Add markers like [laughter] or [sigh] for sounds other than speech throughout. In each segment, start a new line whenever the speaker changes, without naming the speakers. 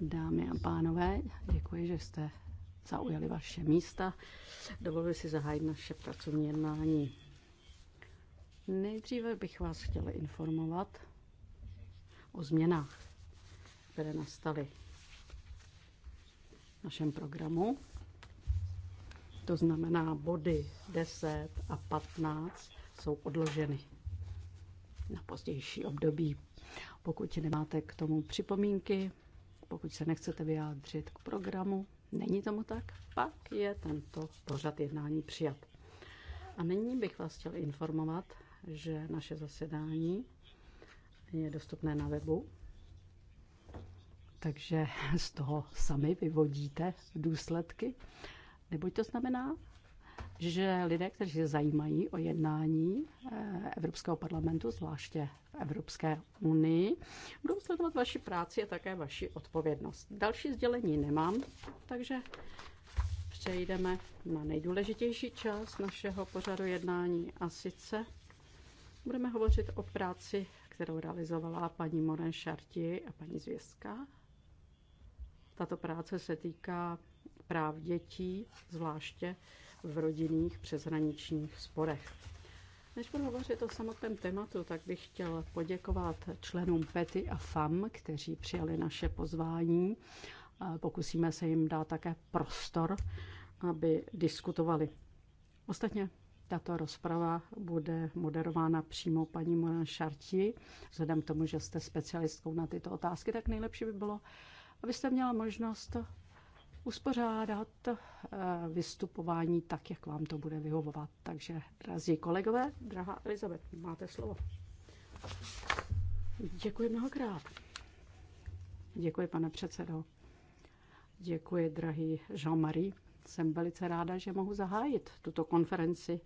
Dámy a pánové, děkuji, že jste zaujali vaše místa. Dovoluji si zahájit naše pracovní jednání. Nejdříve bych vás chtěla informovat o změnách, které nastaly v našem programu. To znamená, body 10 a 15 jsou odloženy na pozdější období. Pokud nemáte k tomu připomínky, pokud se nechcete vyjádřit k programu, není tomu tak, pak je tento pořad jednání přijat. A nyní bych vás chtěl informovat, že naše zasedání je dostupné na webu, takže z toho sami vyvodíte důsledky. Neboť to znamená, že lidé, kteří se zajímají o jednání eh, Evropského parlamentu, zvláště v Evropské unii, budou sledovat vaši práci a také vaši odpovědnost. Další sdělení nemám, takže přejdeme na nejdůležitější část našeho pořadu jednání a sice budeme hovořit o práci, kterou realizovala paní Moren Šarti a paní Zvězka. Tato práce se týká práv dětí, zvláště v rodinných přeshraničních sporech. Než budu hovořit o samotném tématu, tak bych chtěl poděkovat členům PETY a FAM, kteří přijali naše pozvání. Pokusíme se jim dát také prostor, aby diskutovali. Ostatně tato rozprava bude moderována přímo paní Moran Šarti. Vzhledem k tomu, že jste specialistkou na tyto otázky, tak nejlepší by bylo, abyste měla možnost uspořádat eh, vystupování tak, jak vám to bude vyhovovat. Takže, drazí kolegové, drahá Elizabet, máte slovo. Děkuji mnohokrát. Děkuji, pane předsedo. Děkuji, drahý Jean-Marie. Jsem velice ráda, že mohu zahájit tuto konferenci,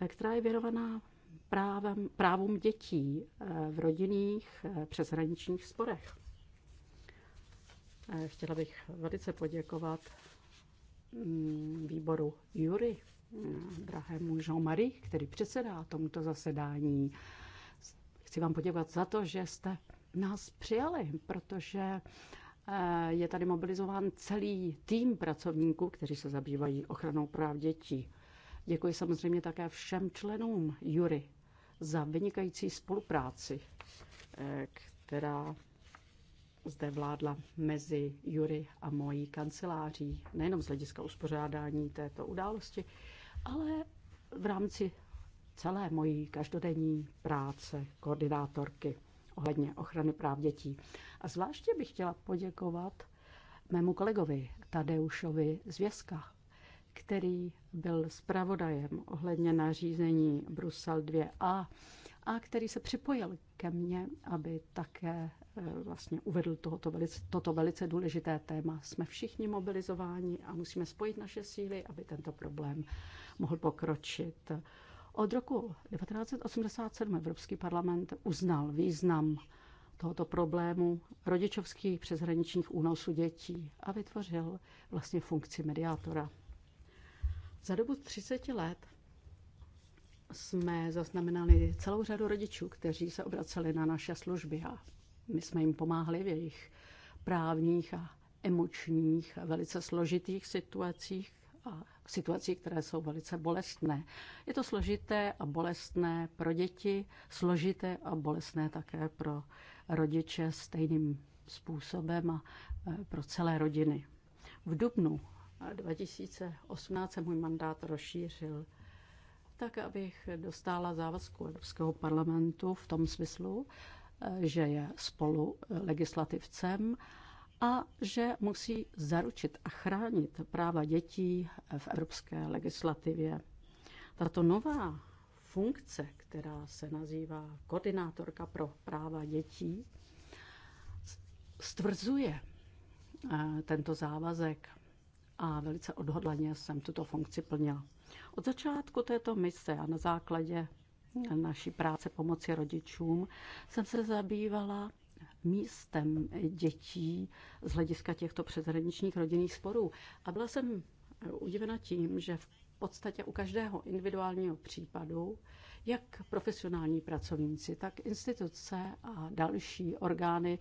eh, která je věnovaná právem, právům dětí eh, v rodinných přeshraničních sporech. Chtěla bych velice poděkovat mm, výboru Jury, mm, drahému Jean-Marie, který předsedá tomuto zasedání. Chci vám poděkovat za to, že jste nás přijali, protože eh, je tady mobilizován celý tým pracovníků, kteří se zabývají ochranou práv dětí. Děkuji samozřejmě také všem členům Jury za vynikající spolupráci, eh, která zde vládla mezi Jury a mojí kanceláří, nejenom z hlediska uspořádání této události, ale v rámci celé mojí každodenní práce koordinátorky ohledně ochrany práv dětí. A zvláště bych chtěla poděkovat mému kolegovi Tadeušovi Zvězka, který byl zpravodajem ohledně nařízení Brusel 2a a který se připojil ke mně, aby také Eh, vlastně uvedl tohoto velice, toto velice důležité téma. Jsme všichni mobilizováni a musíme spojit naše síly, aby tento problém mohl pokročit. Od roku 1987 Evropský parlament uznal význam tohoto problému rodičovských přeshraničních únosů dětí a vytvořil vlastně funkci mediátora. Za dobu 30 let jsme zaznamenali celou řadu rodičů, kteří se obraceli na naše služby a my jsme jim pomáhali v jejich právních a emočních a velice složitých situacích a situacích, které jsou velice bolestné. Je to složité a bolestné pro děti, složité a bolestné také pro rodiče stejným způsobem a e, pro celé rodiny. V dubnu 2018 se můj mandát rozšířil tak, abych dostala závazku Evropského parlamentu v tom smyslu, že je spolu legislativcem a že musí zaručit a chránit práva dětí v evropské legislativě. Tato nová funkce, která se nazývá koordinátorka pro práva dětí, stvrzuje eh, tento závazek a velice odhodlaně jsem tuto funkci plnila. Od začátku této mise a na základě naší práce pomoci rodičům jsem se zabývala místem dětí z hlediska těchto přeshraničních rodinných sporů. A byla jsem udivena tím, že v podstatě u každého individuálního případu, jak profesionální pracovníci, tak instituce a další orgány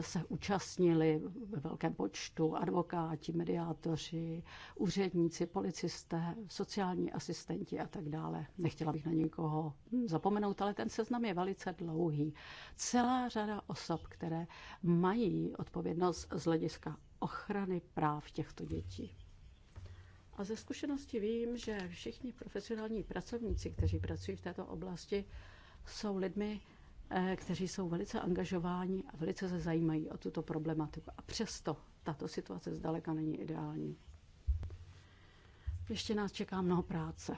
se účastnili ve velkém počtu advokáti, mediátoři, úředníci, policisté, sociální asistenti a tak dále. Nechtěla bych na nikoho zapomenout, ale ten seznam je velice dlouhý. Celá řada osob, které mají odpovědnost z hlediska ochrany práv těchto dětí. A ze zkušenosti vím, že všichni profesionální pracovníci, kteří pracují v této oblasti, jsou lidmi, Eh, kteří jsou velice angažováni a velice se zajímají o tuto problematiku. A přesto tato situace zdaleka není ideální. Ještě nás čeká mnoho práce,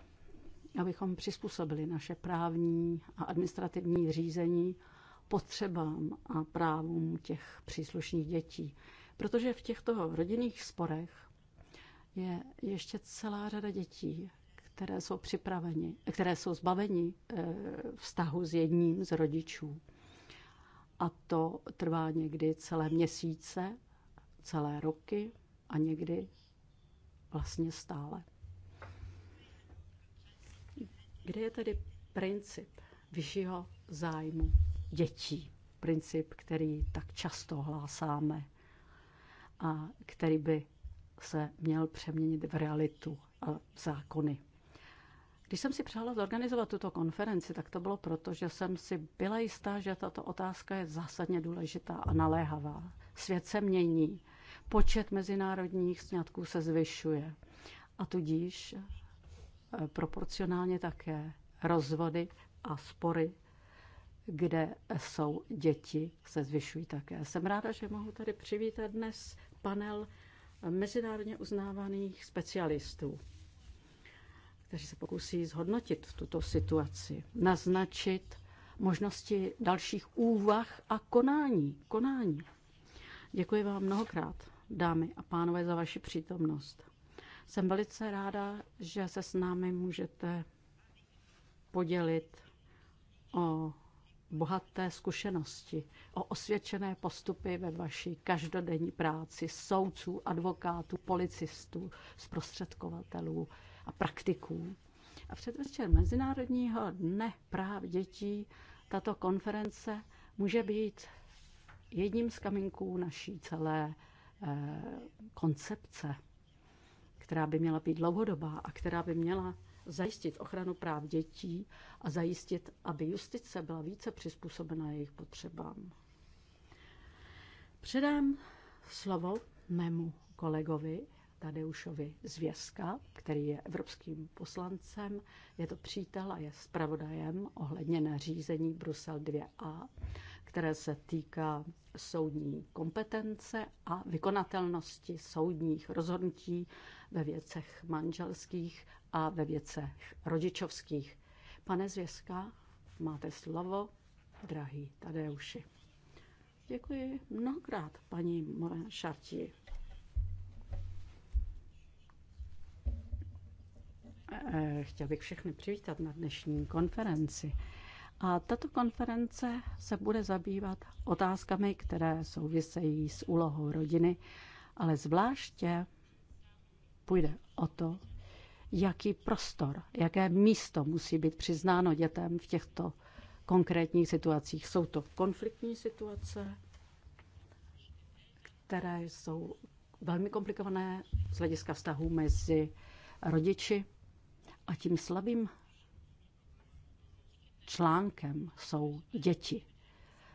abychom přizpůsobili naše právní a administrativní řízení potřebám a právům těch příslušných dětí. Protože v těchto rodinných sporech je ještě celá řada dětí, které jsou připraveni, které jsou zbaveni eh, vztahu s jedním z rodičů. A to trvá někdy celé měsíce, celé roky a někdy vlastně stále. Kde je tedy princip vyššího zájmu dětí? Princip, který tak často hlásáme a který by se měl přeměnit v realitu a v zákony. Když jsem si přála zorganizovat tuto konferenci, tak to bylo proto, že jsem si byla jistá, že tato otázka je zásadně důležitá a naléhavá. Svět se mění, počet mezinárodních sňatků se zvyšuje a tudíž eh, proporcionálně také rozvody a spory, kde jsou děti, se zvyšují také. Jsem ráda, že mohu tady přivítat dnes panel mezinárodně uznávaných specialistů kteří se pokusí zhodnotit tuto situaci, naznačit možnosti dalších úvah a konání. konání. Děkuji vám mnohokrát, dámy a pánové, za vaši přítomnost. Jsem velice ráda, že se s námi můžete podělit o bohaté zkušenosti, o osvědčené postupy ve vaší každodenní práci soudců, advokátů, policistů, zprostředkovatelů, a praktiků. A předvečer Mezinárodního dne práv dětí tato konference může být jedním z kamínků naší celé eh, koncepce, která by měla být dlouhodobá a která by měla zajistit ochranu práv dětí a zajistit, aby justice byla více přizpůsobena jejich potřebám. Předám slovo mému kolegovi Tadeušovi Zvězka, který je evropským poslancem, je to přítel a je zpravodajem ohledně nařízení Brusel 2a, které se týká soudní kompetence a vykonatelnosti soudních rozhodnutí ve věcech manželských a ve věcech rodičovských. Pane Zvězka, máte slovo, drahý Tadeuši. Děkuji mnohokrát, paní Moran Šartí. Eh, chtěl bych všechny přivítat na dnešní konferenci. A tato konference se bude zabývat otázkami, které souvisejí s úlohou rodiny, ale zvláště půjde o to, jaký prostor, jaké místo musí být přiznáno dětem v těchto konkrétních situacích. Jsou to konfliktní situace, které jsou velmi komplikované z hlediska vztahů mezi rodiči a tím slabým článkem jsou děti.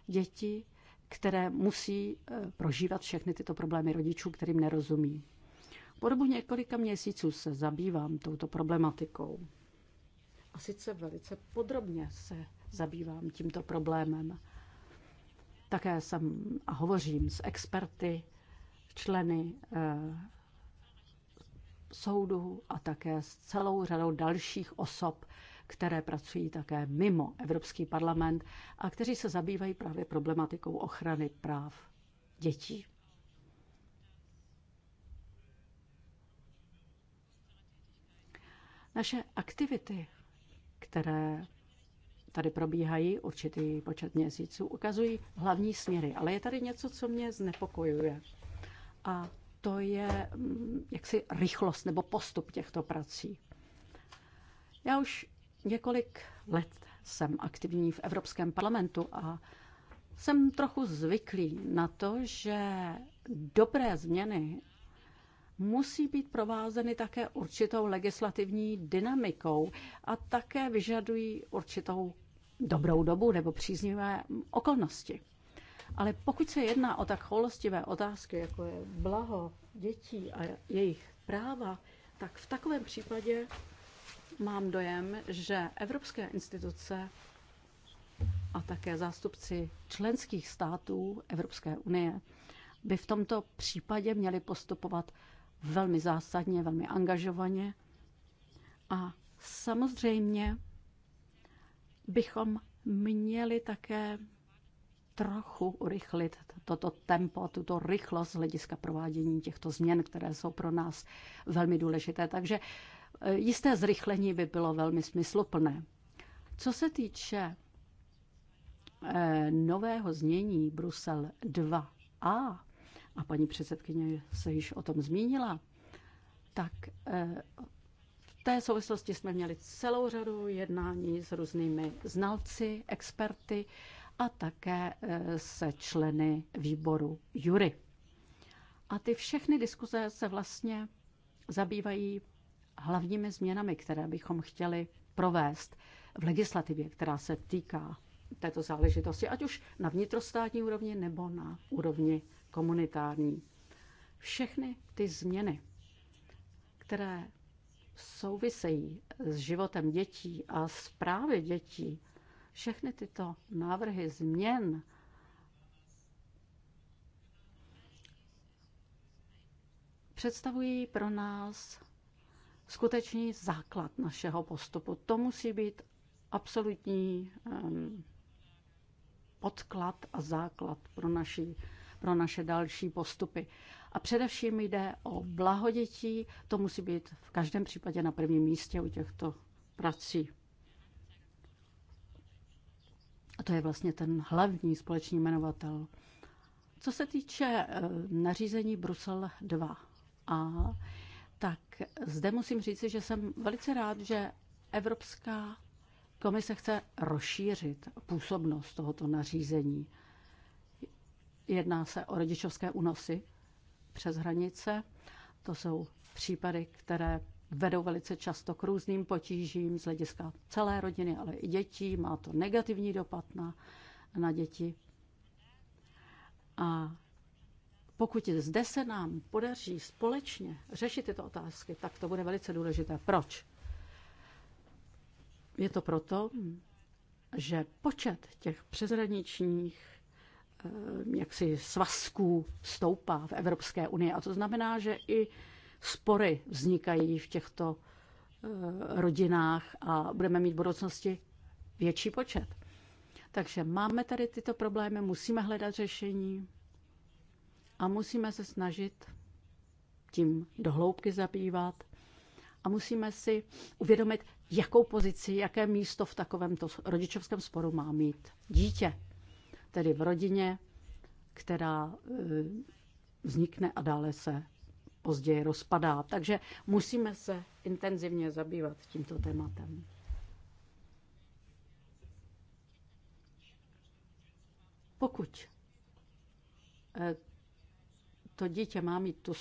Děti, které musí eh, prožívat všechny tyto problémy rodičů, kterým nerozumí. Po dobu několika měsíců se zabývám touto problematikou. A sice velice podrobně se zabývám tímto problémem. Také jsem a hovořím s experty, členy eh, soudu a také s celou řadou dalších osob, které pracují také mimo Evropský parlament a kteří se zabývají právě problematikou ochrany práv dětí. Naše aktivity, které tady probíhají určitý počet měsíců, ukazují hlavní směry, ale je tady něco, co mě znepokojuje. A to je mm, jaksi rychlost nebo postup těchto prací. Já už několik let jsem aktivní v Evropském parlamentu a jsem trochu zvyklý na to, že dobré změny musí být provázeny také určitou legislativní dynamikou a také vyžadují určitou dobrou dobu nebo příznivé okolnosti. Ale pokud se jedná o tak cholostivé otázky, jako je blaho dětí a jejich práva, tak v takovém případě mám dojem, že evropské instituce a také zástupci členských států Evropské unie by v tomto případě měli postupovat velmi zásadně, velmi angažovaně a samozřejmě bychom měli také trochu urychlit toto tempo, tuto rychlost z hlediska provádění těchto změn, které jsou pro nás velmi důležité. Takže eh, jisté zrychlení by bylo velmi smysluplné. Co se týče eh, nového znění Brusel 2a, a paní předsedkyně se již o tom zmínila, tak eh, v té souvislosti jsme měli celou řadu jednání s různými znalci, experty, a také eh, se členy výboru jury. A ty všechny diskuze se vlastně zabývají hlavními změnami, které bychom chtěli provést v legislativě, která se týká této záležitosti, ať už na vnitrostátní úrovni nebo na úrovni komunitární. Všechny ty změny, které souvisejí s životem dětí a zprávy dětí, všechny tyto návrhy změn představují pro nás skutečný základ našeho postupu. To musí být absolutní podklad a základ pro, naši, pro naše další postupy. A především jde o blaho dětí, to musí být v každém případě na prvním místě u těchto prací. to je vlastně ten hlavní společný jmenovatel. Co se týče eh, nařízení Brusel 2a, tak zde musím říci, že jsem velice rád, že Evropská komise chce rozšířit působnost tohoto nařízení. Jedná se o rodičovské únosy přes hranice. To jsou případy, které vedou velice často k různým potížím z hlediska celé rodiny, ale i dětí. Má to negativní dopad na, na děti. A pokud zde se nám podaří společně řešit tyto otázky, tak to bude velice důležité. Proč? Je to proto, že počet těch přezraničních eh, jaksi svazků stoupá v Evropské unii. A to znamená, že i spory vznikají v těchto eh, rodinách a budeme mít v budoucnosti větší počet. Takže máme tady tyto problémy, musíme hledat řešení a musíme se snažit tím dohloubky zabývat a musíme si uvědomit, jakou pozici, jaké místo v takovémto rodičovském sporu má mít dítě. Tedy v rodině, která eh, vznikne a dále se později rozpadá. Takže musíme se intenzivně zabývat tímto tématem. Pokud eh, to dítě má mít to,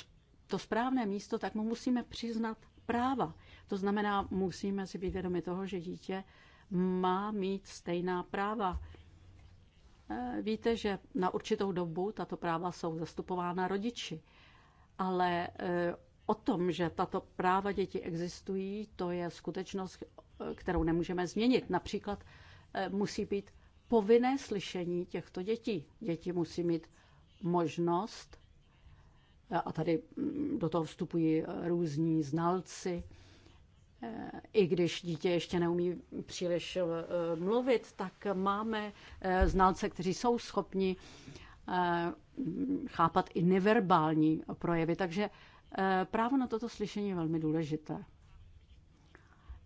to správné místo, tak mu musíme přiznat práva. To znamená, musíme si být vědomi toho, že dítě má mít stejná práva. Eh, víte, že na určitou dobu tato práva jsou zastupována rodiči ale eh, o tom, že tato práva dětí existují, to je skutečnost, eh, kterou nemůžeme změnit. Například eh, musí být povinné slyšení těchto dětí. Děti musí mít možnost, a tady mm, do toho vstupují různí znalci, i když dítě ještě neumí příliš mluvit, tak máme znalce, kteří jsou schopni Eh, chápat i neverbální projevy. Takže eh, právo na toto slyšení je velmi důležité.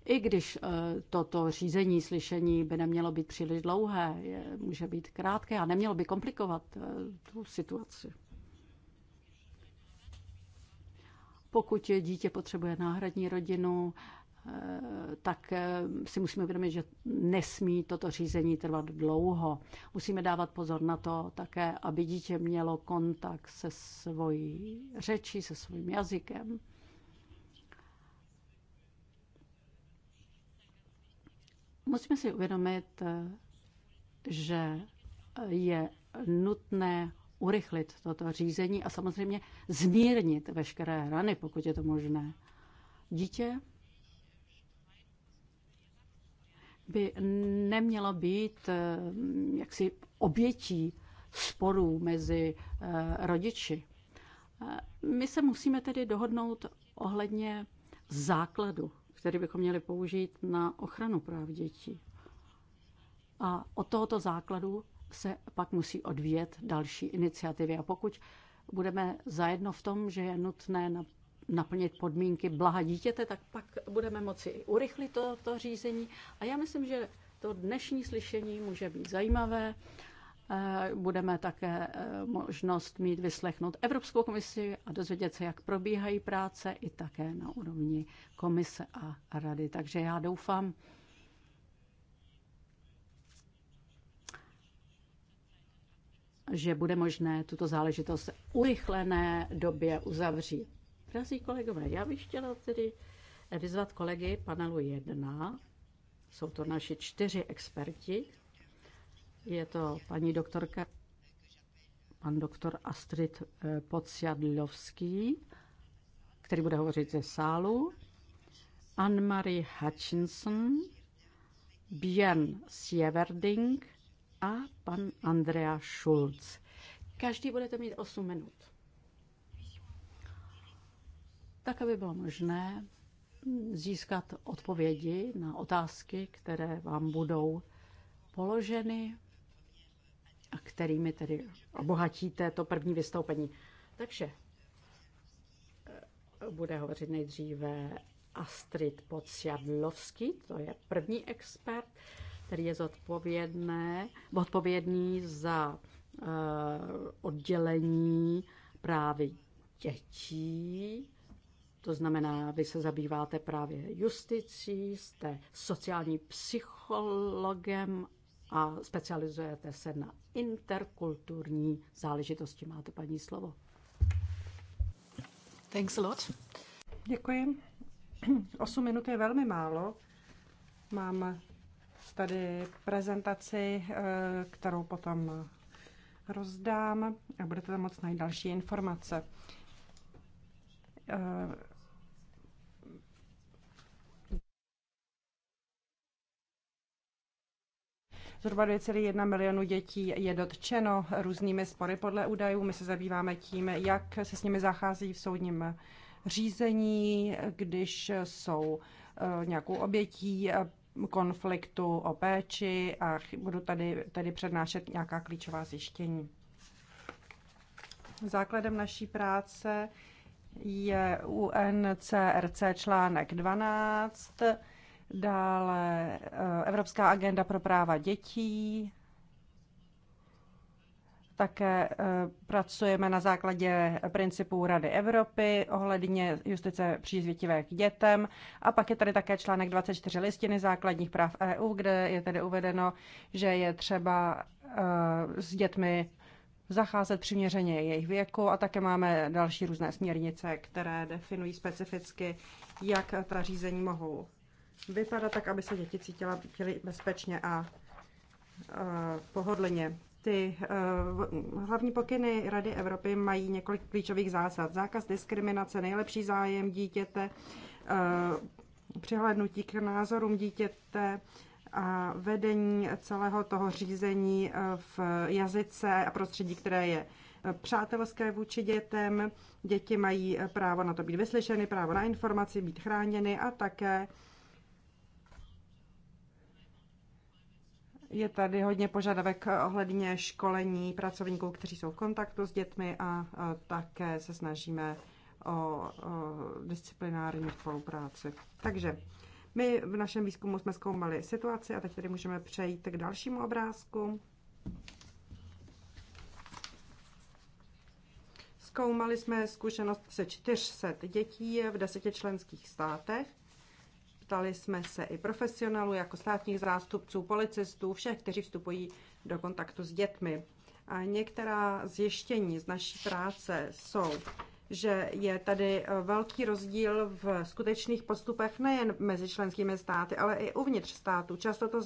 I když eh, toto řízení, slyšení by nemělo být příliš dlouhé, je, může být krátké a nemělo by komplikovat tu situaci. Pokud dítě potřebuje náhradní rodinu, Eh, tak eh, si musíme uvědomit, že nesmí toto řízení trvat dlouho. Musíme dávat pozor na to také, aby dítě mělo kontakt se svojí řečí, se svým jazykem. Musíme si uvědomit, eh, že je nutné urychlit toto řízení a samozřejmě zmírnit veškeré rany, pokud je to možné. Dítě by neměla být eh, jaksi obětí sporů mezi eh, rodiči. Eh, my se musíme tedy dohodnout ohledně základu, který bychom měli použít na ochranu práv dětí. A od tohoto základu se pak musí odvíjet další iniciativy. A pokud budeme zajedno v tom, že je nutné naplnit podmínky blaha dítěte, tak pak budeme moci urychlit to, to řízení. A já myslím, že to dnešní slyšení může být zajímavé. Eh, budeme také eh, možnost mít vyslechnout Evropskou komisi a dozvědět se, jak probíhají práce, i také na úrovni komise a rady. Takže já doufám, že bude možné tuto záležitost urychlené době uzavřít. Drazí kolegové, já bych chtěla tedy vyzvat kolegy panelu 1. Jsou to naši čtyři experti. Je to paní doktorka, pan doktor Astrid eh, Podsiadlovský, který bude hovořit ze sálu, Anne-Marie Hutchinson, Björn Sieverding a pan Andrea Schulz. Každý budete mít 8 minut tak aby bylo možné získat odpovědi na otázky, které vám budou položeny a kterými tedy obohatíte to první vystoupení. Takže eh, bude hovořit nejdříve Astrid Podsiadlovský, to je první expert, který je odpovědný za uh, oddělení právě dětí to znamená, vy se zabýváte právě justicí, jste sociální psychologem a specializujete se na interkulturní záležitosti. Máte paní
slovo. Thanks a lot. Děkuji. [clears throat] Osm minut je velmi málo. Mám tady prezentaci, eh, kterou potom rozdám a budete tam moc najít další informace. Eh, Zhruba 2,1 milionu dětí je dotčeno různými spory podle údajů. My se zabýváme tím, jak se s nimi zachází v soudním řízení, když jsou eh, nějakou obětí eh, konfliktu o péči a budu tady, tady přednášet nějaká klíčová zjištění. Základem naší práce je UNCRC článek 12 Dále eh, Evropská agenda pro práva dětí. Také eh, pracujeme na základě principů Rady Evropy ohledně justice přízvětivé k dětem. A pak je tady také článek 24 listiny základních práv EU, kde je tedy uvedeno, že je třeba eh, s dětmi zacházet přiměřeně jejich věku a také máme další různé směrnice, které definují specificky, jak ta řízení mohou vypadat tak, aby se děti cítila, cítily bezpečně a pohodlně. Ty e, hlavní pokyny Rady Evropy mají několik klíčových zásad. Zákaz diskriminace, nejlepší zájem dítěte, e, přihlednutí k názorům dítěte, a vedení celého toho řízení e, v jazyce a prostředí, které je přátelské vůči dětem. Děti mají právo na to být vyslyšeny, právo na informaci, být chráněny a také Je tady hodně požadavek ohledně školení pracovníků, kteří jsou v kontaktu s dětmi a také se snažíme o, o disciplinární spolupráci. Takže my v našem výzkumu jsme zkoumali situaci a teď tedy můžeme přejít k dalšímu obrázku. Zkoumali jsme zkušenost se 400 dětí v deseti členských státech Ptali jsme se i profesionálů, jako státních zástupců, policistů, všech, kteří vstupují do kontaktu s dětmi. A některá zjištění z naší práce jsou, že je tady eh, velký rozdíl v skutečných postupech nejen mezi členskými státy, ale i uvnitř státu. Často to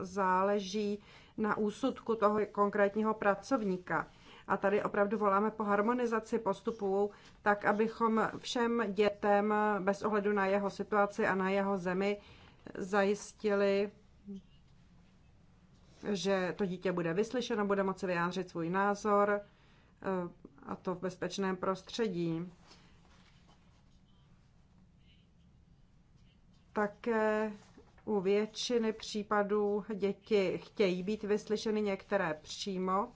záleží na úsudku toho konkrétního pracovníka. A tady opravdu voláme po harmonizaci postupů, tak abychom všem dětem bez ohledu na jeho situaci a na jeho zemi zajistili, že to dítě bude vyslyšeno, bude moci vyjádřit svůj názor eh, a to v bezpečném prostředí. Také u většiny případů děti chtějí být vyslyšeny, některé přímo.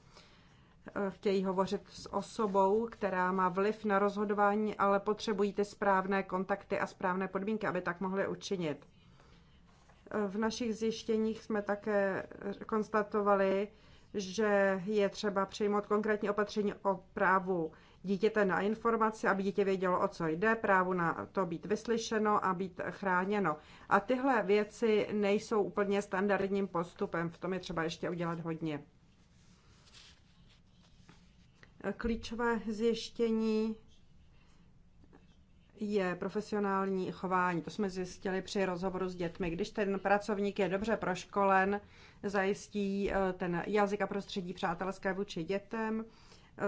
Eh, chtějí hovořit s osobou, která má vliv na rozhodování, ale potřebují ty správné kontakty a správné podmínky, aby tak mohli učinit. Eh, v našich zjištěních jsme také konstatovali, že je třeba přijmout konkrétní opatření o právu dítěte na informaci, aby dítě vědělo, o co jde, právu na to být vyslyšeno a být chráněno. A tyhle věci nejsou úplně standardním postupem, v tom je třeba ještě udělat hodně. Klíčové zjištění je profesionální chování. To jsme zjistili při rozhovoru s dětmi. Když ten pracovník je dobře proškolen, zajistí eh, ten jazyk a prostředí přátelské vůči dětem, eh,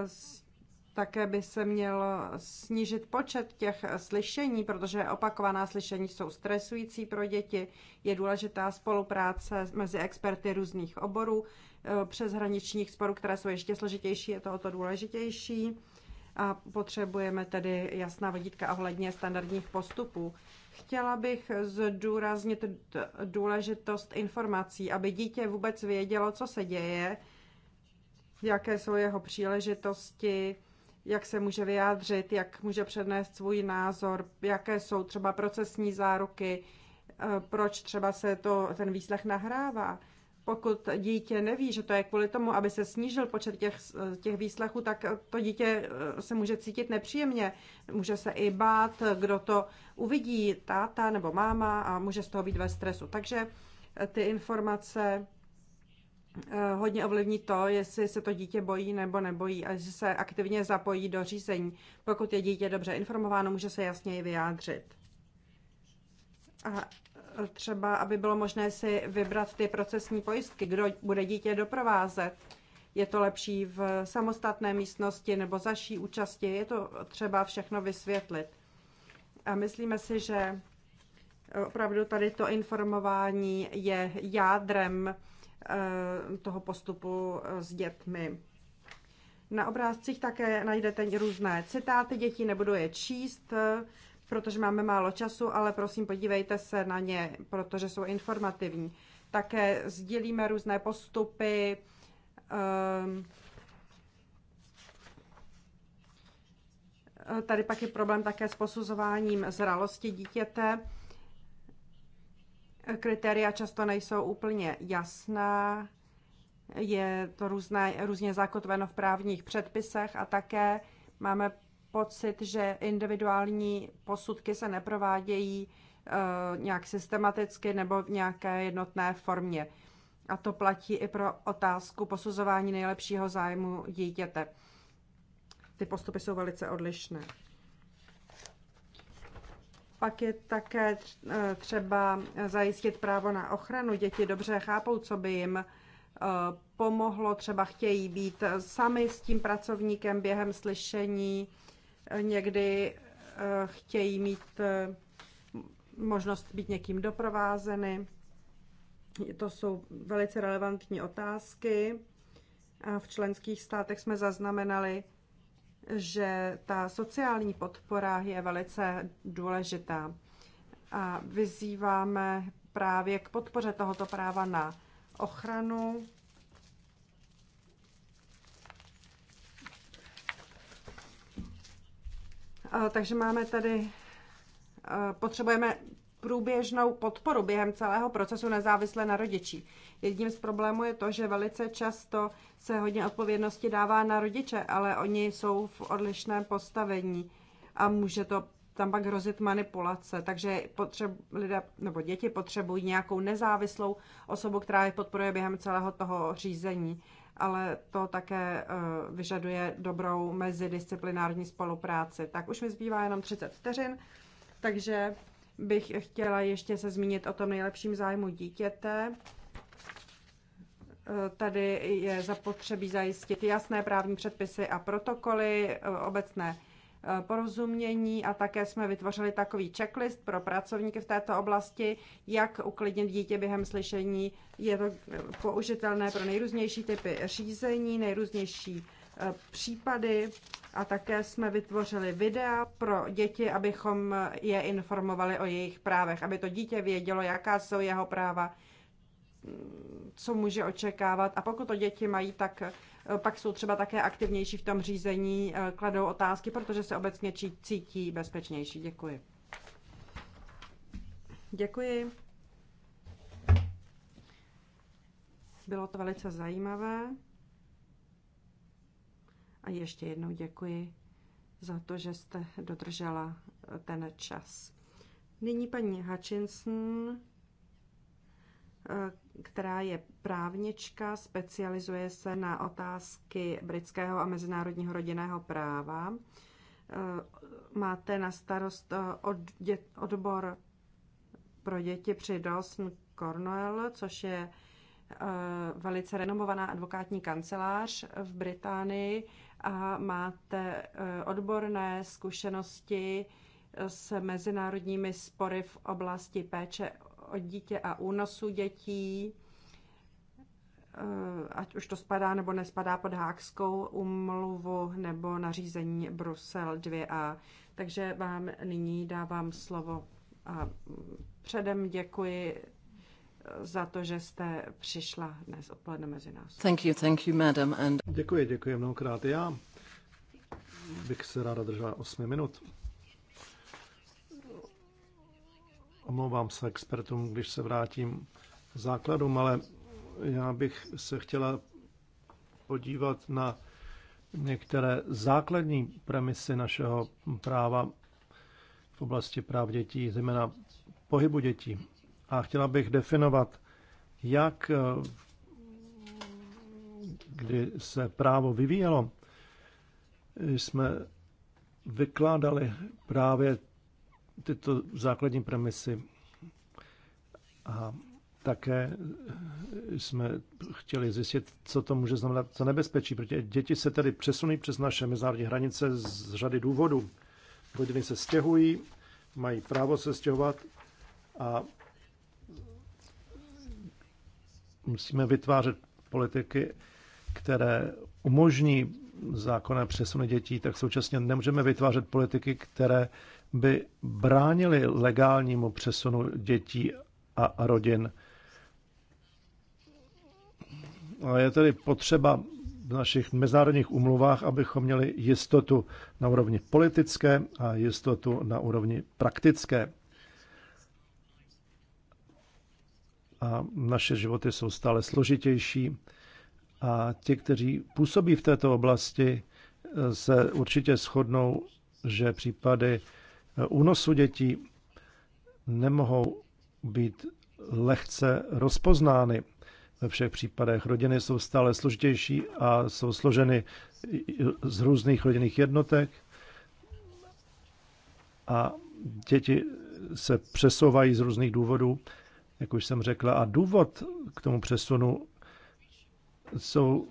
také by se měl snížit počet těch slyšení, protože opakovaná slyšení jsou stresující pro děti. Je důležitá spolupráce mezi experty různých oborů Eh, přeshraničních sporů, které jsou ještě složitější, je to o to důležitější. A potřebujeme tedy jasná vodítka ohledně standardních postupů. Chtěla bych zdůraznit důležitost informací, aby dítě vůbec vědělo, co se děje, jaké jsou jeho příležitosti, jak se může vyjádřit, jak může přednést svůj názor, jaké jsou třeba procesní záruky, eh, proč třeba se to, ten výslech nahrává pokud dítě neví, že to je kvůli tomu, aby se snížil počet těch, těch výslechů, tak to dítě eh, se může cítit nepříjemně. Může se i bát, kdo to uvidí, táta nebo máma a může z toho být ve stresu. Takže eh, ty informace eh, hodně ovlivní to, jestli se to dítě bojí nebo nebojí a jestli se aktivně zapojí do řízení. Pokud je dítě dobře informováno, může se jasněji vyjádřit. A třeba, aby bylo možné si vybrat ty procesní pojistky, kdo bude dítě doprovázet. Je to lepší v samostatné místnosti nebo zaší účasti, je to třeba všechno vysvětlit. A myslíme si, že opravdu tady to informování je jádrem eh, toho postupu eh, s dětmi. Na obrázcích také najdete různé citáty dětí, nebudu je číst protože máme málo času, ale prosím podívejte se na ně, protože jsou informativní. Také sdělíme různé postupy, ehm, Tady pak je problém také s posuzováním zralosti dítěte. Kritéria často nejsou úplně jasná, je to různé, různě zakotveno v právních předpisech a také máme pocit, že individuální posudky se neprovádějí eh, nějak systematicky nebo v nějaké jednotné formě. A to platí i pro otázku posuzování nejlepšího zájmu dítěte. Ty postupy jsou velice odlišné. Pak je také eh, třeba zajistit právo na ochranu. Děti dobře chápou, co by jim eh, pomohlo, třeba chtějí být sami s tím pracovníkem během slyšení, Někdy eh, chtějí mít eh, možnost být někým doprovázeny. To jsou velice relevantní otázky. v členských státech jsme zaznamenali, že ta sociální podpora je velice důležitá. A vyzýváme právě k podpoře tohoto práva na ochranu Takže máme tady, potřebujeme průběžnou podporu během celého procesu nezávisle na rodiči. Jedním z problémů je to, že velice často se hodně odpovědnosti dává na rodiče, ale oni jsou v odlišném postavení a může to tam pak hrozit manipulace. Takže potřebu, lidé, nebo děti potřebují nějakou nezávislou osobu, která je podporuje během celého toho řízení ale to také eh, vyžaduje dobrou mezidisciplinární spolupráci. Tak už mi zbývá jenom 30 vteřin, takže bych chtěla ještě se zmínit o tom nejlepším zájmu dítěte. Eh, tady je zapotřebí zajistit jasné právní předpisy a protokoly, eh, obecné Eh, porozumění a také jsme vytvořili takový checklist pro pracovníky v této oblasti, jak uklidnit dítě během slyšení. Je to použitelné pro nejrůznější typy řízení, nejrůznější eh, případy a také jsme vytvořili videa pro děti, abychom je informovali o jejich právech, aby to dítě vědělo, jaká jsou jeho práva, co může očekávat. A pokud to děti mají, tak Eh, pak jsou třeba také aktivnější v tom řízení, eh, kladou otázky, protože se obecně cítí bezpečnější. Děkuji. Děkuji. Bylo to velice zajímavé. A ještě jednou děkuji za to, že jste dodržela eh, ten čas. Nyní paní Hutchinson, která je právnička, specializuje se na otázky britského a mezinárodního rodinného práva. Eh, máte na starost eh, odbor pro děti při Dawson Cornwell, což je eh, velice renomovaná advokátní kancelář v Británii a máte odborné zkušenosti s mezinárodními spory v oblasti péče dítě a únosu dětí, eh, ať už to spadá nebo nespadá pod hákskou umluvu nebo nařízení Brusel 2a. Takže vám nyní dávám slovo a předem děkuji eh, za to, že jste přišla dnes odpoledne mezi nás.
Thank you, thank you, madam. And... Děkuji, děkuji mnohokrát. Já bych se ráda držela 8 minut. omlouvám se expertům, když se vrátím k základům, ale já bych se chtěla podívat na některé základní premisy našeho práva v oblasti práv dětí, zejména pohybu dětí. A chtěla bych definovat, jak kdy se právo vyvíjelo, jsme vykládali právě tyto základní premisy. A také jsme chtěli zjistit, co to může znamenat za nebezpečí, protože děti se tedy přesunují přes naše mezinárodní hranice z řady důvodů. Rodiny se stěhují, mají právo se stěhovat a musíme vytvářet politiky, které umožní zákonné přesuny dětí, tak současně nemůžeme vytvářet politiky, které by bránily legálnímu přesunu dětí a rodin. A je tedy potřeba v našich mezinárodních umluvách, abychom měli jistotu na úrovni politické a jistotu na úrovni praktické. A naše životy jsou stále složitější a ti, kteří působí v této oblasti, eh, se určitě shodnou, že případy eh, únosu dětí nemohou být lehce rozpoznány. Ve všech případech rodiny jsou stále složitější a jsou složeny z různých rodinných jednotek a děti se přesouvají z různých důvodů, jak už jsem řekla. A důvod k tomu přesunu jsou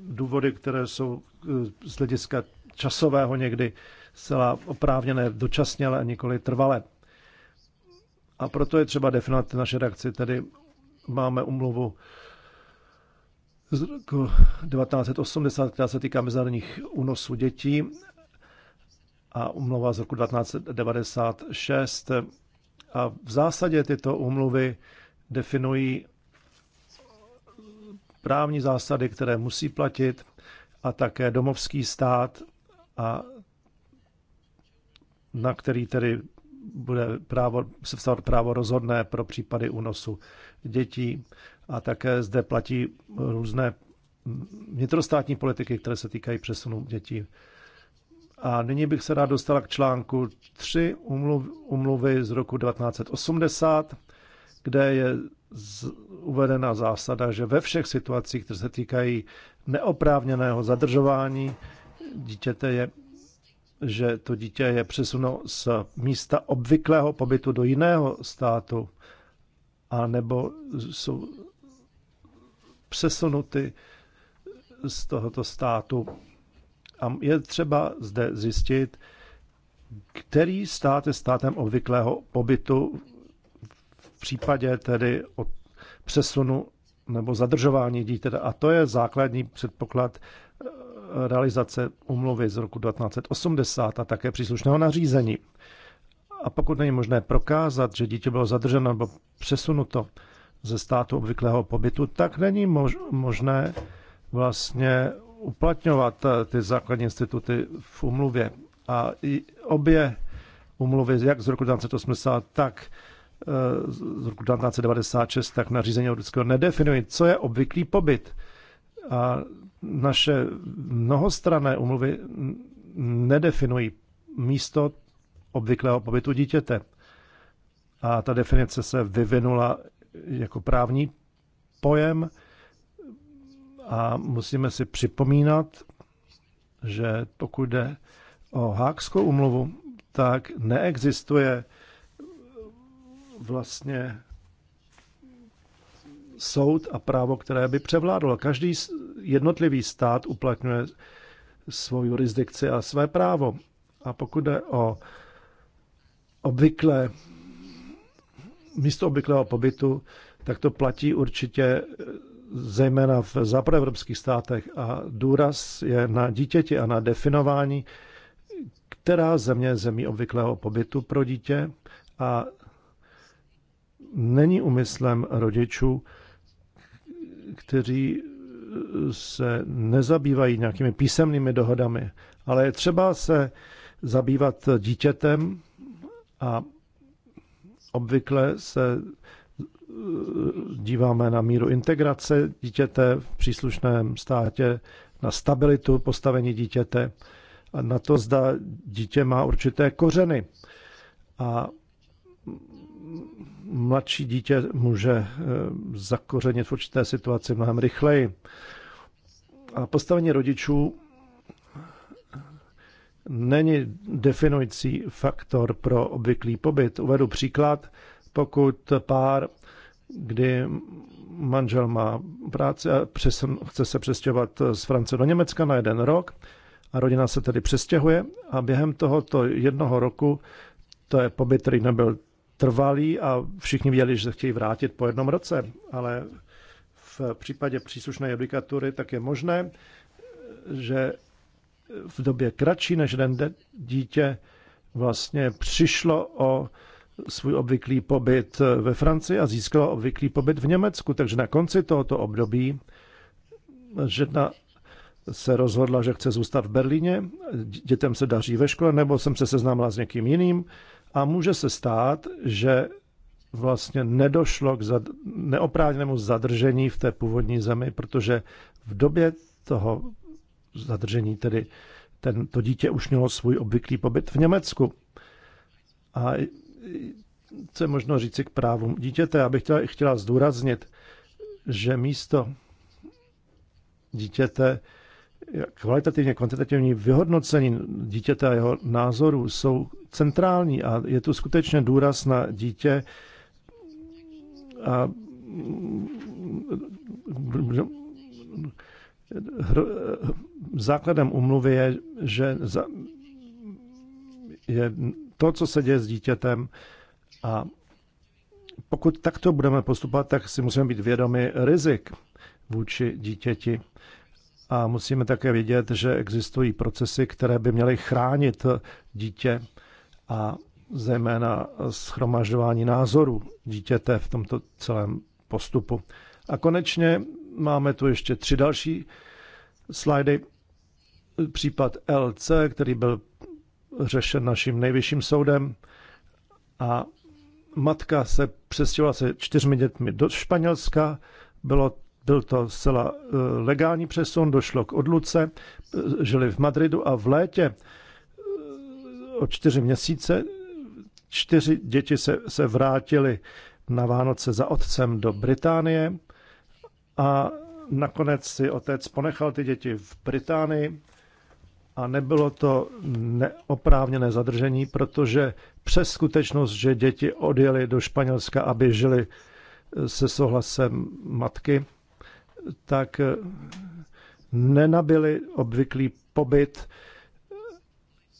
důvody, které jsou eh, z hlediska časového někdy zcela oprávněné dočasně, ale nikoli trvale. A proto je třeba definovat naše reakci. Tedy máme umluvu z roku 1980, která se týká mezinárodních únosů dětí a umluva z roku 1996. A v zásadě tyto umluvy definují právní zásady, které musí platit, a také domovský stát, a na který tedy bude právo, se vstat právo rozhodné pro případy únosu dětí. A také zde platí různé vnitrostátní politiky, které se týkají přesunu dětí. A nyní bych se rád dostala k článku 3 umluvy z roku 1980, kde je z, uvedena zásada, že ve všech situacích, které se týkají neoprávněného zadržování dítěte, je, že to dítě je přesuno z místa obvyklého pobytu do jiného státu, a nebo jsou přesunuty z tohoto státu. A je třeba zde zjistit, který stát je státem obvyklého pobytu případě tedy od přesunu nebo zadržování dítěte. A to je základní předpoklad eh, realizace umluvy z roku 1980 a také příslušného nařízení. A pokud není možné prokázat, že dítě bylo zadrženo nebo přesunuto ze státu obvyklého pobytu, tak není mož- možné vlastně uplatňovat eh, ty základní instituty v umluvě. A i obě umluvy, jak z roku 1980, tak Eh, z roku 1996, tak nařízení Evropského nedefinuje, co je obvyklý pobyt. A naše mnohostrané umluvy nedefinují místo obvyklého pobytu dítěte. A ta definice se vyvinula jako právní pojem a musíme si připomínat, že pokud jde o Hákskou umluvu, tak neexistuje vlastně soud a právo, které by převládlo. Každý jednotlivý stát uplatňuje svou jurisdikci a své právo. A pokud jde o obvyklé, místo obvyklého pobytu, tak to platí určitě eh, zejména v západoevropských státech a důraz je na dítěti a na definování, která země je zemí obvyklého pobytu pro dítě a není úmyslem rodičů, kteří se nezabývají nějakými písemnými dohodami, ale je třeba se zabývat dítětem a obvykle se eh, díváme na míru integrace dítěte v příslušném státě, na stabilitu postavení dítěte a na to, zda dítě má určité kořeny. A mladší dítě může eh, zakořenit v určité situaci mnohem rychleji. A postavení rodičů není definující faktor pro obvyklý pobyt. Uvedu příklad, pokud pár, kdy manžel má práci a přesun, chce se přestěhovat z Francie do Německa na jeden rok, a rodina se tedy přestěhuje a během tohoto jednoho roku, to je pobyt, který nebyl trvalý a všichni věděli, že se chtějí vrátit po jednom roce, ale v případě příslušné judikatury tak je možné, že v době kratší než den dítě vlastně přišlo o svůj obvyklý pobyt ve Francii a získalo obvyklý pobyt v Německu. Takže na konci tohoto období žena se rozhodla, že chce zůstat v Berlíně, dětem se daří ve škole, nebo jsem se seznámila s někým jiným a může se stát, že vlastně nedošlo k zad, neoprávněnému zadržení v té původní zemi, protože v době toho zadržení tedy ten, to dítě už mělo svůj obvyklý pobyt v Německu. A co je možno říci k právům dítěte, já bych chtěla, chtěla zdůraznit, že místo dítěte kvalitativně kvantitativní vyhodnocení dítěte a jeho názoru jsou centrální a je tu skutečně důraz na dítě a základem umluvy je, že je to, co se děje s dítětem a pokud takto budeme postupovat, tak si musíme být vědomi rizik vůči dítěti. A musíme také vědět, že existují procesy, které by měly chránit dítě a zejména schromažování názorů dítěte v tomto celém postupu. A konečně máme tu ještě tři další slajdy. Případ LC, který byl řešen naším nejvyšším soudem a matka se přestěhovala se čtyřmi dětmi do Španělska. Bylo byl to zcela eh, legální přesun, došlo k odluce, eh, žili v Madridu a v létě eh, o čtyři měsíce čtyři děti se, se vrátili na Vánoce za otcem do Británie a nakonec si otec ponechal ty děti v Británii a nebylo to neoprávněné zadržení, protože přes skutečnost, že děti odjeli do Španělska, aby žili se souhlasem matky, tak eh, nenabili obvyklý pobyt,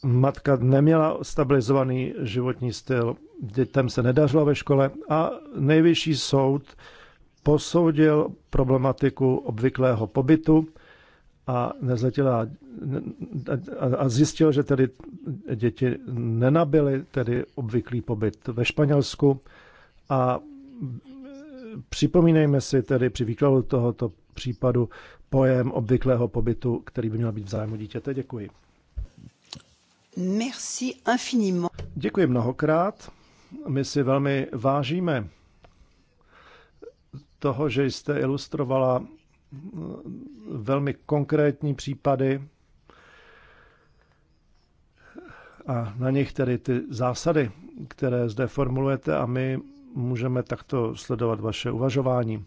matka neměla stabilizovaný životní styl, dětem se nedařilo ve škole a nejvyšší soud posoudil problematiku obvyklého pobytu a nezletila, a zjistil, že tedy děti nenabily tedy obvyklý pobyt ve Španělsku a Připomínejme si tedy při výkladu tohoto případu pojem obvyklého pobytu, který by měl být v zájmu dítěte. Děkuji. Merci infiniment. Děkuji mnohokrát. My si velmi vážíme toho, že jste ilustrovala velmi konkrétní případy a na nich tedy ty zásady, které zde formulujete a my můžeme takto sledovat vaše uvažování.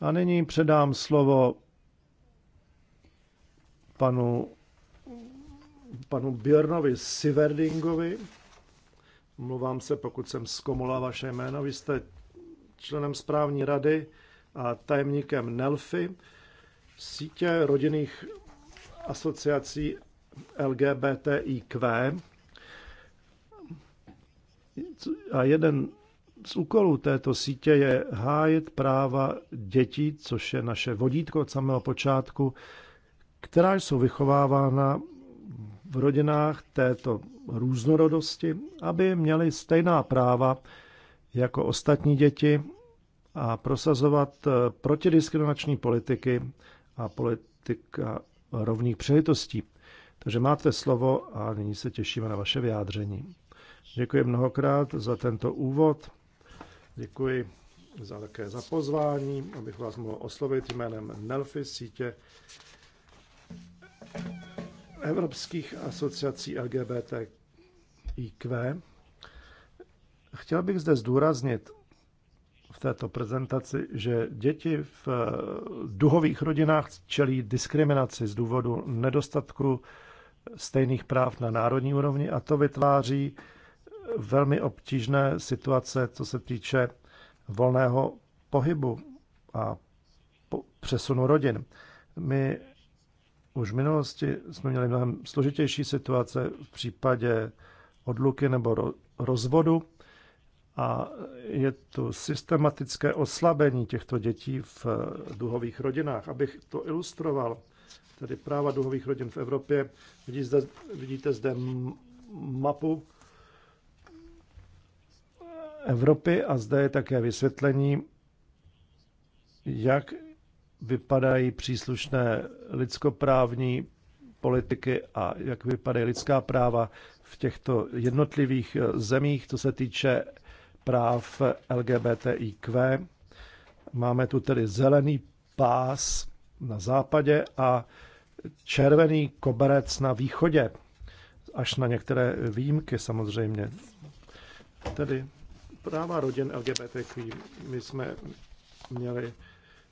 A nyní předám slovo panu, panu Björnovi Siverdingovi. Mluvám se, pokud jsem zkomula vaše jméno. Vy jste členem správní rady a tajemníkem NELFY, sítě rodinných asociací LGBTIQ. A jeden z úkolů této sítě je hájet práva dětí, což je naše vodítko od samého počátku, která jsou vychovávána v rodinách této různorodosti, aby měly stejná práva jako ostatní děti a prosazovat eh, protidiskriminační politiky a politika rovných příležitostí. Takže máte slovo a nyní se těšíme na vaše vyjádření. Děkuji mnohokrát za tento úvod. Děkuji za také za pozvání, abych vás mohl oslovit jménem NELFI, sítě Evropských asociací LGBT Chtěl bych zde zdůraznit v této prezentaci, že děti v duhových rodinách čelí diskriminaci z důvodu nedostatku stejných práv na národní úrovni a to vytváří velmi obtížné situace, co se týče volného pohybu a přesunu rodin. My už v minulosti jsme měli mnohem složitější situace v případě odluky nebo rozvodu a je tu systematické oslabení těchto dětí v eh, duhových rodinách. Abych to ilustroval, tedy práva duhových rodin v Evropě, vidíte zde, vidíte zde mapu Evropy a zde je také vysvětlení, jak vypadají příslušné lidskoprávní politiky a jak vypadají lidská práva v těchto jednotlivých eh, zemích, co se týče práv LGBTIQ. Máme tu tedy zelený pás na západě a červený koberec na východě, až na některé výjimky samozřejmě. Tedy práva rodin LGBTQ. My jsme měli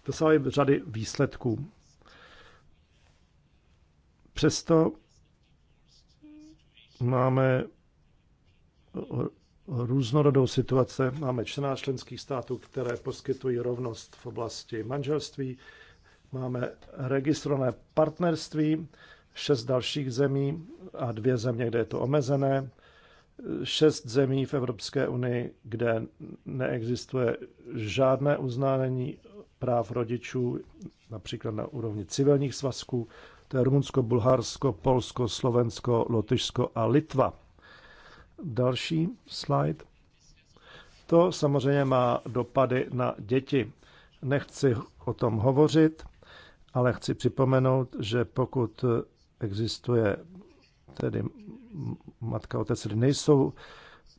dosáhli řady výsledků. Přesto máme různorodou situace. Máme 14 členských států, které poskytují rovnost v oblasti manželství. Máme registrované partnerství, šest dalších zemí a dvě země, kde je to omezené šest zemí v Evropské unii, kde neexistuje žádné uznání práv rodičů, například na úrovni civilních svazků, to je Rumunsko, Bulharsko, Polsko, Slovensko, Lotyšsko a Litva. Další slide. To samozřejmě má dopady na děti. Nechci o tom hovořit, ale chci připomenout, že pokud existuje tedy matka, otec, kde nejsou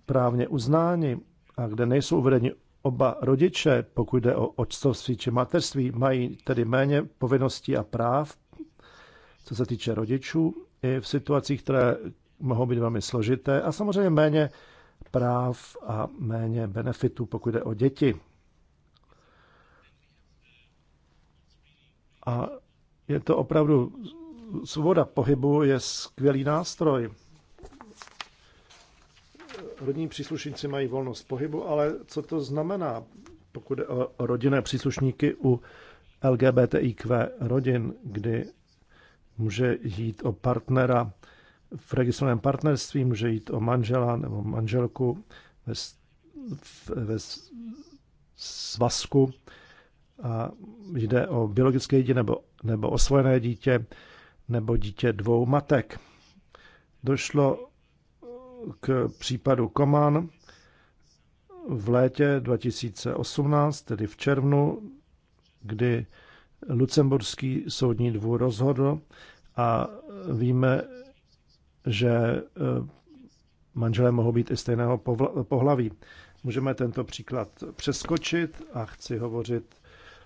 právně uznáni a kde nejsou uvedeni oba rodiče, pokud jde o otcovství či mateřství, mají tedy méně povinností a práv, co se týče rodičů, i v situacích, které mohou být velmi složité a samozřejmě méně práv a méně benefitů, pokud jde o děti. A je to opravdu svoboda pohybu je skvělý nástroj rodní příslušníci mají volnost pohybu, ale co to znamená, pokud je o rodinné příslušníky u LGBTIQ rodin, kdy může jít o partnera v registrovaném partnerství, může jít o manžela nebo manželku ve, ve svazku a jde o biologické dítě nebo, nebo osvojené dítě nebo dítě dvou matek. Došlo k případu Koman v létě 2018, tedy v červnu, kdy Lucemburský soudní dvůr rozhodl a víme, že eh, manželé mohou být i stejného pohlaví. Můžeme tento příklad přeskočit a chci hovořit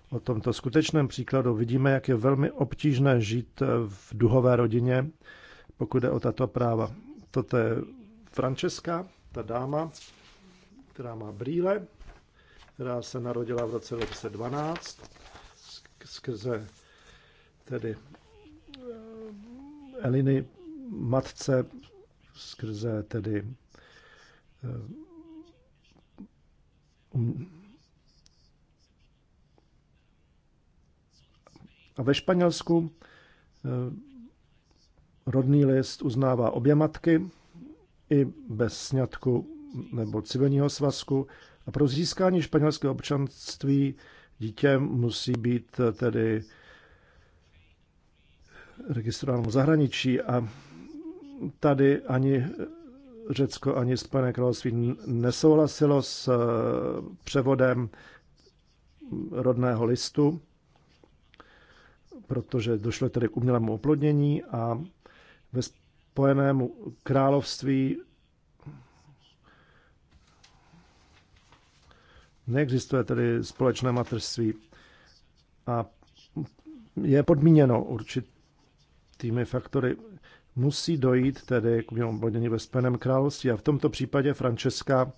o tomto skutečném příkladu. Vidíme, jak je velmi obtížné žít v duhové rodině, pokud jde o tato práva. Toto je Francesca, ta dáma, která má brýle, která se narodila v roce 2012 skrze tedy eh, Eliny matce, skrze tedy eh, um, a ve Španělsku eh, rodný list uznává obě matky, i bez sňatku nebo civilního svazku. A pro získání španělského občanství dítě musí být tedy registrováno v zahraničí a tady ani Řecko, ani Spojené království nesouhlasilo s eh, převodem rodného listu, protože došlo tedy k umělému oplodnění a ve spojenému království neexistuje tedy společné mateřství a je podmíněno určitými faktory. Musí dojít tedy k oplodnění ve Spojeném království a v tomto případě Francesca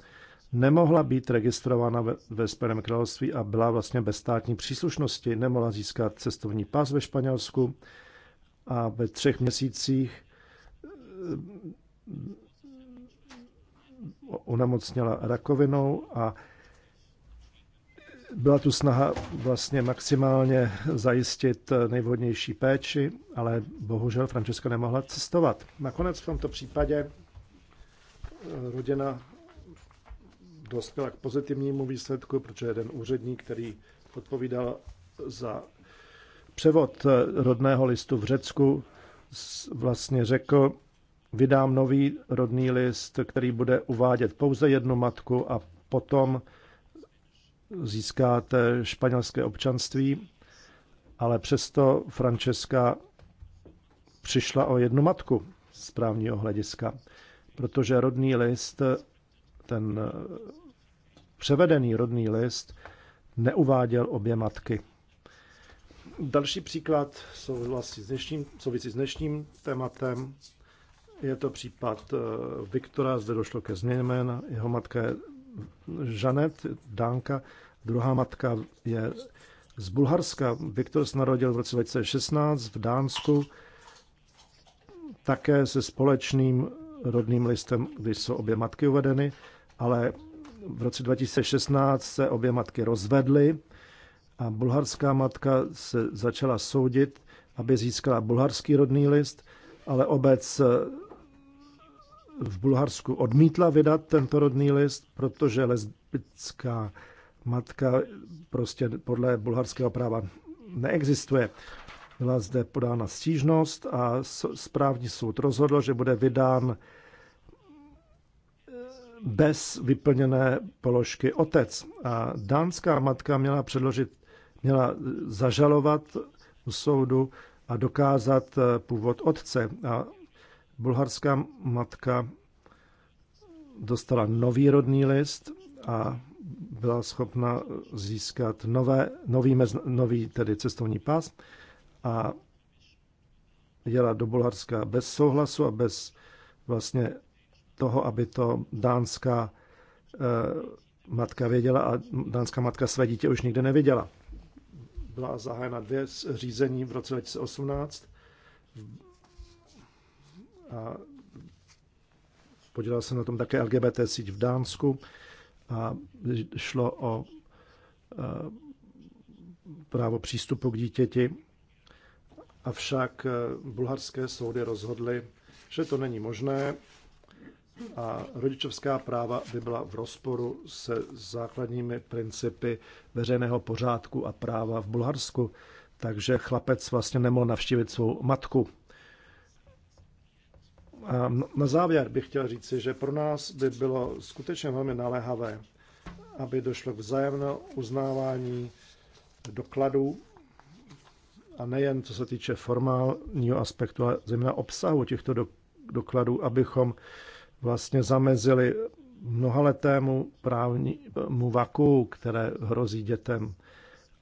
nemohla být registrována ve, ve Spojeném království a byla vlastně bez státní příslušnosti, nemohla získat cestovní pas ve Španělsku a ve třech měsících onemocněla rakovinou a byla tu snaha vlastně maximálně zajistit nejvhodnější péči, ale bohužel Francesca nemohla cestovat. Nakonec v tomto případě eh, rodina dospěla k pozitivnímu výsledku, protože jeden úředník, který odpovídal za převod eh, rodného listu v Řecku, vlastně řekl, vydám nový rodný list, který bude uvádět pouze jednu matku a potom získáte španělské občanství, ale přesto Francesca přišla o jednu matku z právního hlediska, protože rodný list, ten převedený rodný list, neuváděl obě matky. Další příklad souvisí s dnešním, souvisí s dnešním tématem je to případ eh, Viktora, zde došlo ke změně jména. Jeho matka je Žanet, Dánka, druhá matka je z Bulharska. Viktor se narodil v roce 2016 v Dánsku, také se společným rodným listem, kdy jsou obě matky uvedeny, ale v roce 2016 se obě matky rozvedly a bulharská matka se začala soudit, aby získala bulharský rodný list, ale obec v Bulharsku odmítla vydat tento rodný list, protože lesbická matka prostě podle bulharského práva neexistuje. Byla zde podána stížnost a správní soud rozhodl, že bude vydán eh, bez vyplněné položky otec. A dánská matka měla předložit, měla zažalovat u soudu a dokázat eh, původ otce. A bulharská matka dostala nový rodný list a byla schopna získat nové, nový, nový tedy cestovní pas a jela do Bulharska bez souhlasu a bez vlastně toho, aby to dánská eh, matka věděla a dánská matka své dítě už nikde neviděla. Byla zahájena dvě řízení v roce 2018 a podělal se na tom také LGBT síť v Dánsku a šlo o právo přístupu k dítěti. Avšak e, bulharské soudy rozhodly, že to není možné a rodičovská práva by byla v rozporu se základními principy veřejného pořádku a práva v Bulharsku. Takže chlapec vlastně nemohl navštívit svou matku a na závěr bych chtěl říci, že pro nás by bylo skutečně velmi naléhavé, aby došlo k vzájemnému uznávání dokladů a nejen co se týče formálního aspektu, ale zejména obsahu těchto dokladů, abychom vlastně zamezili mnohaletému právnímu vaku, které hrozí dětem.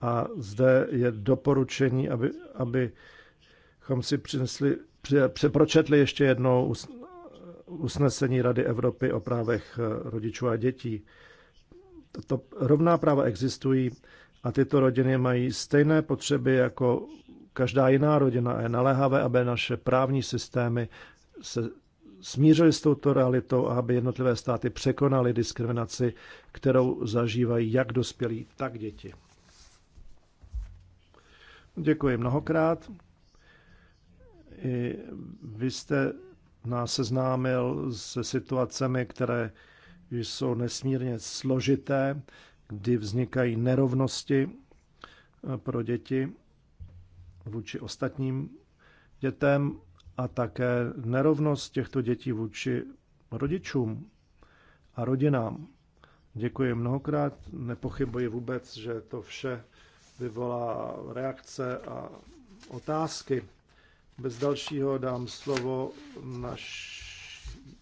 A zde je doporučení, aby, abychom si přinesli přepročetli ještě jednou usnesení Rady Evropy o právech eh, rodičů a dětí. To rovná práva existují a tyto rodiny mají stejné potřeby jako každá jiná rodina. A je naléhavé, aby naše právní systémy se smířili s touto realitou a aby jednotlivé státy překonaly diskriminaci, kterou zažívají jak dospělí, tak děti. Děkuji mnohokrát. I vy jste nás seznámil se situacemi, které jsou nesmírně složité, kdy vznikají nerovnosti eh, pro děti vůči ostatním dětem a také nerovnost těchto dětí vůči rodičům a rodinám. Děkuji mnohokrát, nepochybuji vůbec, že to vše vyvolá reakce a otázky. Bez dalšího dám slovo naší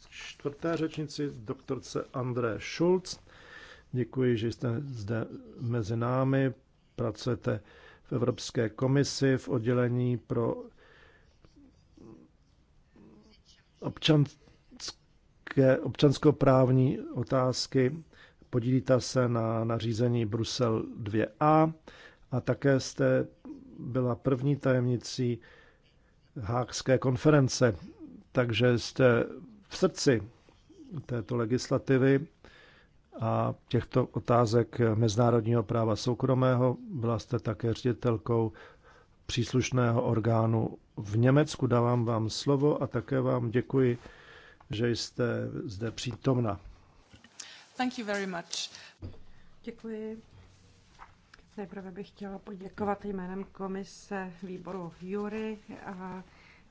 čtvrté řečnici, doktorce André Schulz. Děkuji, že jste zde mezi námi. Pracujete v Evropské komisi v oddělení pro občanské, občanskoprávní otázky. Podílíte se na nařízení Brusel 2a a také jste byla první tajemnicí Hákské konference, takže jste v srdci této legislativy a těchto otázek mezinárodního práva soukromého. Byla jste také ředitelkou příslušného orgánu v Německu. Dávám vám slovo a také vám děkuji, že jste zde přítomna.
Thank you very much. Děkuji. Nejprve bych chtěla poděkovat jménem komise výboru Jury a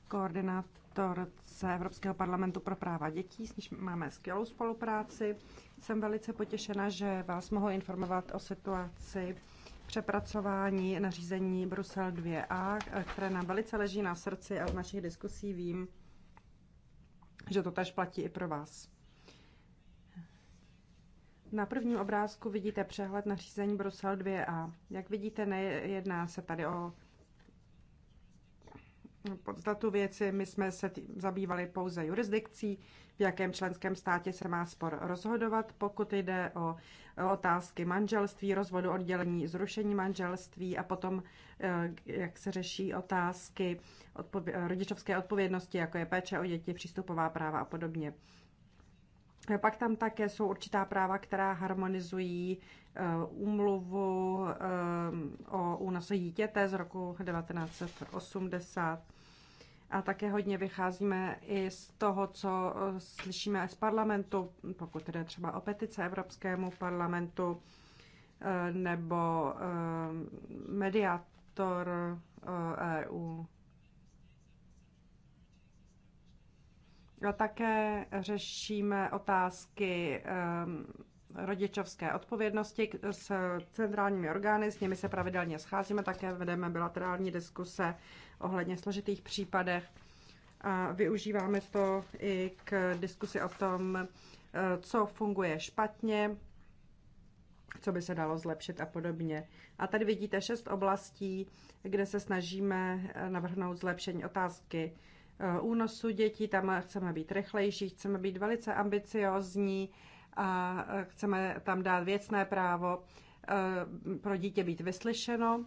koordinátorce Evropského parlamentu pro práva dětí, s níž máme skvělou spolupráci. Jsem velice potěšena, že vás mohu informovat o situaci přepracování nařízení Brusel 2a, které nám velice leží na srdci a z našich diskusí vím, že to tež platí i pro vás. Na prvním obrázku vidíte přehled nařízení Brusel 2a. Jak vidíte, nejedná se tady o podstatu věci. My jsme se zabývali pouze jurisdikcí, v jakém členském státě se má spor rozhodovat, pokud jde o otázky manželství, rozvodu, oddělení, zrušení manželství a potom, eh, jak se řeší otázky odpově- rodičovské odpovědnosti, jako je péče o děti, přístupová práva a podobně. No, pak tam také jsou určitá práva, která harmonizují eh, úmluvu eh, o únosu dítěte z roku 1980. A také hodně vycházíme i z toho, co eh, slyšíme z parlamentu, pokud jde třeba o petice Evropskému parlamentu nebo mediátor EU e Také řešíme otázky ehm, rodičovské odpovědnosti s centrálními orgány, s nimi se pravidelně scházíme, také vedeme bilaterální diskuse ohledně složitých případech a využíváme to i k diskusi o tom, e, co funguje špatně, co by se dalo zlepšit a podobně. A tady vidíte šest oblastí, kde se snažíme e, navrhnout zlepšení otázky Eh, únosu dětí, tam chceme být rychlejší, chceme být velice ambiciozní a eh, chceme tam dát věcné právo eh, pro dítě být vyslyšeno,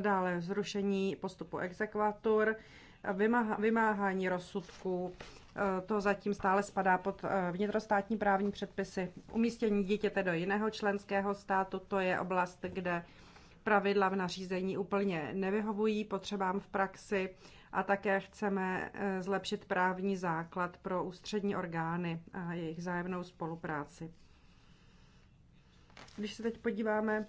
dále zrušení postupu exekvatur, vymáhání rozsudků, to zatím stále spadá pod vnitrostátní právní předpisy. Umístění dítěte do jiného členského státu, to je oblast, kde pravidla v nařízení úplně nevyhovují potřebám v praxi a také chceme eh, zlepšit právní základ pro ústřední orgány a jejich zájemnou spolupráci. Když se teď podíváme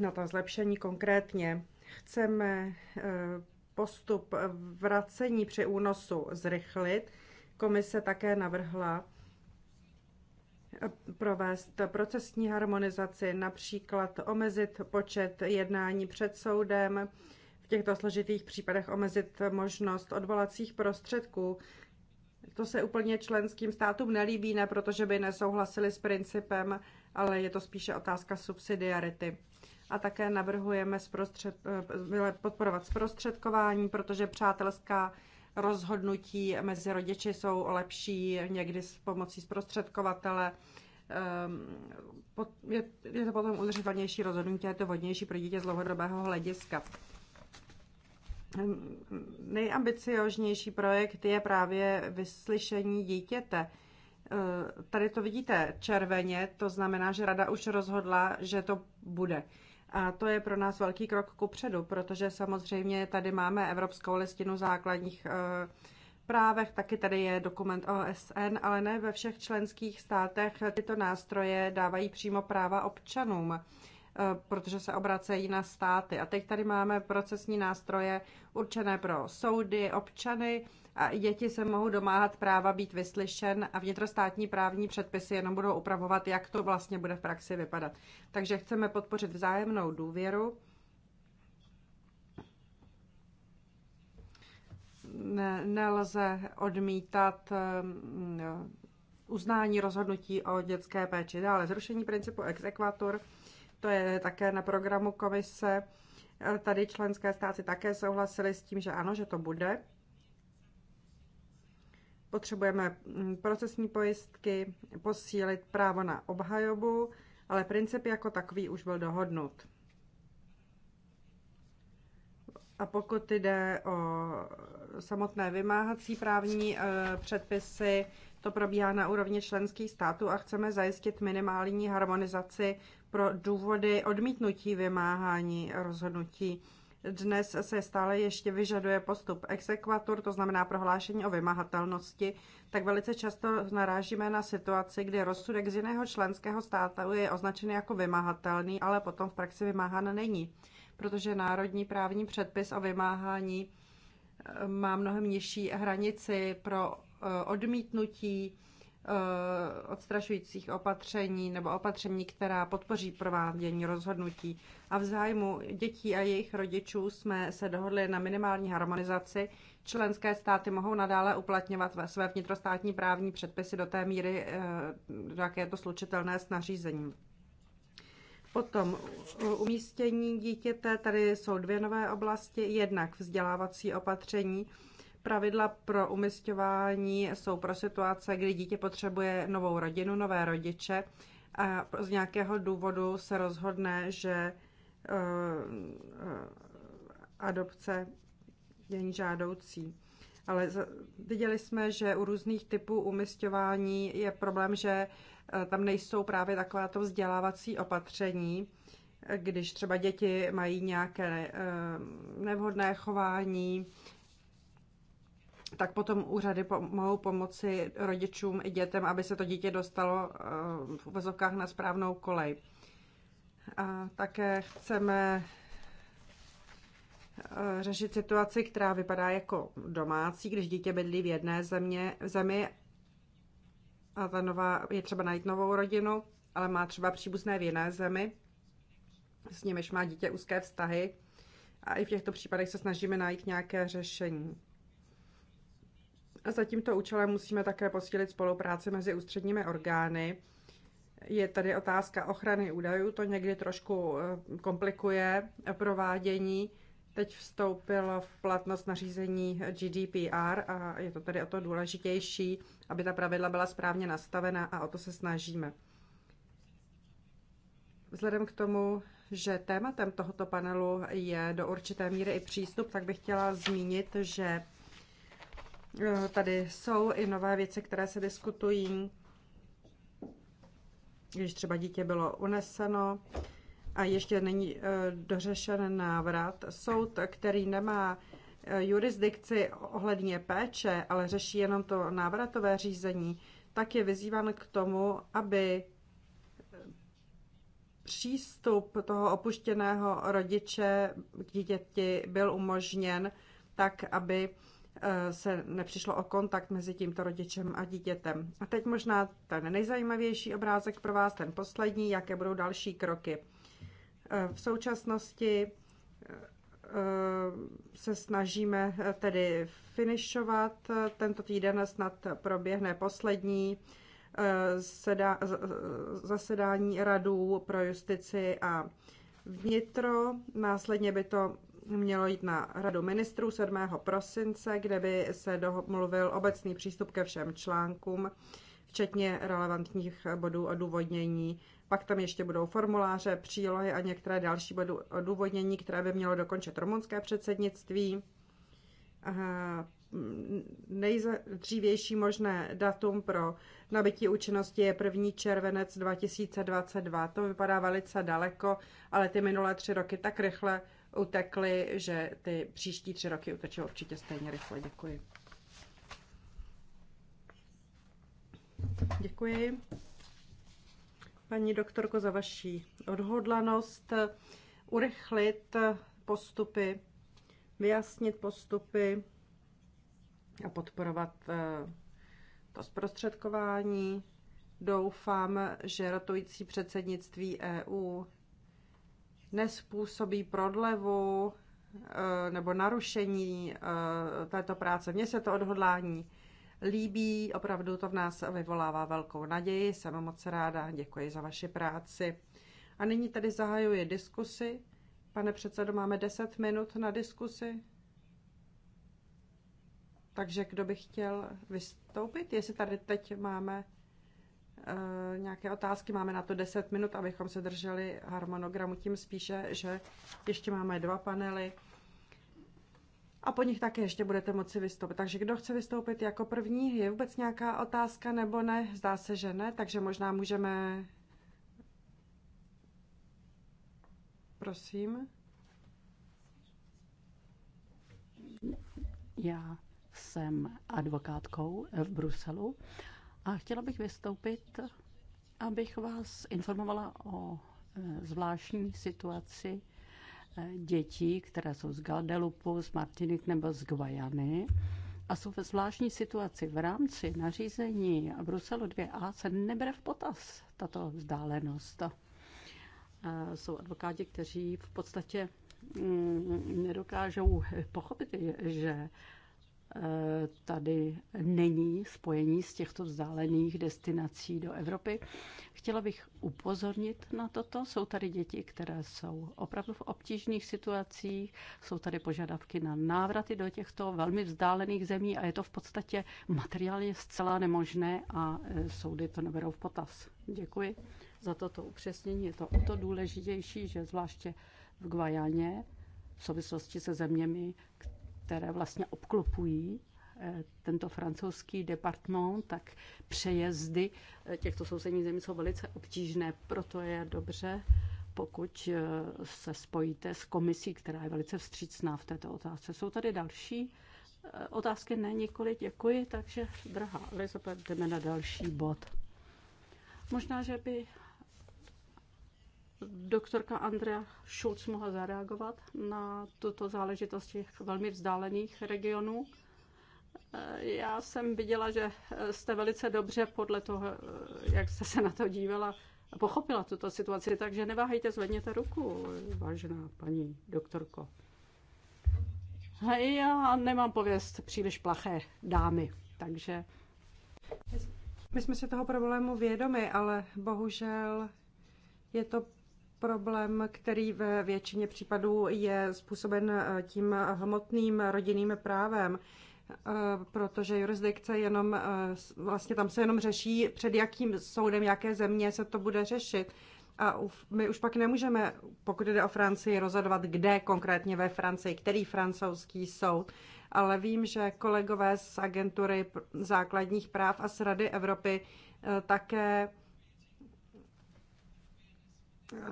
na ta zlepšení konkrétně, chceme eh, postup vracení při únosu zrychlit. Komise také navrhla eh, provést procesní harmonizaci, například omezit počet jednání před soudem, v těchto složitých případech omezit možnost odvolacích prostředků. To se úplně členským státům nelíbí, ne protože by nesouhlasili s principem, ale je to spíše otázka subsidiarity. A také navrhujeme zprostřed, eh, podporovat zprostředkování, protože přátelská rozhodnutí mezi rodiči jsou lepší někdy s pomocí zprostředkovatele. Ehm, je to potom udržitelnější rozhodnutí, je to vodnější pro dítě z dlouhodobého hlediska nejambicioznější projekt je právě vyslyšení dítěte. E, tady to vidíte červeně, to znamená, že rada už rozhodla, že to bude. A to je pro nás velký krok ku předu, protože samozřejmě tady máme Evropskou listinu základních e, právech, taky tady je dokument OSN, ale ne ve všech členských státech tyto nástroje dávají přímo práva občanům. Eh, protože se obracejí na státy. A teď tady máme procesní nástroje určené pro soudy, občany a děti se mohou domáhat práva být vyslyšen a vnitrostátní právní předpisy jenom budou upravovat, jak to vlastně bude v praxi vypadat. Takže chceme podpořit vzájemnou důvěru. nelze odmítat eh, uznání rozhodnutí o dětské péči. Dále zrušení principu exekvatur to je také na programu komise. E, tady členské státy také souhlasily s tím, že ano, že to bude. Potřebujeme mm, procesní pojistky, posílit právo na obhajobu, ale princip jako takový už byl dohodnut. A pokud jde o samotné vymáhací právní e, předpisy, to probíhá na úrovni členských států a chceme zajistit minimální harmonizaci pro důvody odmítnutí vymáhání rozhodnutí. Dnes se stále ještě vyžaduje postup exekvatur, to znamená prohlášení o vymahatelnosti, tak velice často narážíme na situaci, kdy rozsudek z jiného členského státu je označen jako vymahatelný, ale potom v praxi vymáhán není, protože národní právní předpis o vymáhání eh, má mnohem nižší hranici pro eh, odmítnutí Eh, odstrašujících opatření nebo opatření, která podpoří provádění rozhodnutí. A v zájmu dětí a jejich rodičů jsme se dohodli na minimální harmonizaci. Členské státy mohou nadále uplatňovat své vnitrostátní právní předpisy do té míry, eh, do jaké je to slučitelné s nařízením. Potom umístění dítěte, tady jsou dvě nové oblasti, jednak vzdělávací opatření, Pravidla pro umistování jsou pro situace, kdy dítě potřebuje novou rodinu, nové rodiče a z nějakého důvodu se rozhodne, že eh, eh, adopce není žádoucí. Ale viděli jsme, že u různých typů umistování je problém, že eh, tam nejsou právě takováto vzdělávací opatření, když třeba děti mají nějaké nevhodné chování tak potom úřady mohou pomoci rodičům i dětem, aby se to dítě dostalo eh, v vozovkách na správnou kolej. A také chceme eh, řešit situaci, která vypadá jako domácí, když dítě bydlí v jedné země, zemi a ta nová, je třeba najít novou rodinu, ale má třeba příbuzné v jiné zemi, s nimiž má dítě úzké vztahy. A i v těchto případech se snažíme najít nějaké řešení. A za tímto účelem musíme také posílit spolupráci mezi ústředními orgány. Je tady otázka ochrany údajů, to někdy trošku eh, komplikuje provádění. Teď vstoupilo v platnost nařízení GDPR a je to tedy o to důležitější, aby ta pravidla byla správně nastavena a o to se snažíme. Vzhledem k tomu, že tématem tohoto panelu je do určité míry i přístup, tak bych chtěla zmínit, že Eh, tady jsou i nové věci, které se diskutují, když třeba dítě bylo uneseno a ještě není eh, dořešen návrat. Soud, který nemá eh, jurisdikci ohledně péče, ale řeší jenom to návratové řízení, tak je vyzývan k tomu, aby přístup toho opuštěného rodiče k dítěti byl umožněn tak, aby Eh, se nepřišlo o kontakt mezi tímto rodičem a dítětem. A teď možná ten nejzajímavější obrázek pro vás, ten poslední, jaké budou další kroky. Eh, v současnosti eh, se snažíme tedy finišovat. Tento týden snad proběhne poslední zasedání radů pro justici a vnitro. Následně by to mělo jít na Radu ministrů 7. prosince, kde by se domluvil obecný přístup ke všem článkům, včetně relevantních bodů odůvodnění. Pak tam ještě budou formuláře, přílohy a některé další body odůvodnění, které by mělo dokončit rumunské předsednictví. Aha mm, nejdřívější možné datum pro nabití účinnosti je 1. červenec 2022. To vypadá velice daleko, ale ty minulé tři roky tak rychle utekly, že ty příští tři roky uteče určitě stejně rychle. Děkuji. Děkuji, paní doktorko, za vaši odhodlanost urychlit postupy, vyjasnit postupy a podporovat eh, to zprostředkování. Doufám, že rotující předsednictví EU nespůsobí prodlevu eh, nebo narušení eh, této práce. Mně se to odhodlání líbí, opravdu to v nás vyvolává velkou naději, jsem moc ráda, děkuji za vaši práci. A nyní tedy zahajuji diskusi. Pane předsedo, máme 10 minut na diskusi. Takže kdo by chtěl vystoupit, jestli tady teď máme Eh, nějaké otázky. Máme na to 10 minut, abychom se drželi harmonogramu, tím spíše, že ještě máme dva panely a po nich také ještě budete moci vystoupit. Takže kdo chce vystoupit jako první, je vůbec nějaká otázka nebo ne? Zdá se, že ne, takže možná můžeme... Prosím.
Já jsem advokátkou v Bruselu a chtěla bych vystoupit, abych vás informovala o e, zvláštní situaci e, dětí, které jsou z Galdelupu, z Martinik nebo z Guajany a jsou ve zvláštní situaci. V rámci nařízení Bruselu 2a se nebere v potaz tato vzdálenost. E, jsou advokáti, kteří v podstatě mm, nedokážou pochopit, že tady není spojení z těchto vzdálených destinací do Evropy. Chtěla bych upozornit na toto. Jsou tady děti, které jsou opravdu v obtížných situacích, jsou tady požadavky na návraty do těchto velmi vzdálených zemí a je to v podstatě materiálně zcela nemožné a e, soudy to neberou v potaz. Děkuji za toto upřesnění. Je to o to důležitější, že zvláště v Guajáně v souvislosti se zeměmi, které vlastně obklopují eh, tento francouzský departement, tak přejezdy eh, těchto sousedních zemí jsou velice obtížné. Proto je dobře, pokud eh, se spojíte s komisí, která je velice vstřícná v této otázce. Jsou tady další otázky? Ne, nikoli. Děkuji. Takže, drahá Elizabeth, jdeme na další bod. Možná, že by doktorka Andrea Schulz mohla zareagovat na tuto záležitost těch velmi vzdálených regionů. Eh, já jsem viděla, že jste velice dobře podle toho, eh, jak jste se na to dívala, pochopila tuto situaci, takže neváhejte, zvedněte ruku, vážená paní doktorko. Já nemám pověst příliš plaché dámy, takže...
My jsme se toho problému vědomi, ale bohužel je to problém, který ve většině případů je způsoben eh, tím eh, hmotným rodinným právem, eh, protože jurisdikce jenom, vlastně tam se jenom řeší, před jakým soudem, jaké země se to bude řešit. A my už pak nemůžeme, pokud jde o Francii, rozhodovat, kde konkrétně ve Francii, který francouzský soud. Ale vím, že kolegové z agentury základních práv a z Rady Evropy také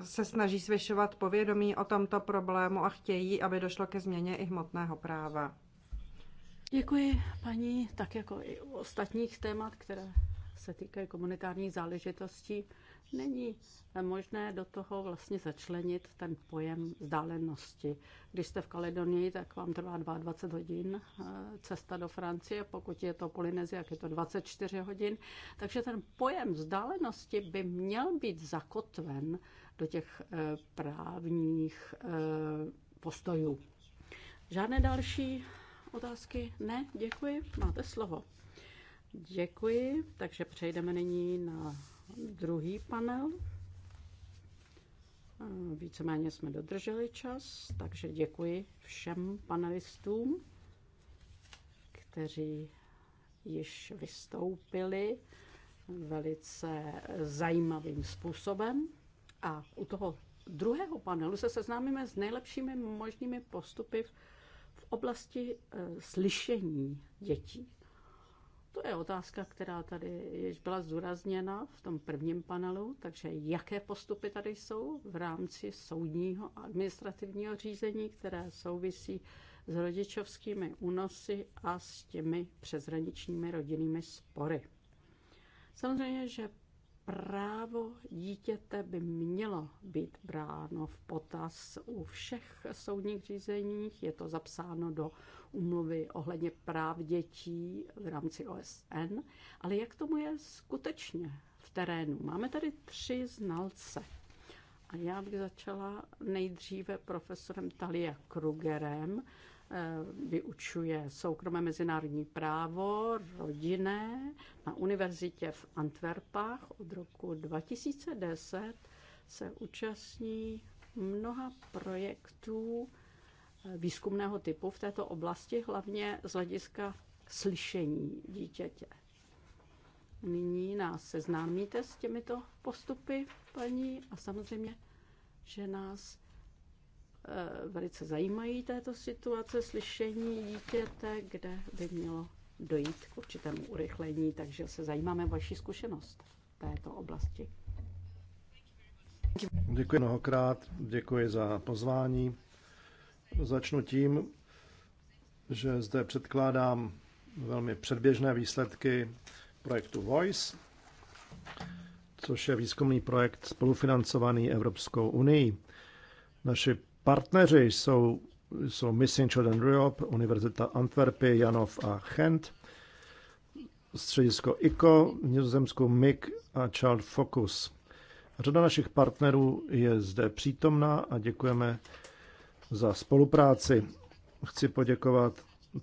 se snaží zvyšovat povědomí o tomto problému a chtějí, aby došlo ke změně i hmotného práva.
Děkuji paní, tak jako i u ostatních témat, které se týkají komunitárních záležitostí, není možné do toho vlastně začlenit ten pojem vzdálenosti. Když jste v Kaledonii, tak vám trvá 22 hodin eh, cesta do Francie, pokud je to Polynezie, jak je to 24 hodin. Takže ten pojem vzdálenosti by měl být zakotven do těch eh, právních eh, postojů. Žádné další otázky? Ne, děkuji, máte slovo. Děkuji, takže přejdeme nyní na druhý panel. Eh, víceméně jsme dodrželi čas, takže děkuji všem panelistům, kteří již vystoupili velice zajímavým způsobem. A u toho druhého panelu se seznámíme s nejlepšími možnými postupy v oblasti e, slyšení dětí. To je otázka, která tady již byla zdůrazněna v tom prvním panelu, takže jaké postupy tady jsou v rámci soudního a administrativního řízení, které souvisí s rodičovskými únosy a s těmi přezraničními rodinnými spory. Samozřejmě, že právo dítěte by mělo být bráno v potaz u všech soudních řízeních. Je to zapsáno do umluvy ohledně práv dětí v rámci OSN. Ale jak tomu je skutečně v terénu? Máme tady tři znalce. A já bych začala nejdříve profesorem Talia Krugerem, Eh, vyučuje soukromé mezinárodní právo, rodinné na univerzitě v Antwerpách. Od roku 2010 se účastní mnoha projektů eh, výzkumného typu v této oblasti, hlavně z hlediska slyšení dítěte. Nyní nás seznámíte s těmito postupy, paní, a samozřejmě, že nás Eh, velice zajímají této situace slyšení dítěte, kde by mělo dojít k určitému urychlení, takže se zajímáme vaši zkušenost v této oblasti.
Děkuji mnohokrát, děkuji za pozvání. Začnu tím, že zde předkládám velmi předběžné výsledky projektu Voice, což je výzkumný projekt spolufinancovaný Evropskou unii. Naši Partneři jsou, jsou Missing Children Europe, Univerzita Antwerpy, Janov a Chent, středisko ICO, v Nizozemsku MIG a Child Focus. Řada našich partnerů je zde přítomná a děkujeme za spolupráci. Chci poděkovat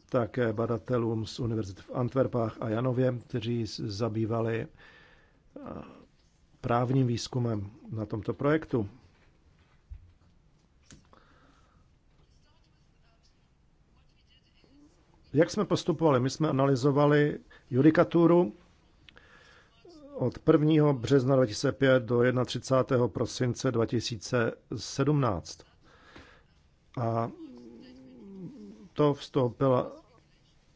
také badatelům z univerzit v Antwerpách a Janově, kteří zabývali právním výzkumem na tomto projektu. Jak jsme postupovali? My jsme analyzovali judikaturu od 1. března 2005 do 31. prosince 2017. A to vstoupilo,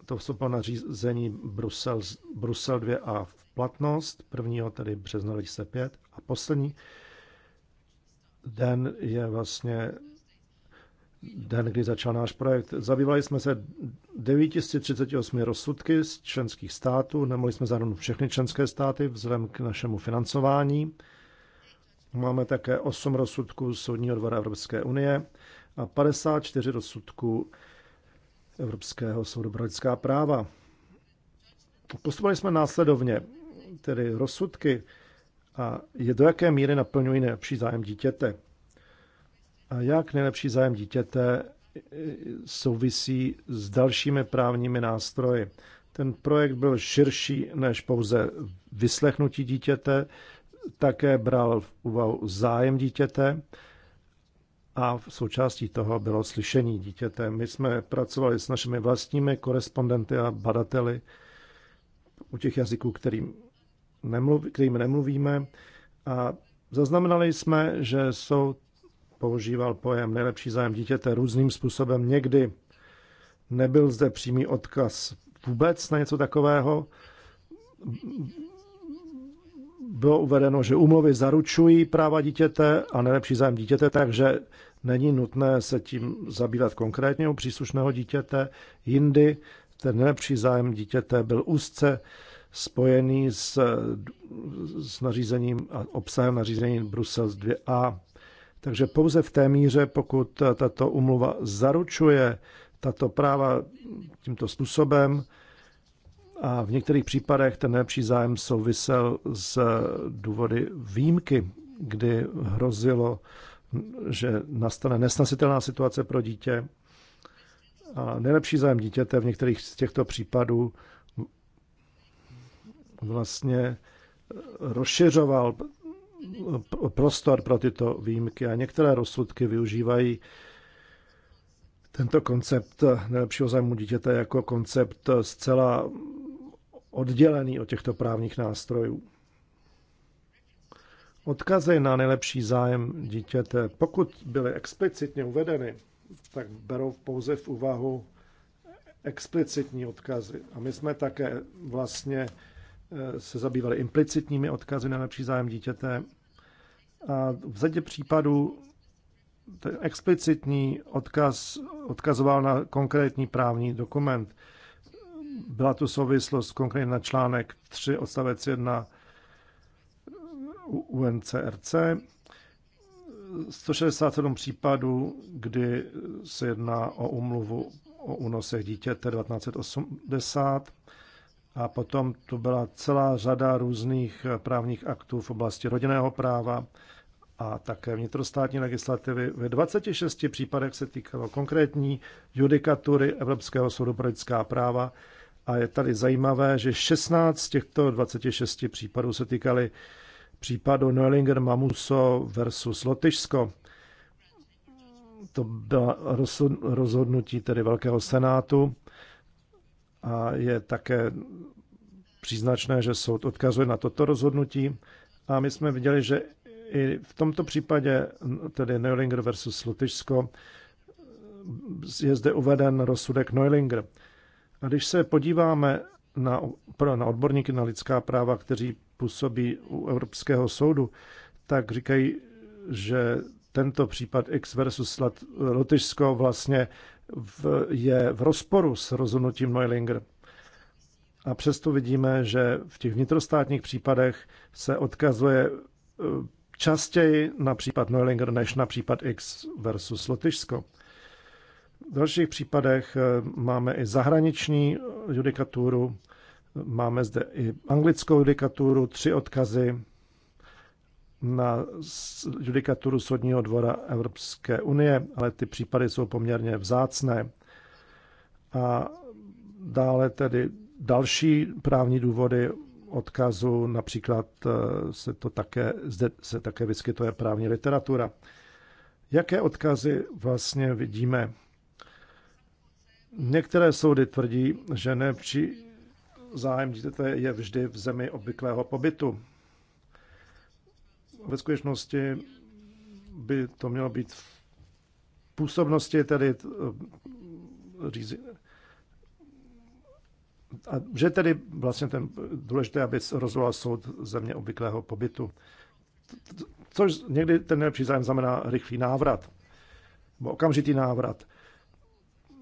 to vstoupilo na řízení Brusel, Brusel 2a v platnost, 1. tedy března 2005 a poslední den je vlastně den, kdy začal náš projekt. Zabývali jsme se 938 rozsudky z členských států, nemohli jsme zahrnout všechny členské státy vzhledem k našemu financování. Máme také 8 rozsudků Soudního dvora Evropské unie a 54 rozsudků Evropského soudu pro lidská práva. Postupovali jsme následovně, tedy rozsudky a je do jaké míry naplňují nejlepší zájem dítěte. A jak nejlepší zájem dítěte e, souvisí s dalšími právními nástroji. Ten projekt byl širší než pouze vyslechnutí dítěte, také bral v úvahu zájem dítěte a v součástí toho bylo slyšení dítěte. My jsme pracovali s našimi vlastními korespondenty a badateli u těch jazyků, kterým, nemluv, kterým nemluvíme a zaznamenali jsme, že jsou používal pojem nejlepší zájem dítěte různým způsobem. Někdy nebyl zde přímý odkaz vůbec na něco takového. Bylo uvedeno, že úmluvy zaručují práva dítěte a nejlepší zájem dítěte, takže není nutné se tím zabývat konkrétně u příslušného dítěte. Jindy ten nejlepší zájem dítěte byl úzce spojený s, s nařízením a obsahem nařízení Brusel 2a takže pouze v té míře, pokud tato umluva zaručuje tato práva tímto způsobem, a v některých případech ten nejlepší zájem souvisel s důvody výjimky, kdy hrozilo, že nastane nesnasitelná situace pro dítě. A nejlepší zájem dítěte v některých z těchto případů vlastně rozšiřoval prostor pro tyto výjimky a některé rozsudky využívají tento koncept nejlepšího zájmu dítěte jako koncept zcela oddělený od těchto právních nástrojů. Odkazy na nejlepší zájem dítěte, pokud byly explicitně uvedeny, tak berou pouze v úvahu explicitní odkazy. A my jsme také vlastně eh, se zabývali implicitními odkazy na nejlepší zájem dítěte v řadě případů ten explicitní odkaz odkazoval na konkrétní právní dokument. Byla tu souvislost konkrétně na článek 3 odstavec 1 UNCRC. 167 případů, kdy se jedná o umluvu o únosech dítěte 1980 a potom tu byla celá řada různých právních aktů v oblasti rodinného práva, a také vnitrostátní legislativy. Ve 26 případech se týkalo konkrétní judikatury Evropského soudu pro lidská práva a je tady zajímavé, že 16 z těchto 26 případů se týkaly případu Neulinger Mamuso versus Lotyšsko. To bylo rozhodnutí tedy Velkého senátu a je také příznačné, že soud odkazuje na toto rozhodnutí. A my jsme viděli, že i v tomto případě, tedy Neulinger versus Lotyšsko, je zde uveden rozsudek Neulinger. A když se podíváme na, na odborníky na lidská práva, kteří působí u Evropského soudu, tak říkají, že tento případ X versus Lotyšsko vlastně v, je v rozporu s rozhodnutím Neulinger. A přesto vidíme, že v těch vnitrostátních případech se odkazuje e, častěji na případ Neulinger než na případ X versus Lotyšsko. V dalších případech eh, máme i zahraniční judikaturu, máme zde i anglickou judikaturu, tři odkazy na judikaturu Soudního dvora Evropské unie, ale ty případy jsou poměrně vzácné. A dále tedy další právní důvody odkazu, například eh, se to také, zde se také vyskytuje právní literatura. Jaké odkazy vlastně vidíme? Některé soudy tvrdí, že nepří zájem dítěte je vždy v zemi obvyklého pobytu. Ve skutečnosti by to mělo být v působnosti tedy eh, a že tedy vlastně ten důležité, aby rozhodoval soud země obvyklého pobytu. Což někdy ten nejlepší zájem znamená rychlý návrat, nebo okamžitý návrat.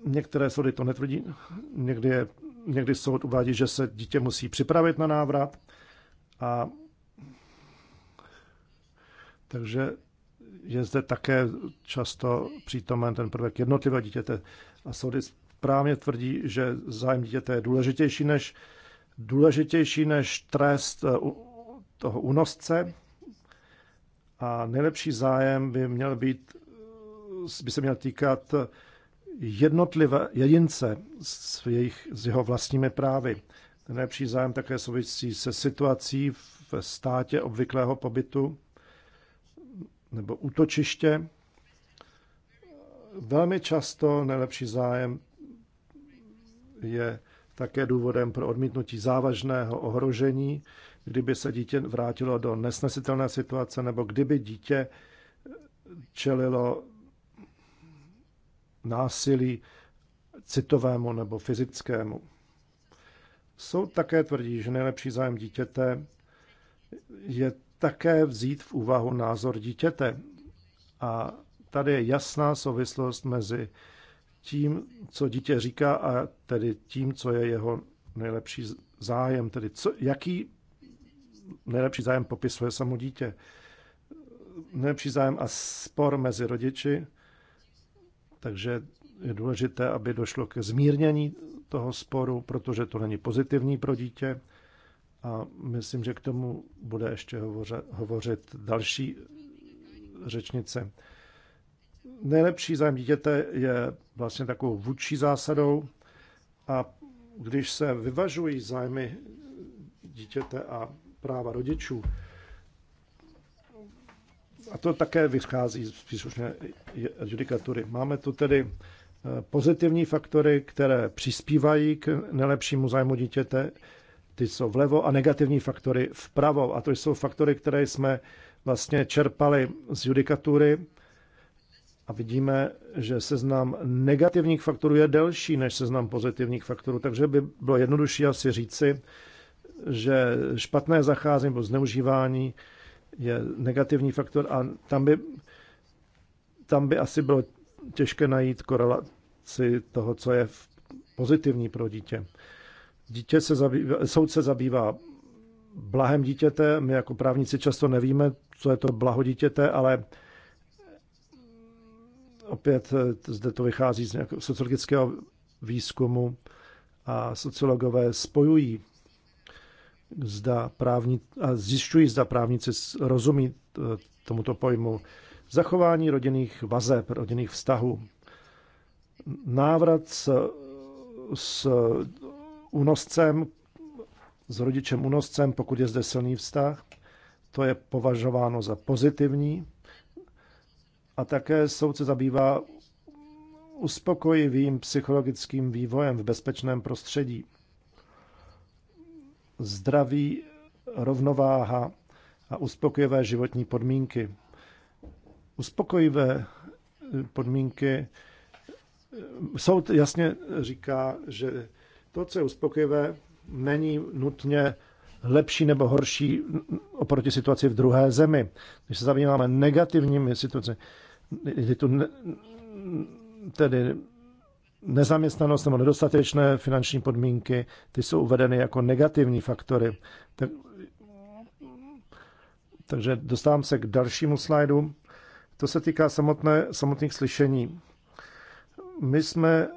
Některé soudy to netvrdí, někdy, je, někdy soud uvádí, že se dítě musí připravit na návrat. A takže je zde také často přítomen ten prvek jednotlivého dítěte a soudy správně tvrdí, že zájem dítěte je důležitější než, důležitější než trest eh, toho unosce a nejlepší zájem by měl být, eh, by se měl týkat eh, jednotlivé jedince s, jejich, s jeho vlastními právy. Ten nejlepší zájem také souvisí se situací v státě obvyklého pobytu nebo útočiště. Velmi často nejlepší zájem je také důvodem pro odmítnutí závažného ohrožení, kdyby se dítě vrátilo do nesnesitelné situace nebo kdyby dítě čelilo násilí citovému nebo fyzickému. Soud také tvrdí, že nejlepší zájem dítěte je také vzít v úvahu názor dítěte. A tady je jasná souvislost mezi tím, co dítě říká a tedy tím, co je jeho nejlepší zájem, tedy co, jaký nejlepší zájem popisuje samo dítě. Nejlepší zájem a spor mezi rodiči, takže je důležité, aby došlo ke zmírnění toho sporu, protože to není pozitivní pro dítě. A myslím, že k tomu bude ještě hovořit další řečnice nejlepší zájem dítěte je vlastně takovou vůdčí zásadou a když se vyvažují zájmy dítěte a práva rodičů, a to také vychází z příslušné judikatury. Máme tu tedy eh, pozitivní faktory, které přispívají k nejlepšímu zájmu dítěte, ty jsou vlevo, a negativní faktory vpravo. A to jsou faktory, které jsme vlastně čerpali z judikatury a vidíme, že seznam negativních faktorů je delší než seznam pozitivních faktorů, takže by bylo jednodušší asi říci, že špatné zacházení nebo zneužívání je negativní faktor a tam by, tam by asi bylo těžké najít korelaci toho, co je pozitivní pro dítě. Dítě se zabývá, soud se zabývá blahem dítěte, my jako právníci často nevíme, co je to blaho dítěte, ale Opět eh, zde to vychází z nějakého sociologického výzkumu a sociologové spojují zda právní, a zjišťují, zda právníci rozumí eh, tomuto pojmu. Zachování rodinných vazeb, rodinných vztahů. Návrat s, s unoscem, s rodičem unoscem, pokud je zde silný vztah, to je považováno za pozitivní a také soud se zabývá uspokojivým psychologickým vývojem v bezpečném prostředí. Zdraví, rovnováha a uspokojivé životní podmínky. Uspokojivé eh, podmínky. Soud jasně říká, že to, co je uspokojivé, není nutně lepší nebo horší oproti situaci v druhé zemi. Když se zabýváme negativními situaci, kdy tu ne, tedy nezaměstnanost nebo nedostatečné finanční podmínky, ty jsou uvedeny jako negativní faktory. Tak, takže dostávám se k dalšímu slajdu. To se týká samotné, samotných slyšení. My jsme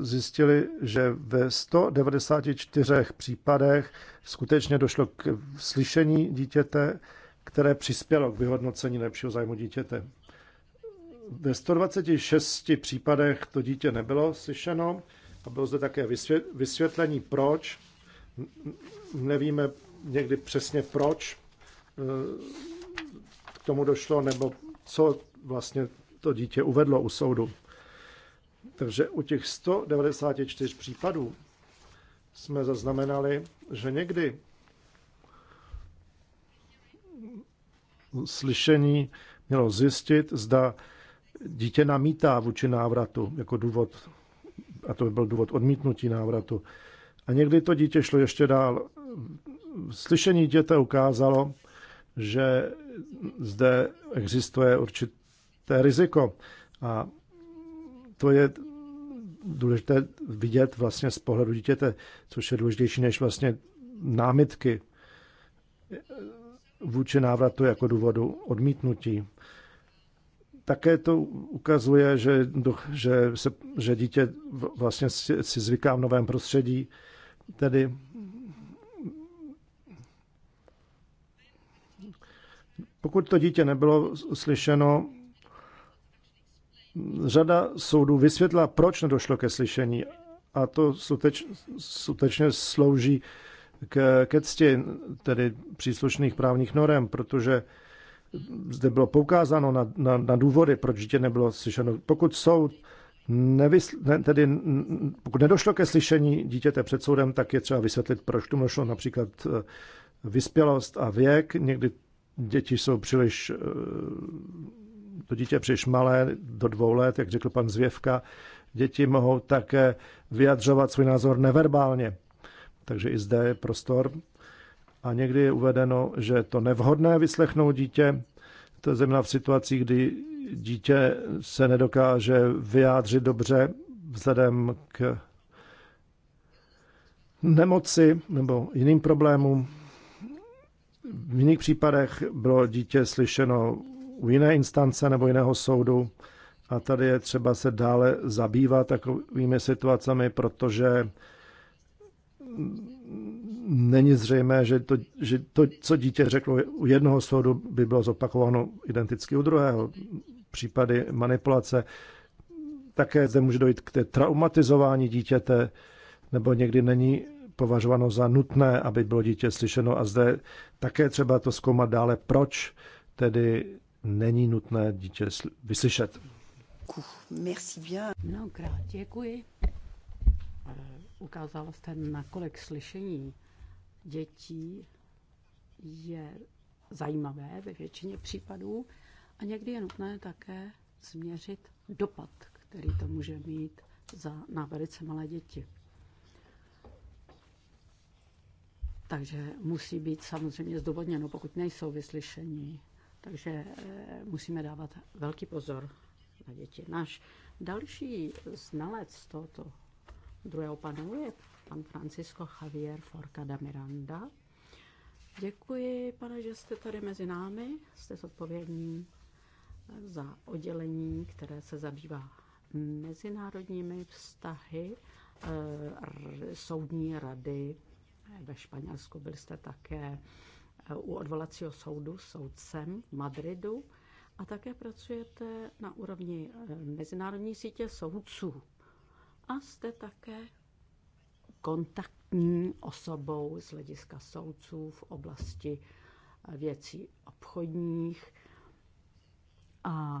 zjistili, že ve 194 případech skutečně došlo k slyšení dítěte, které přispělo k vyhodnocení lepšího zájmu dítěte. Ve 126 případech to dítě nebylo slyšeno a bylo zde také vysvětlení, proč. Nevíme někdy přesně, proč e, k tomu došlo, nebo co vlastně to dítě uvedlo u soudu. Takže u těch 194 případů jsme zaznamenali, že někdy slyšení mělo zjistit, zda dítě namítá vůči návratu jako důvod, a to by byl důvod odmítnutí návratu. A někdy to dítě šlo ještě dál. Slyšení dítěte ukázalo, že zde existuje určité riziko. A to je důležité vidět vlastně z pohledu dítěte, což je důležitější než vlastně námitky vůči návratu jako důvodu odmítnutí. Také to ukazuje, že, že, se, že dítě vlastně si zvyká v novém prostředí, tedy pokud to dítě nebylo slyšeno, řada soudů vysvětla, proč nedošlo ke slyšení. A to skutečně slouží k, ke cti tedy příslušných právních norem, protože zde bylo poukázáno na, na, na důvody, proč dítě nebylo slyšeno. Pokud soud nevysl, ne, tedy, pokud nedošlo ke slyšení dítěte před soudem, tak je třeba vysvětlit, proč tomu došlo například eh, vyspělost a věk. Někdy děti jsou příliš eh, to dítě přiš malé, do dvou let, jak řekl pan Zvěvka, děti mohou také vyjadřovat svůj názor neverbálně. Takže i zde je prostor. A někdy je uvedeno, že to nevhodné vyslechnout dítě, to je zejména v situaci, kdy dítě se nedokáže vyjádřit dobře vzhledem k nemoci nebo jiným problémům. V jiných případech bylo dítě slyšeno u jiné instance nebo jiného soudu. A tady je třeba se dále zabývat takovými situacemi, protože není zřejmé, že to, že to, co dítě řeklo u jednoho soudu, by bylo zopakováno identicky u druhého. Případy manipulace. Také zde může dojít k té traumatizování dítěte, nebo někdy není považováno za nutné, aby bylo dítě slyšeno. A zde také třeba to zkoumat dále, proč tedy není nutné dítě vyslyšet.
Merci bien. Mnohokrát děkuji. Eh, Ukázala jste, nakolik slyšení dětí je zajímavé ve většině případů a někdy je nutné také změřit dopad, který to může mít za, na velice malé děti. Takže musí být samozřejmě zdůvodněno, pokud nejsou vyslyšení. Takže eh, musíme dávat velký pozor na děti. Náš další znalec tohoto druhého panelu je pan Francisco Javier Forcada Miranda. Děkuji, pane, že jste tady mezi námi. Jste zodpovědní eh, za oddělení, které se zabývá mezinárodními vztahy eh, soudní rady ve Španělsku. Byl jste také u odvolacího soudu soudcem v Madridu a také pracujete na úrovni eh, Mezinárodní sítě soudců. A jste také kontaktní osobou z hlediska soudců v oblasti eh, věcí obchodních a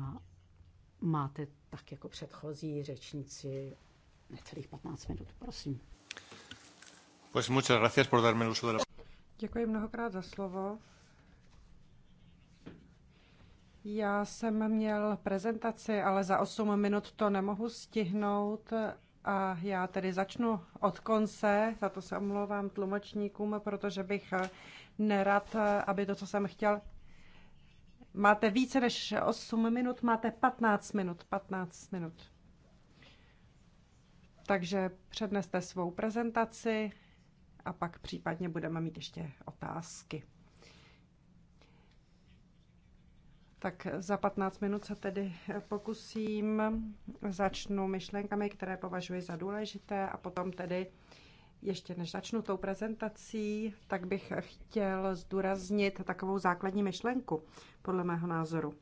máte tak jako předchozí řečníci necelých 15 minut. Prosím.
Pues muchas gracias por darme el uso de la...
Děkuji mnohokrát za slovo. Já jsem měl prezentaci, ale za 8 minut to nemohu stihnout a já tedy začnu od konce, za to se omlouvám tlumočníkům, protože bych nerad, aby to, co jsem chtěl, máte více než 8 minut, máte 15 minut, 15 minut. Takže předneste svou prezentaci, a pak případně budeme mít ještě otázky. Tak za 15 minut se tedy pokusím, začnu myšlenkami, které považuji za důležité a potom tedy ještě než začnu tou prezentací, tak bych chtěl zdůraznit takovou základní myšlenku, podle mého názoru.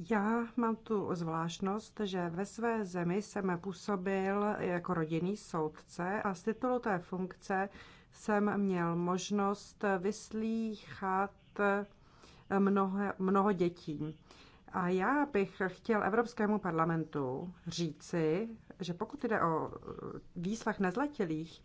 Já mám tu zvláštnost, že ve své zemi jsem působil jako rodinný soudce a z titulu té funkce jsem měl možnost vyslýchat mnoho, mnoho dětí. A já bych chtěl Evropskému parlamentu říci, že pokud jde o výslech nezletilých,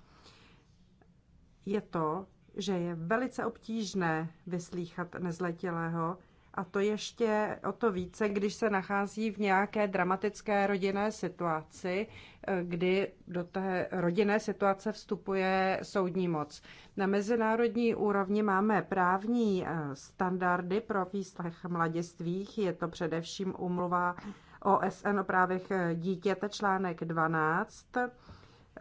je to, že je velice obtížné vyslýchat nezletilého, a to ještě o to více, když se nachází v nějaké dramatické rodinné situaci, eh, kdy do té rodinné situace vstupuje soudní moc. Na mezinárodní úrovni máme právní eh, standardy pro výslech mladistvých. Je to především umluva OSN o právech dítěte článek 12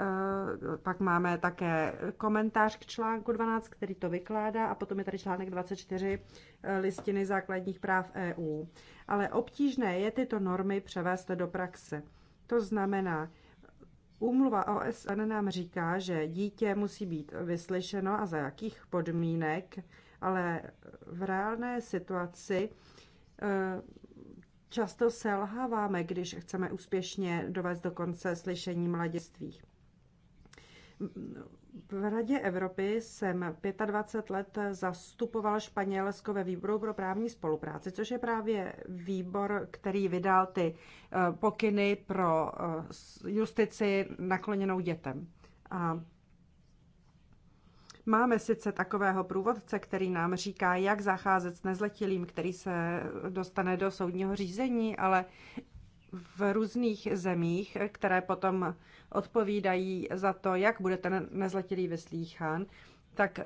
Eh, pak máme také komentář k článku 12, který to vykládá, a potom je tady článek 24 eh, listiny základních práv EU. Ale obtížné je tyto normy převést do praxe. To znamená, Úmluva OSN nám říká, že dítě musí být vyslyšeno a za jakých podmínek, ale v reálné situaci eh, často selháváme, když chceme úspěšně dovést do konce slyšení mladistvých v Radě Evropy jsem 25 let zastupoval Španělsko ve výboru pro právní spolupráci, což je právě výbor, který vydal ty eh, pokyny pro eh, justici nakloněnou dětem. A Máme sice takového průvodce, který nám říká, jak zacházet s nezletilým, který se dostane do soudního řízení, ale v různých zemích, které potom odpovídají za to, jak bude ten nezletilý vyslýchán, tak eh,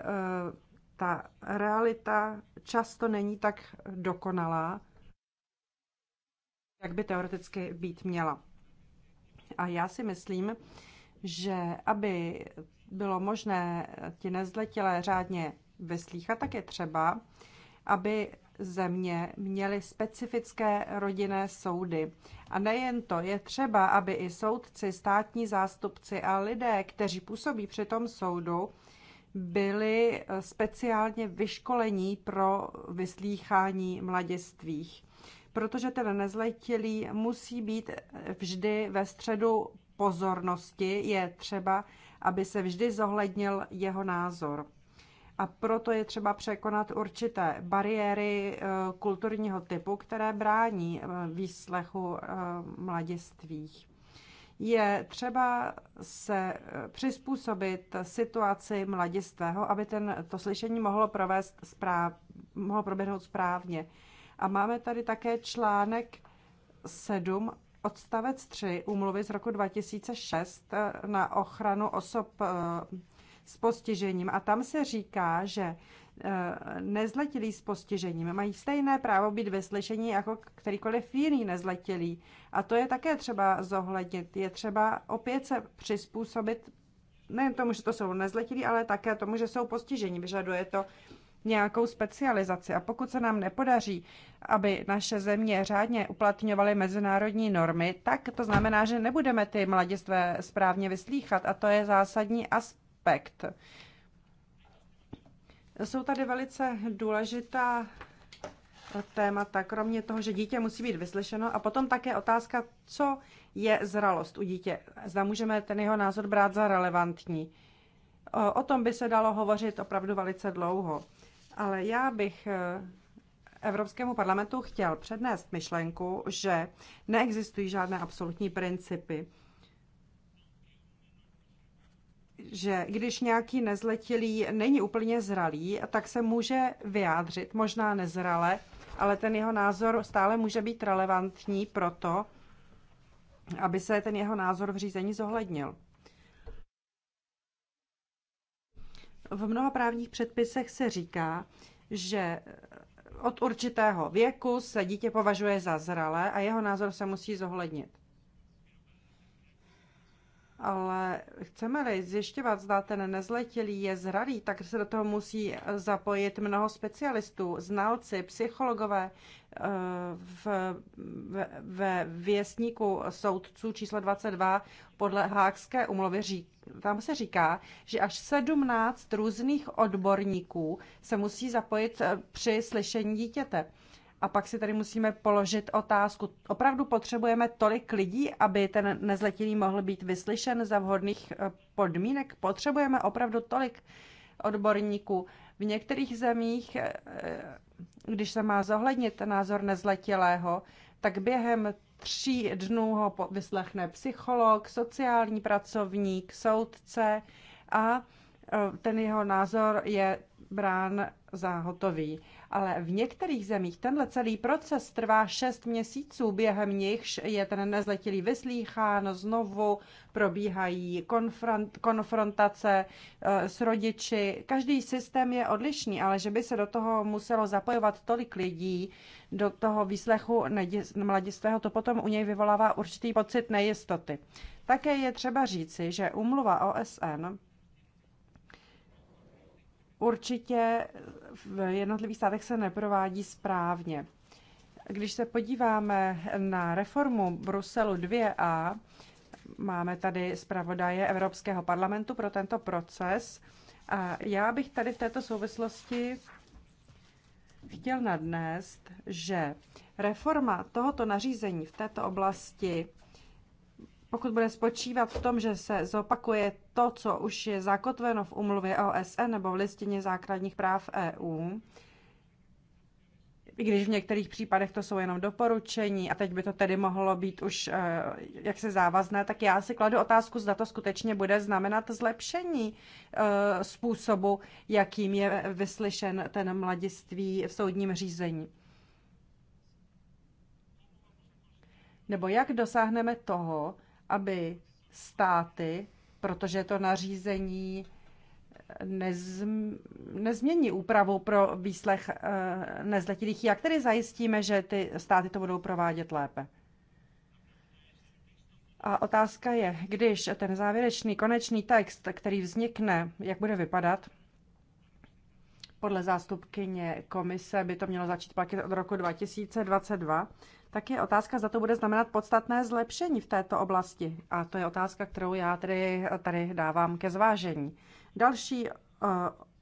ta realita často není tak dokonalá, jak by teoreticky být měla. A já si myslím, že aby bylo možné ti nezletilé řádně vyslýchat, tak je třeba, aby země měly specifické rodinné soudy. A nejen to, je třeba, aby i soudci, státní zástupci a lidé, kteří působí při tom soudu, byli eh, speciálně vyškolení pro vyslýchání mladistvých. Protože ten nezletilý musí být eh, vždy ve středu pozornosti, je třeba, aby se vždy zohlednil jeho názor a proto je třeba překonat určité bariéry eh, kulturního typu, které brání eh, výslechu eh, mladistvých. Je třeba se přizpůsobit situaci mladistvého, aby ten, to slyšení mohlo, provést správ, mohlo proběhnout správně. A máme tady také článek 7 odstavec 3 úmluvy z roku 2006 na ochranu osob s postižením. A tam se říká, že eh, nezletilí s postižením mají stejné právo být ve slyšení jako kterýkoliv jiný nezletilý. A to je také třeba zohlednit. Je třeba opět se přizpůsobit nejen tomu, že to jsou nezletilí, ale také tomu, že jsou postižení. Vyžaduje to nějakou specializaci. A pokud se nám nepodaří, aby naše země řádně uplatňovaly mezinárodní normy, tak to znamená, že nebudeme ty mladistvé správně vyslýchat. A to je zásadní aspekt aspekt. Jsou tady velice důležitá témata, kromě toho, že dítě musí být vyslyšeno, a potom také otázka, co je zralost u dítě. Zda můžeme ten jeho názor brát za relevantní. O tom by se dalo hovořit opravdu velice dlouho. Ale já bych eh, Evropskému parlamentu chtěl přednést myšlenku, že neexistují žádné absolutní principy že když nějaký nezletilý není úplně zralý, tak se může vyjádřit, možná nezrale, ale ten jeho názor stále může být relevantní proto, aby se ten jeho názor v řízení zohlednil. V mnoha právních předpisech se říká, že od určitého věku se dítě považuje za zralé a jeho názor se musí zohlednit ale chceme-li zjišťovat, zda ten nezletilý je zralý, tak se do toho musí eh, zapojit mnoho specialistů, znalci, psychologové. Eh, v, ve věstníku soudců číslo 22 podle Hákské umluvy řík, tam se říká, že až 17 různých odborníků se musí zapojit eh, při slyšení dítěte. A pak si tady musíme položit otázku. Opravdu potřebujeme tolik lidí, aby ten nezletilý mohl být vyslyšen za vhodných eh, podmínek? Potřebujeme opravdu tolik odborníků. V některých zemích, eh, eh, když se má zohlednit názor nezletilého, tak během tří dnů ho vyslechne psycholog, sociální pracovník, soudce a ten jeho názor je brán za hotový ale v některých zemích tenhle celý proces trvá 6 měsíců, během nichž je ten nezletilý vyslýchán znovu, probíhají konfrontace eh, s rodiči. Každý systém je odlišný, ale že by se do toho muselo zapojovat tolik lidí, do toho výslechu mladistvého, to potom u něj vyvolává určitý pocit nejistoty. Také je třeba říci, že umluva OSN určitě v jednotlivých státech se neprovádí správně. Když se podíváme na reformu Bruselu 2a, máme tady zpravodaje Evropského parlamentu pro tento proces. A já bych tady v této souvislosti chtěl nadnést, že reforma tohoto nařízení v této oblasti pokud bude spočívat v tom, že se zopakuje to, co už je zakotveno v umluvě OSN nebo v listině základních práv EU, i když v některých případech to jsou jenom doporučení a teď by to tedy mohlo být už eh, jak se závazné, tak já si kladu otázku, zda to skutečně bude znamenat zlepšení eh, způsobu, jakým je vyslyšen ten mladiství v soudním řízení. Nebo jak dosáhneme toho, aby státy, protože to nařízení nezmění úpravu pro výslech eh, nezletilých, jak tedy zajistíme, že ty státy to budou provádět lépe? A otázka je, když ten závěrečný konečný text, který vznikne, jak bude vypadat? Podle zástupkyně komise by to mělo začít platit od roku 2022 tak je otázka, za to bude znamenat podstatné zlepšení v této oblasti. A to je otázka, kterou já tady, tady dávám ke zvážení. Další eh,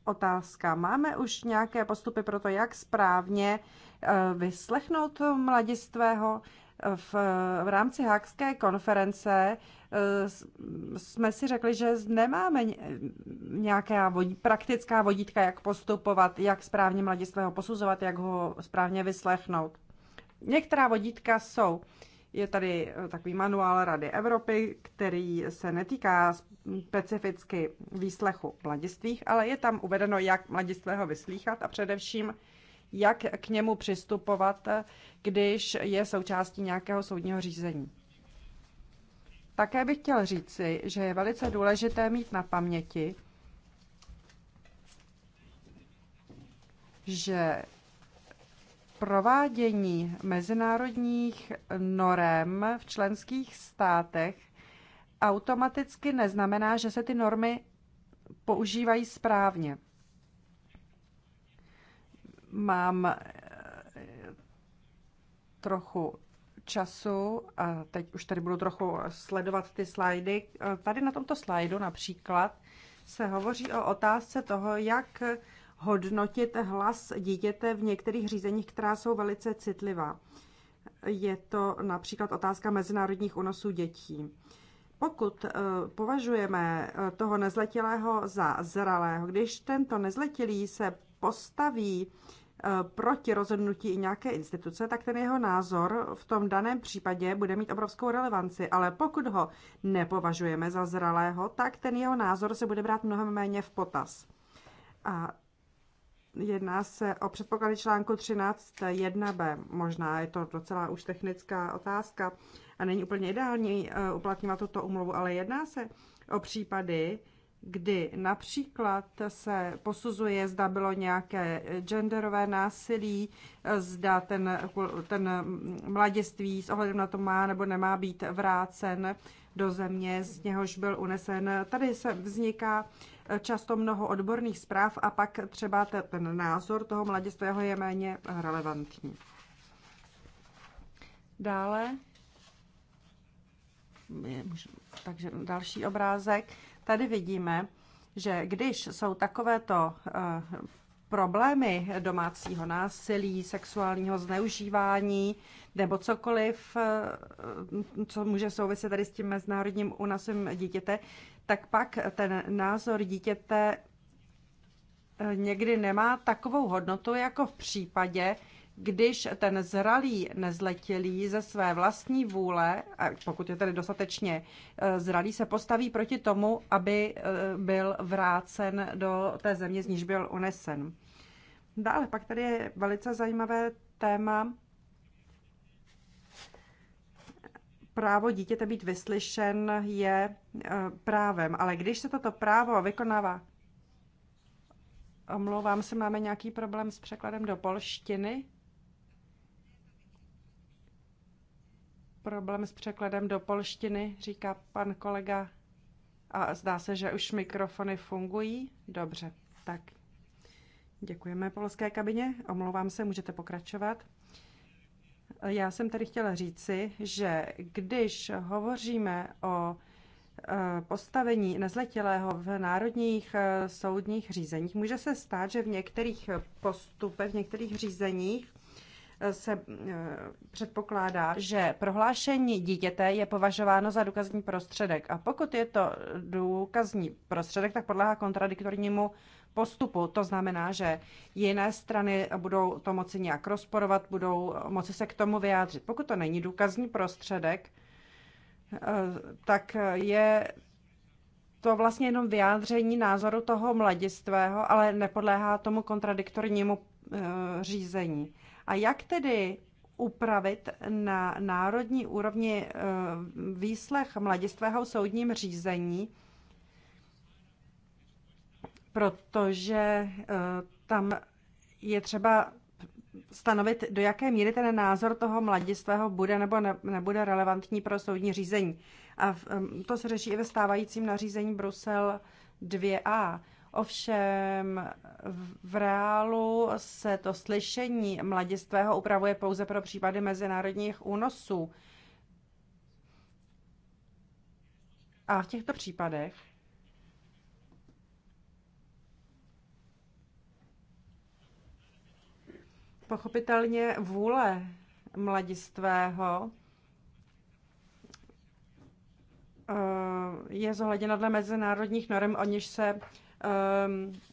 otázka. Máme už nějaké postupy pro to, jak správně eh, vyslechnout mladistvého? V, v rámci Hákské konference eh, jsme si řekli, že nemáme nějaká vodí, praktická vodítka, jak postupovat, jak správně mladistvého posuzovat, jak ho správně vyslechnout. Některá vodítka jsou. Je tady eh, takový manuál Rady Evropy, který se netýká specificky výslechu mladistvých, ale je tam uvedeno, jak mladistvého vyslýchat a především, jak k němu přistupovat, když je součástí nějakého soudního řízení. Také bych chtěl říci, že je velice důležité mít na paměti, že provádění mezinárodních norem v členských státech automaticky neznamená, že se ty normy používají správně. Mám eh, trochu času a teď už tady budu trochu sledovat ty slajdy. Eh, tady na tomto slajdu například se hovoří o otázce toho, jak hodnotit hlas dítěte v některých řízeních, která jsou velice citlivá. Je to například otázka mezinárodních unosů dětí. Pokud eh, považujeme eh, toho nezletilého za zralého, když tento nezletilý se postaví eh, proti rozhodnutí nějaké instituce, tak ten jeho názor v tom daném případě bude mít obrovskou relevanci. Ale pokud ho nepovažujeme za zralého, tak ten jeho názor se bude brát mnohem méně v potaz. A Jedná se o předpoklady článku 13.1b. Možná je to docela už technická otázka a není úplně ideální eh, uplatňovat tuto umluvu, ale jedná se o případy, kdy například se posuzuje, zda bylo nějaké genderové násilí, eh, zda ten, ten mladiství s ohledem na to má nebo nemá být vrácen do země, z něhož byl unesen. Tady se vzniká často mnoho odborných zpráv a pak třeba ten názor toho mladistvého je méně relevantní. Dále, takže další obrázek. Tady vidíme, že když jsou takovéto eh, problémy domácího násilí, sexuálního zneužívání nebo cokoliv, eh, co může souviset tady s tím mezinárodním únosem dítěte, tak pak ten názor dítěte eh, někdy nemá takovou hodnotu jako v případě, když ten zralý nezletilý ze své vlastní vůle, a pokud je tedy dostatečně eh, zralý, se postaví proti tomu, aby eh, byl vrácen do té země, z níž byl unesen. Dále pak tady je velice zajímavé téma právo dítěte být vyslyšen je e, právem, ale když se toto právo vykonává, omlouvám se, máme nějaký problém s překladem do polštiny? Problém s překladem do polštiny, říká pan kolega. A zdá se, že už mikrofony fungují. Dobře, tak děkujeme polské kabině. Omlouvám se, můžete pokračovat. Já jsem tady chtěla říci, že když hovoříme o eh, postavení nezletilého v národních eh, soudních řízeních, může se stát, že v některých postupech, v některých řízeních eh, se předpokládá, že prohlášení dítěte je považováno za důkazní prostředek. A pokud je to důkazní prostředek, tak podléhá kontradiktornímu postupu. To znamená, že jiné strany budou to moci nějak rozporovat, budou moci se k tomu vyjádřit. Pokud to není důkazní prostředek, eh, tak je to vlastně jenom vyjádření názoru toho mladistvého, ale nepodléhá tomu kontradiktornímu eh, řízení. A jak tedy upravit na národní úrovni eh, výslech mladistvého soudním řízení, protože eh, tam je třeba stanovit, do jaké míry ten názor toho mladistvého bude nebo nebude relevantní pro soudní řízení. A to se řeší i ve stávajícím nařízení Brusel 2a. Ovšem v reálu se to slyšení mladistvého upravuje pouze pro případy mezinárodních únosů. A v těchto případech pochopitelně vůle mladistvého eh, je zohledněna dle mezinárodních norm, o něž se eh,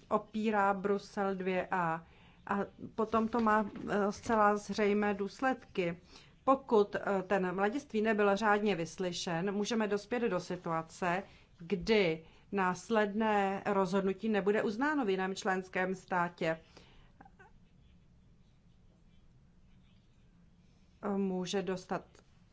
opírá Brusel 2a. A potom to má eh, zcela zřejmé důsledky. Pokud ten mladiství nebyl řádně vyslyšen, můžeme dospět do situace, kdy následné rozhodnutí nebude uznáno v jiném členském státě. může dostat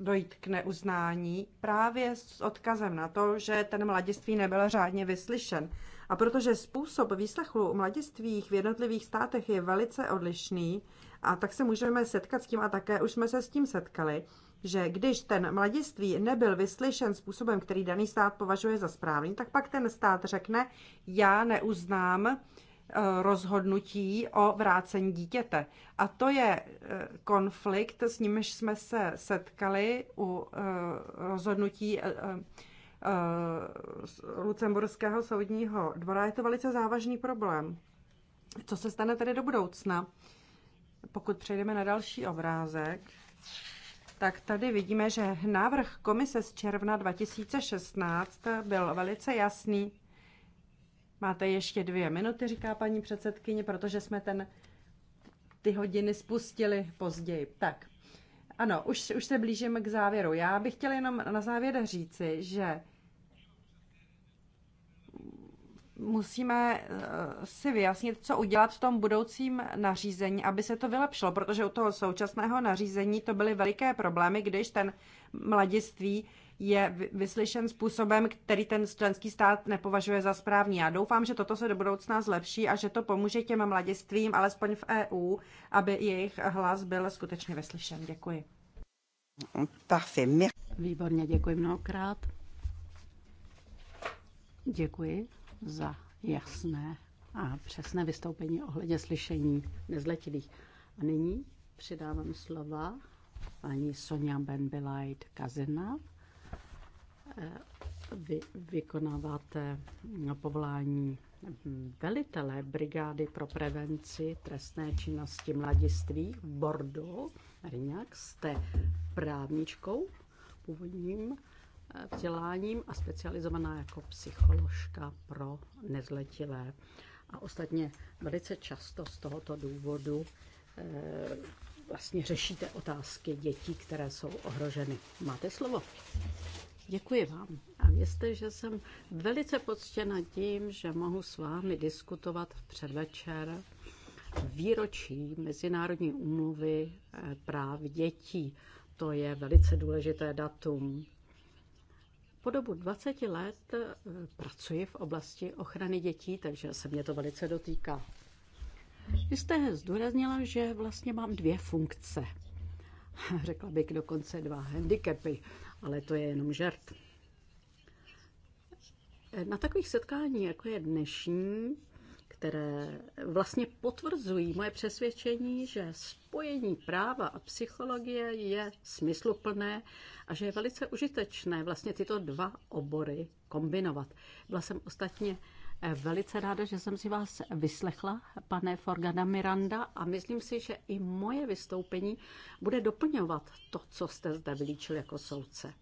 dojít k neuznání právě s odkazem na to, že ten mladiství nebyl řádně vyslyšen. A protože způsob výslechu mladistvých v jednotlivých státech je velice odlišný, a tak se můžeme setkat s tím, a také už jsme se s tím setkali, že když ten mladiství nebyl vyslyšen způsobem, který daný stát považuje za správný, tak pak ten stát řekne, já neuznám Eh, rozhodnutí o vrácení dítěte. A to je eh, konflikt, s nímž jsme se setkali u eh, rozhodnutí Lucemburského soudního dvora. Je to velice závažný problém. Co se stane tedy do budoucna? Pokud přejdeme na další obrázek, tak tady vidíme, že návrh komise z června 2016 byl velice jasný Máte ještě dvě minuty, říká paní předsedkyně, protože jsme ten, ty hodiny spustili později. Tak, ano, už, už se blížím k závěru. Já bych chtěla jenom na závěr říci, že musíme eh, si vyjasnit, co udělat v tom budoucím nařízení, aby se to vylepšilo, protože u toho současného nařízení to byly veliké problémy, když ten mladiství je vyslyšen způsobem, který ten členský stát nepovažuje za správný. Já doufám, že toto se do budoucna zlepší a že to pomůže těm mladistvím, alespoň v EU, aby jejich hlas byl skutečně vyslyšen. Děkuji.
Výborně, děkuji mnohokrát. Děkuji za jasné a přesné vystoupení ohledně slyšení nezletilých. A nyní přidávám slova paní Sonja Benbilajt Kazina, vy vykonáváte povolání velitele brigády pro prevenci trestné činnosti mladiství v Bordeaux. Rňák, jste právničkou původním eh, vzděláním a specializovaná jako psycholožka pro nezletilé. A ostatně velice často z tohoto důvodu eh, vlastně řešíte otázky dětí, které jsou ohroženy. Máte slovo. Děkuji vám. A vězte, že jsem velice poctěna tím, že mohu s vámi diskutovat v předvečer výročí Mezinárodní úmluvy eh, práv dětí. To je velice důležité datum. Po dobu 20 let eh, pracuji v oblasti ochrany dětí, takže se mě to velice dotýká. Vy jste zdůraznila, že vlastně mám dvě funkce. [laughs] Řekla bych dokonce dva handicapy ale to je jenom žert. Na takových setkání, jako je dnešní, které vlastně potvrzují moje přesvědčení, že spojení práva a psychologie je smysluplné a že je velice užitečné vlastně tyto dva obory kombinovat. Byla jsem ostatně Velice ráda, že jsem si vás vyslechla, pane Forgana Miranda, a myslím si, že i moje vystoupení bude doplňovat to, co jste zde vylíčil jako soudce.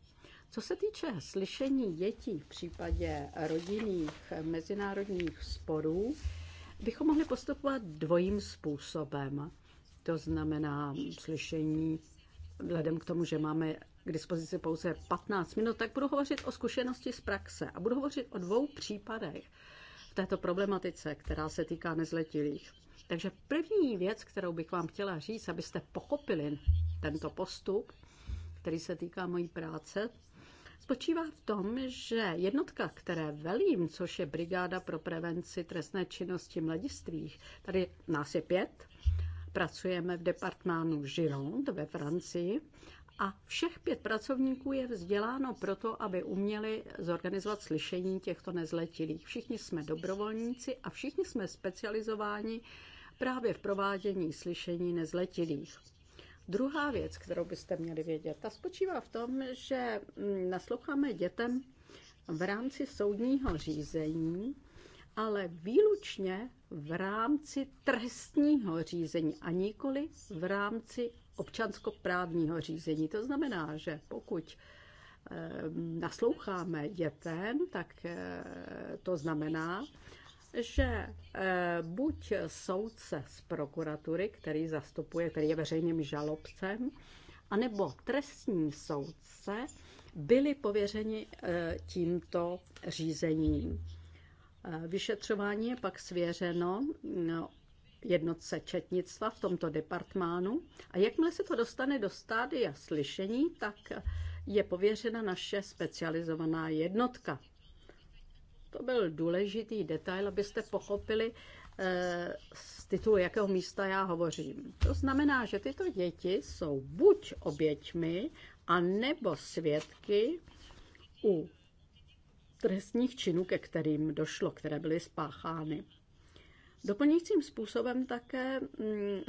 Co se týče slyšení dětí v případě rodinných mezinárodních sporů, bychom mohli postupovat dvojím způsobem. To znamená slyšení, vzhledem k tomu, že máme k dispozici pouze 15 minut, tak budu hovořit o zkušenosti z praxe a budu hovořit o dvou případech této problematice, která se týká nezletilých. Takže první věc, kterou bych vám chtěla říct, abyste pochopili tento postup, který se týká mojí práce, spočívá v tom, že jednotka, které velím, což je Brigáda pro prevenci trestné činnosti mladistvých, tady nás je pět, pracujeme v departmánu Gironde ve Francii a všech pět pracovníků je vzděláno proto, aby uměli zorganizovat slyšení těchto nezletilých. Všichni jsme dobrovolníci a všichni jsme specializováni právě v provádění slyšení nezletilých. Druhá věc, kterou byste měli vědět, ta spočívá v tom, že mm, nasloucháme dětem v rámci soudního řízení, ale výlučně v rámci trestního řízení a nikoli v rámci občanskoprávního řízení. To znamená, že pokud eh, nasloucháme dětem, tak eh, to znamená, že eh, buď soudce z prokuratury, který zastupuje, který je veřejným žalobcem, anebo trestní soudce byli pověřeni tímto řízením. Vyšetřování je pak svěřeno mm, jednotce četnictva v tomto departmánu a jakmile se to dostane do stádia slyšení, tak je pověřena naše specializovaná jednotka. To byl důležitý detail, abyste pochopili eh, z titulu jakého místa já hovořím. To znamená, že tyto děti jsou buď oběťmi, a nebo svědky u trestních činů, ke kterým došlo, které byly spáchány. Doplňujícím způsobem také mm,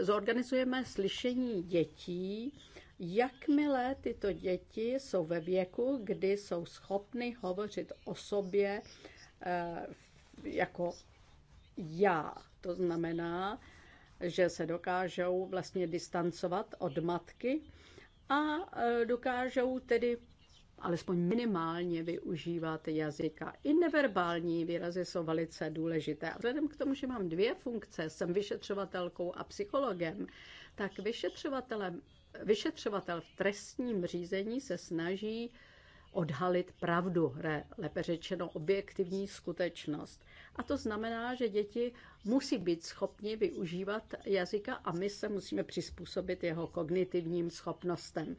zorganizujeme slyšení dětí, jakmile tyto děti jsou ve věku, kdy jsou schopny hovořit o sobě eh, jako já. To znamená, že se dokážou vlastně distancovat od matky a eh, dokážou tedy alespoň minimálně využívat jazyka. I neverbální výrazy jsou velice důležité. A vzhledem k tomu, že mám dvě funkce, jsem vyšetřovatelkou a psychologem, tak vyšetřovatel v trestním řízení se snaží odhalit pravdu, re, lépe řečeno objektivní skutečnost. A to znamená, že děti musí být schopni využívat jazyka a my se musíme přizpůsobit jeho kognitivním schopnostem.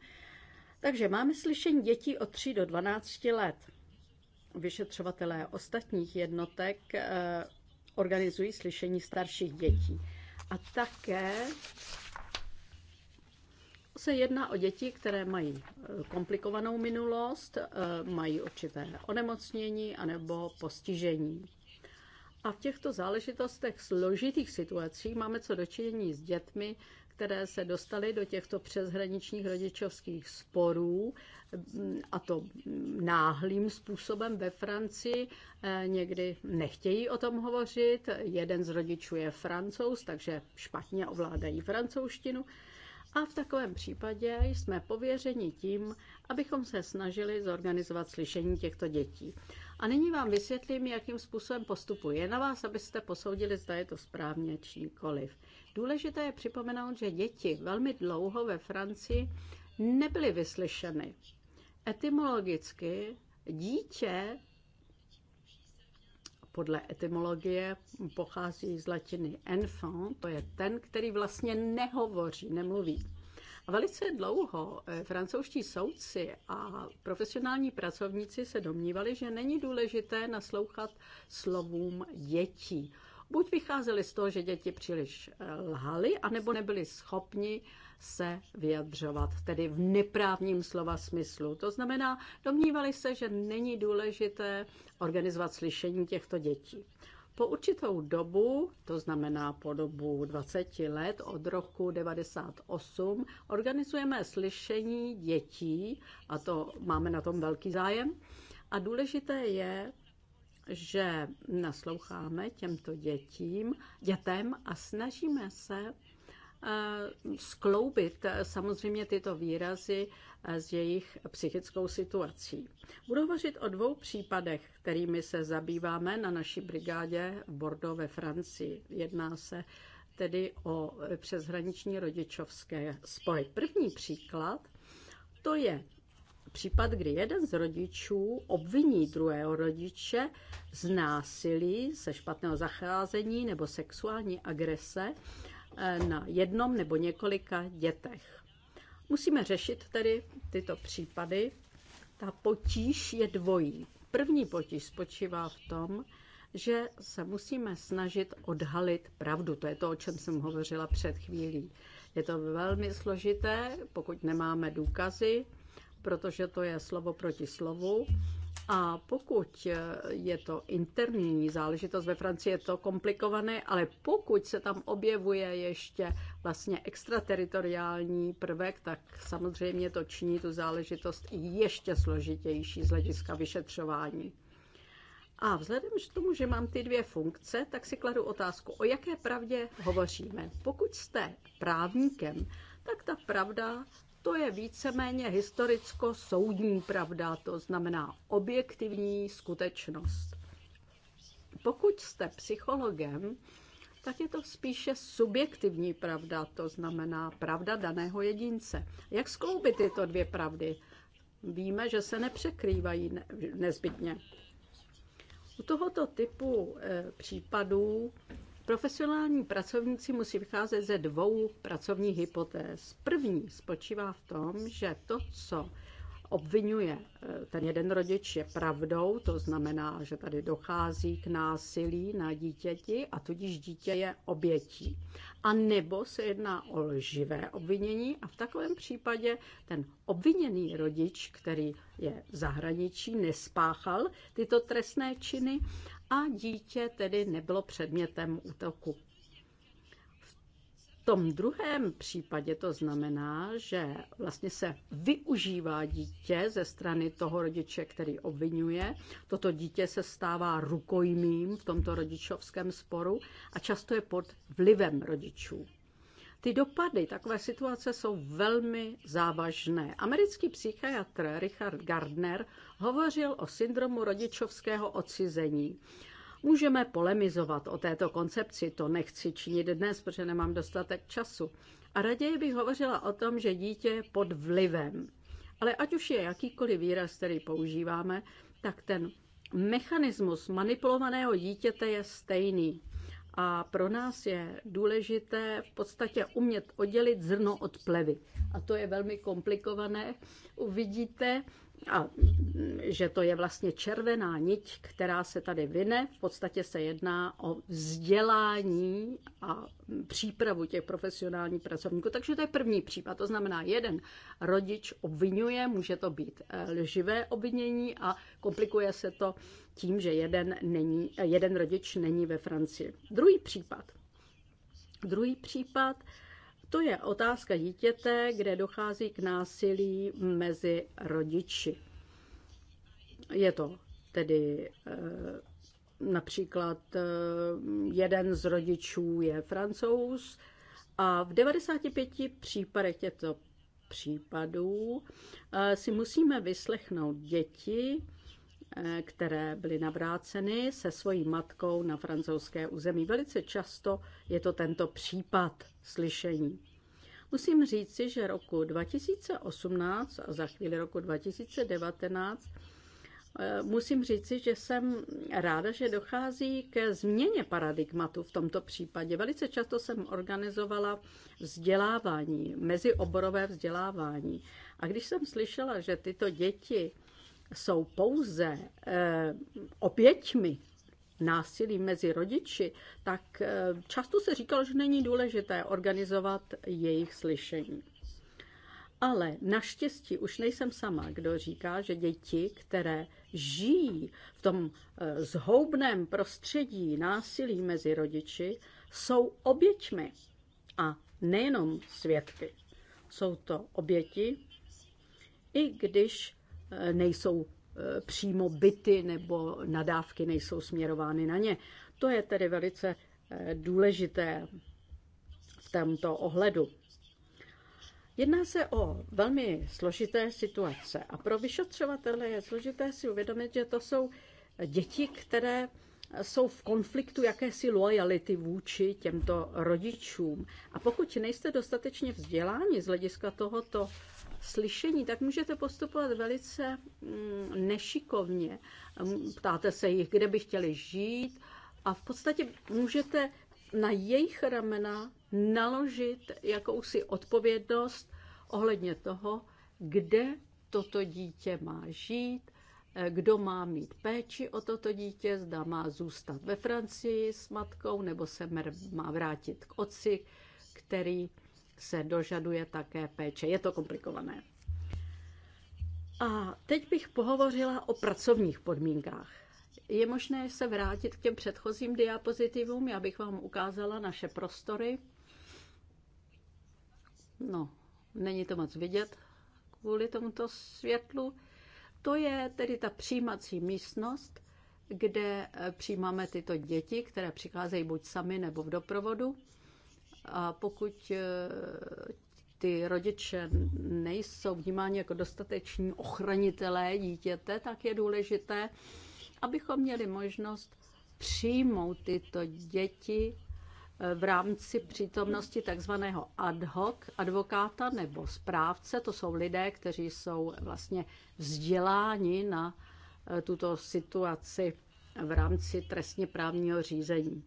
Takže máme slyšení dětí od 3 do 12 let. Vyšetřovatelé ostatních jednotek eh, organizují slyšení starších dětí. A také se jedná o děti, které mají eh, komplikovanou minulost, eh, mají určité onemocnění anebo postižení. A v těchto záležitostech složitých situací máme co dočinění s dětmi, které se dostaly do těchto přeshraničních rodičovských sporů, a to náhlým způsobem ve Francii. Eh, někdy nechtějí o tom hovořit. Jeden z rodičů je francouz, takže špatně ovládají francouzštinu. A v takovém případě jsme pověřeni tím, abychom se snažili zorganizovat slyšení těchto dětí. A nyní vám vysvětlím, jakým způsobem postupuji. Je na vás, abyste posoudili, zda je to správně či nikoliv. Důležité je připomenout, že děti velmi dlouho ve Francii nebyly vyslyšeny. Etymologicky dítě podle etymologie pochází z latiny enfant, to je ten, který vlastně nehovoří, nemluví. A velice dlouho eh, francouzští soudci a profesionální pracovníci se domnívali, že není důležité naslouchat slovům dětí. Buď vycházeli z toho, že děti příliš eh, lhali, anebo nebyli schopni se vyjadřovat, tedy v neprávním slova smyslu. To znamená, domnívali se, že není důležité organizovat slyšení těchto dětí. Po určitou dobu, to znamená po dobu 20 let od roku 98, organizujeme slyšení dětí a to máme na tom velký zájem. A důležité je, že nasloucháme těmto dětím, dětem a snažíme se skloubit samozřejmě tyto výrazy s jejich psychickou situací. Budu hovořit o dvou případech, kterými se zabýváme na naší brigádě v Bordeaux ve Francii. Jedná se tedy o přeshraniční rodičovské spory. První příklad to je případ, kdy jeden z rodičů obviní druhého rodiče z násilí, se špatného zacházení nebo sexuální agrese Eh, na jednom nebo několika dětech. Musíme řešit tedy tyto případy. Ta potíž je dvojí. První potíž spočívá v tom, že se musíme snažit odhalit pravdu. To je to, o čem jsem hovořila před chvílí. Je to velmi složité, pokud nemáme důkazy, protože to je slovo proti slovu a pokud je to interní záležitost ve Francii, je to komplikované, ale pokud se tam objevuje ještě vlastně extrateritoriální prvek, tak samozřejmě to činí tu záležitost ještě složitější z hlediska vyšetřování. A vzhledem k tomu, že mám ty dvě funkce, tak si kladu otázku, o jaké pravdě hovoříme. Pokud jste právníkem, tak ta pravda to je víceméně historicko-soudní pravda, to znamená objektivní skutečnost. Pokud jste psychologem, tak je to spíše subjektivní pravda, to znamená pravda daného jedince. Jak skloubit tyto dvě pravdy? Víme, že se nepřekrývají nezbytně. U tohoto typu eh, případů Profesionální pracovníci musí vycházet ze dvou pracovních hypotéz. První spočívá v tom, že to, co obvinuje eh, ten jeden rodič je pravdou, to znamená, že tady dochází k násilí na dítěti a tudíž dítě je obětí. A nebo se jedná o lživé obvinění a v takovém případě ten obviněný rodič, který je v zahraničí, nespáchal tyto trestné činy a dítě tedy nebylo předmětem útoku. V tom druhém případě to znamená, že vlastně se využívá dítě ze strany toho rodiče, který obvinuje. Toto dítě se stává rukojmím v tomto rodičovském sporu a často je pod vlivem rodičů. Ty dopady takové situace jsou velmi závažné. Americký psychiatr Richard Gardner hovořil o syndromu rodičovského odcizení. Můžeme polemizovat o této koncepci, to nechci činit dnes, protože nemám dostatek času. A raději bych hovořila o tom, že dítě je pod vlivem. Ale ať už je jakýkoliv výraz, který používáme, tak ten mechanismus manipulovaného dítěte je stejný. A pro nás je důležité v podstatě umět oddělit zrno od plevy. A to je velmi komplikované. Uvidíte, a že to je vlastně červená niť, která se tady vyne. V podstatě se jedná o vzdělání a přípravu těch profesionálních pracovníků. Takže to je první případ. To znamená, jeden rodič obvinuje, může to být eh, lživé obvinění a komplikuje se to tím, že jeden, není, eh, jeden rodič není ve Francii. Druhý případ. Druhý případ to je otázka dítěte, kde dochází k násilí mezi rodiči. Je to tedy eh, například eh, jeden z rodičů je francouz a v 95 případech těchto případů eh, si musíme vyslechnout děti, Eh, které byly navráceny se svojí matkou na francouzské území. Velice často je to tento případ slyšení. Musím říci, že roku 2018 a za chvíli roku 2019 eh, musím říci, že jsem ráda, že dochází ke změně paradigmatu v tomto případě. Velice často jsem organizovala vzdělávání, mezioborové vzdělávání. A když jsem slyšela, že tyto děti jsou pouze eh, oběťmi násilí mezi rodiči, tak eh, často se říkalo, že není důležité organizovat jejich slyšení. Ale naštěstí už nejsem sama, kdo říká, že děti, které žijí v tom eh, zhoubném prostředí násilí mezi rodiči, jsou oběťmi a nejenom svědky. Jsou to oběti, i když nejsou eh, přímo byty nebo nadávky nejsou směrovány na ně. To je tedy velice eh, důležité v tomto ohledu. Jedná se o velmi složité situace a pro vyšetřovatele je složité si uvědomit, že to jsou děti, které jsou v konfliktu jakési lojality vůči těmto rodičům. A pokud nejste dostatečně vzděláni z hlediska tohoto slyšení, tak můžete postupovat velice mm, nešikovně. Ptáte se jich, kde by chtěli žít a v podstatě můžete na jejich ramena naložit jakousi odpovědnost ohledně toho, kde toto dítě má žít, kdo má mít péči o toto dítě, zda má zůstat ve Francii s matkou, nebo se má vrátit k otci, který se dožaduje také péče. Je to komplikované. A teď bych pohovořila o pracovních podmínkách. Je možné se vrátit k těm předchozím diapozitivům, já bych vám ukázala naše prostory. No, není to moc vidět kvůli tomuto světlu. To je tedy ta přijímací místnost, kde přijímáme tyto děti, které přicházejí buď sami nebo v doprovodu. A pokud eh, ty rodiče nejsou vnímáni jako dostateční ochranitelé dítěte, tak je důležité, abychom měli možnost přijmout tyto děti eh, v rámci přítomnosti takzvaného ad hoc advokáta nebo správce. To jsou lidé, kteří jsou vlastně vzděláni na eh, tuto situaci v rámci trestně právního řízení.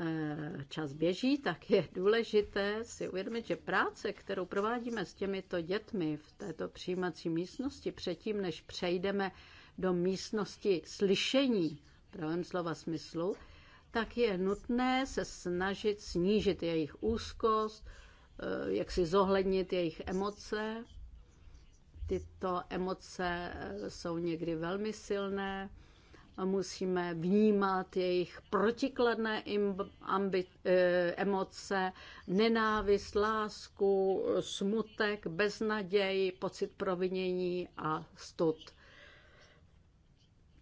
Eh, čas běží, tak je důležité si uvědomit, že práce, kterou provádíme s těmito dětmi v této přijímací místnosti, předtím, než přejdeme do místnosti slyšení, pravém slova smyslu, tak je nutné se snažit snížit jejich úzkost, eh, jak si zohlednit jejich emoce. Tyto emoce eh, jsou někdy velmi silné, musíme vnímat jejich protikladné ambi- eh, emoce, nenávist, lásku, smutek, beznaděj, pocit provinění a stud.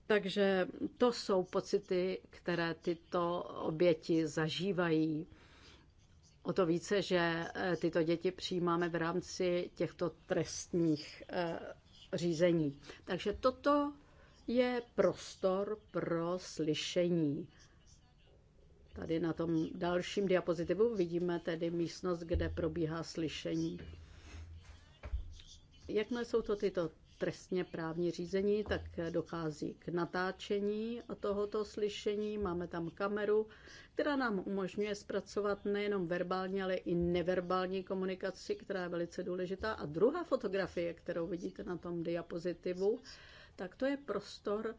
Takže to jsou pocity, které tyto oběti zažívají. O to více, že eh, tyto děti přijímáme v rámci těchto trestních eh, řízení. Takže toto je prostor pro slyšení. Tady na tom dalším diapozitivu vidíme tedy místnost, kde probíhá slyšení. Jakmile jsou to tyto trestně právní řízení, tak dochází k natáčení tohoto slyšení. Máme tam kameru, která nám umožňuje zpracovat nejenom verbální, ale i neverbální komunikaci, která je velice důležitá. A druhá fotografie, kterou vidíte na tom diapozitivu, tak to je prostor,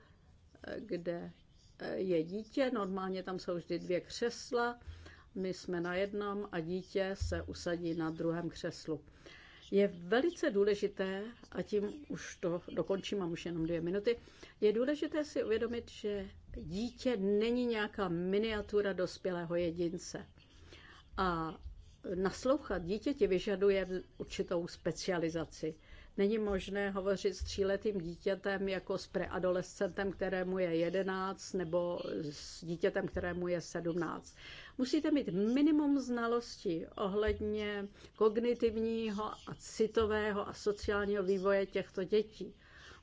eh, kde eh, je dítě, normálně tam jsou vždy dvě křesla, my jsme na jednom a dítě se usadí na druhém křeslu. Je velice důležité, a tím už to dokončím, mám už jenom dvě minuty, je důležité si uvědomit, že dítě není nějaká miniatura dospělého jedince. A naslouchat dítěti vyžaduje určitou specializaci. Není možné hovořit s tříletým dítětem jako s preadolescentem, kterému je 11, nebo s dítětem, kterému je 17. Musíte mít minimum znalosti ohledně kognitivního a citového a sociálního vývoje těchto dětí.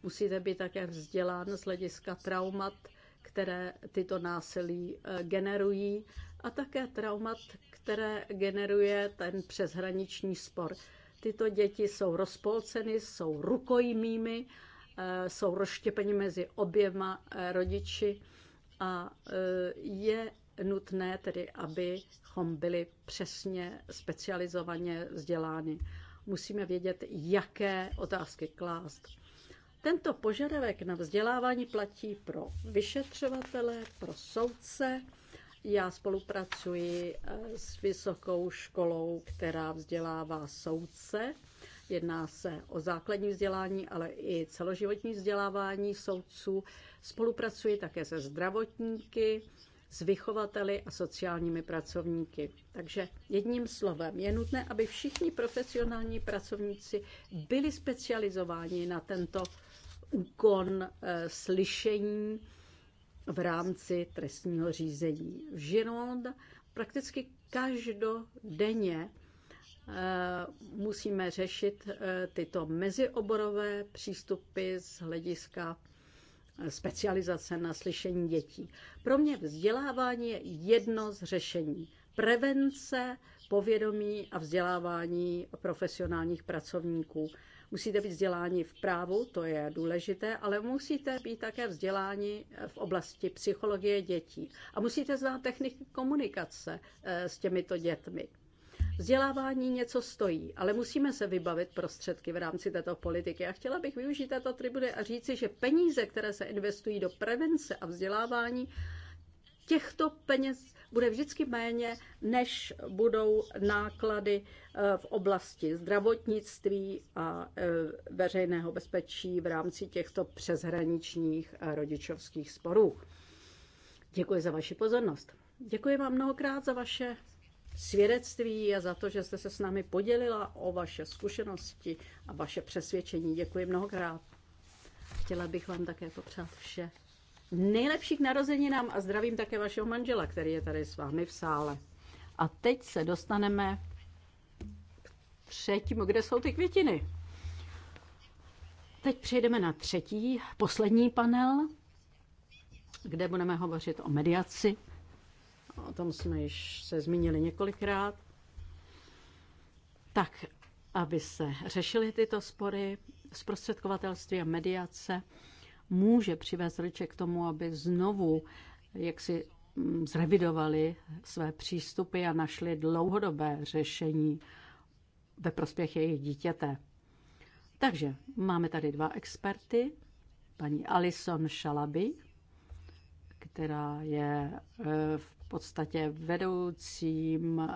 Musíte být také vzdělán z hlediska traumat, které tyto násilí eh, generují a také traumat, které generuje ten přeshraniční spor. Tyto děti jsou rozpolceny, jsou rukojmými, eh, jsou rozštěpeni mezi oběma eh, rodiči a eh, je nutné tedy, abychom byli přesně specializovaně vzděláni. Musíme vědět, jaké otázky klást. Tento požadavek na vzdělávání platí pro vyšetřovatele, pro soudce já spolupracuji eh, s vysokou školou, která vzdělává soudce. Jedná se o základní vzdělání, ale i celoživotní vzdělávání soudců. Spolupracuji také se zdravotníky, s vychovateli a sociálními pracovníky. Takže jedním slovem je nutné, aby všichni profesionální pracovníci byli specializováni na tento úkon e, slyšení v rámci trestního řízení. V Gironde prakticky každodenně eh, musíme řešit eh, tyto mezioborové přístupy z hlediska eh, specializace na slyšení dětí. Pro mě vzdělávání je jedno z řešení. Prevence, povědomí a vzdělávání profesionálních pracovníků. Musíte být vzděláni v právu, to je důležité, ale musíte být také vzděláni eh, v oblasti psychologie dětí. A musíte znát techniky komunikace eh, s těmito dětmi. Vzdělávání něco stojí, ale musíme se vybavit prostředky v rámci této politiky. A chtěla bych využít této tribuny a říci, že peníze, které se investují do prevence a vzdělávání, těchto peněz bude vždycky méně, než budou náklady eh, v oblasti zdravotnictví a eh, veřejného bezpečí v rámci těchto přeshraničních eh, rodičovských sporů. Děkuji za vaši pozornost. Děkuji vám mnohokrát za vaše svědectví a za to, že jste se s námi podělila o vaše zkušenosti a vaše přesvědčení. Děkuji mnohokrát. Chtěla bych vám také popřát vše nejlepších narozeninám a zdravím také vašeho manžela, který je tady s vámi v sále. A teď se dostaneme k třetímu, kde jsou ty květiny. Teď přejdeme na třetí, poslední panel, kde budeme hovořit o mediaci. O tom jsme již se zmínili několikrát. Tak, aby se řešily tyto spory, zprostředkovatelství a mediace – může přivést rodiče k tomu, aby znovu jak si mm, zrevidovali své přístupy a našli dlouhodobé řešení ve prospěch jejich dítěte. Takže máme tady dva experty, paní Alison Shalaby, která je e, v podstatě vedoucím e,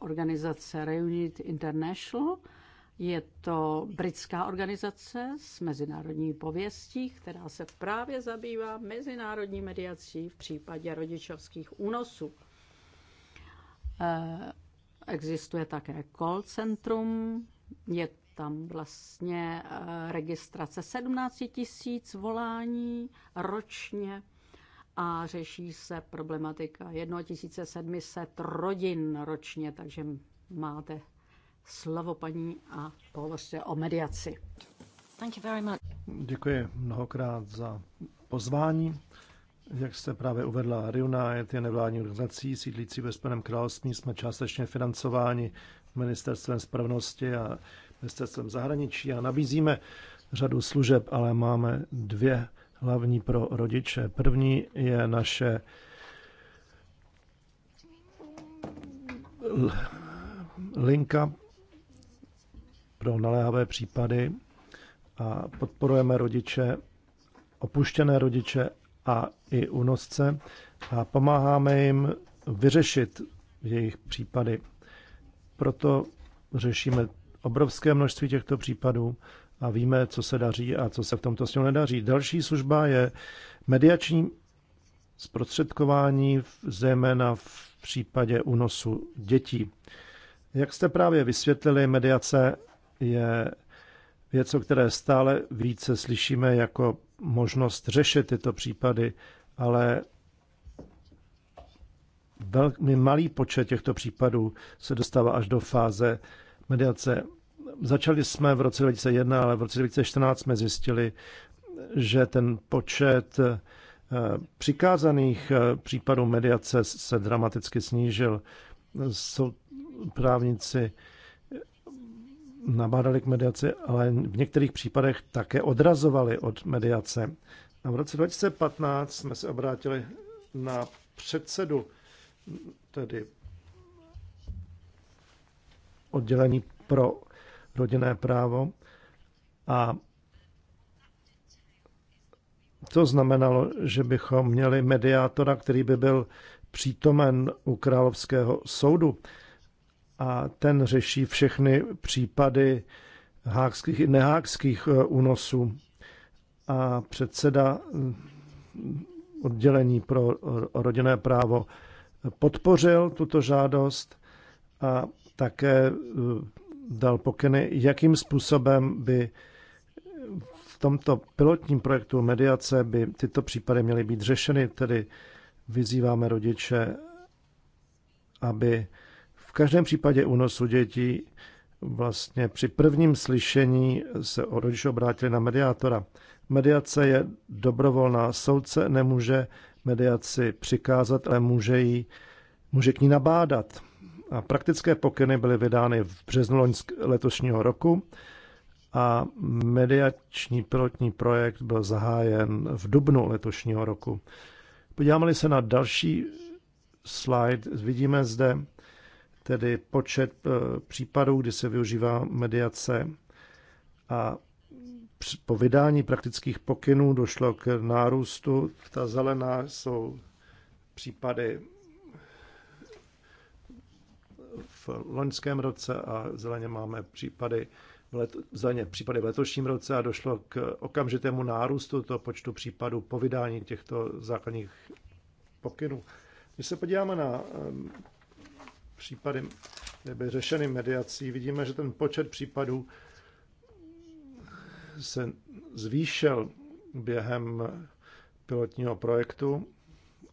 organizace Reunit International, je to britská organizace s mezinárodní pověstí, která se právě zabývá mezinárodní mediací v případě rodičovských únosů. Eh, existuje také call centrum, je tam vlastně eh, registrace 17 tisíc volání ročně a řeší se problematika 1700 rodin ročně, takže máte slovo paní a pohovořte o mediaci. Thank you very
much.
Děkuji mnohokrát za pozvání. Jak jste právě uvedla, Reunite je nevládní organizací sídlící ve Spojeném království. Jsme částečně financováni ministerstvem spravnosti a ministerstvem zahraničí a nabízíme řadu služeb, ale máme dvě hlavní pro rodiče. První je naše linka pro naléhavé případy a podporujeme rodiče, opuštěné rodiče a i unosce a pomáháme jim vyřešit jejich případy. Proto řešíme obrovské množství těchto případů a víme, co se daří a co se v tomto směru nedaří. Další služba je mediační zprostředkování, zejména v případě únosu dětí. Jak jste právě vysvětlili, mediace je věc, o které stále více slyšíme jako možnost řešit tyto případy, ale velmi malý počet těchto případů se dostává až do fáze mediace. Začali jsme v roce 2001, ale v roce 2014 jsme zjistili, že ten počet eh, přikázaných eh, případů mediace se dramaticky snížil. Jsou právníci nabádali k mediaci, ale v některých případech také odrazovali od mediace. A v roce 2015 jsme se obrátili na předsedu tedy oddělení pro rodinné právo a to znamenalo, že bychom měli mediátora, který by byl přítomen u Královského soudu a ten řeší všechny případy hákských i nehákských e, únosů. A předseda mm, oddělení pro e, rodinné právo podpořil tuto žádost a také e, dal pokyny, jakým způsobem by v tomto pilotním projektu mediace by tyto případy měly být řešeny, tedy vyzýváme rodiče, aby každém případě únosu dětí vlastně při prvním slyšení se o rodiče obrátili na mediátora. Mediace je dobrovolná. Soudce nemůže mediaci přikázat, ale může, jí, může k ní nabádat. A praktické pokyny byly vydány v březnu letošního roku a mediační pilotní projekt byl zahájen v dubnu letošního roku. podíváme se na další slide, vidíme zde tedy počet eh, případů, kdy se využívá mediace. A po vydání praktických pokynů došlo k nárůstu. Ta zelená jsou případy v loňském roce a zeleně máme případy v, let, zeleně případy v letošním roce a došlo k okamžitému nárůstu toho počtu případů po vydání těchto základních pokynů. Když se podíváme na eh, případy byly řešeny mediací, vidíme, že ten počet případů se zvýšil během pilotního projektu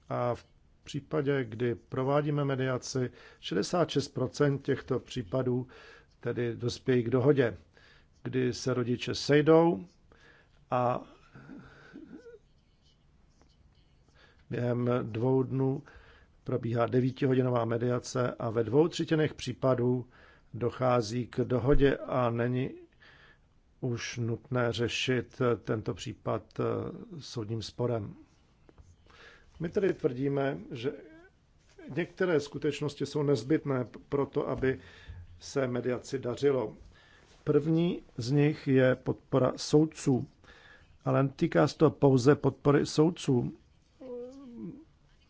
a v případě, kdy provádíme mediaci, 66% těchto případů tedy dospějí k dohodě, kdy se rodiče sejdou a během dvou dnů probíhá devítihodinová mediace a ve dvou třetinech případů dochází k dohodě a není už nutné řešit tento případ eh, soudním sporem. My tedy tvrdíme, že některé skutečnosti jsou nezbytné pro to, aby se mediaci dařilo. První z nich je podpora soudců, ale týká se to pouze podpory soudců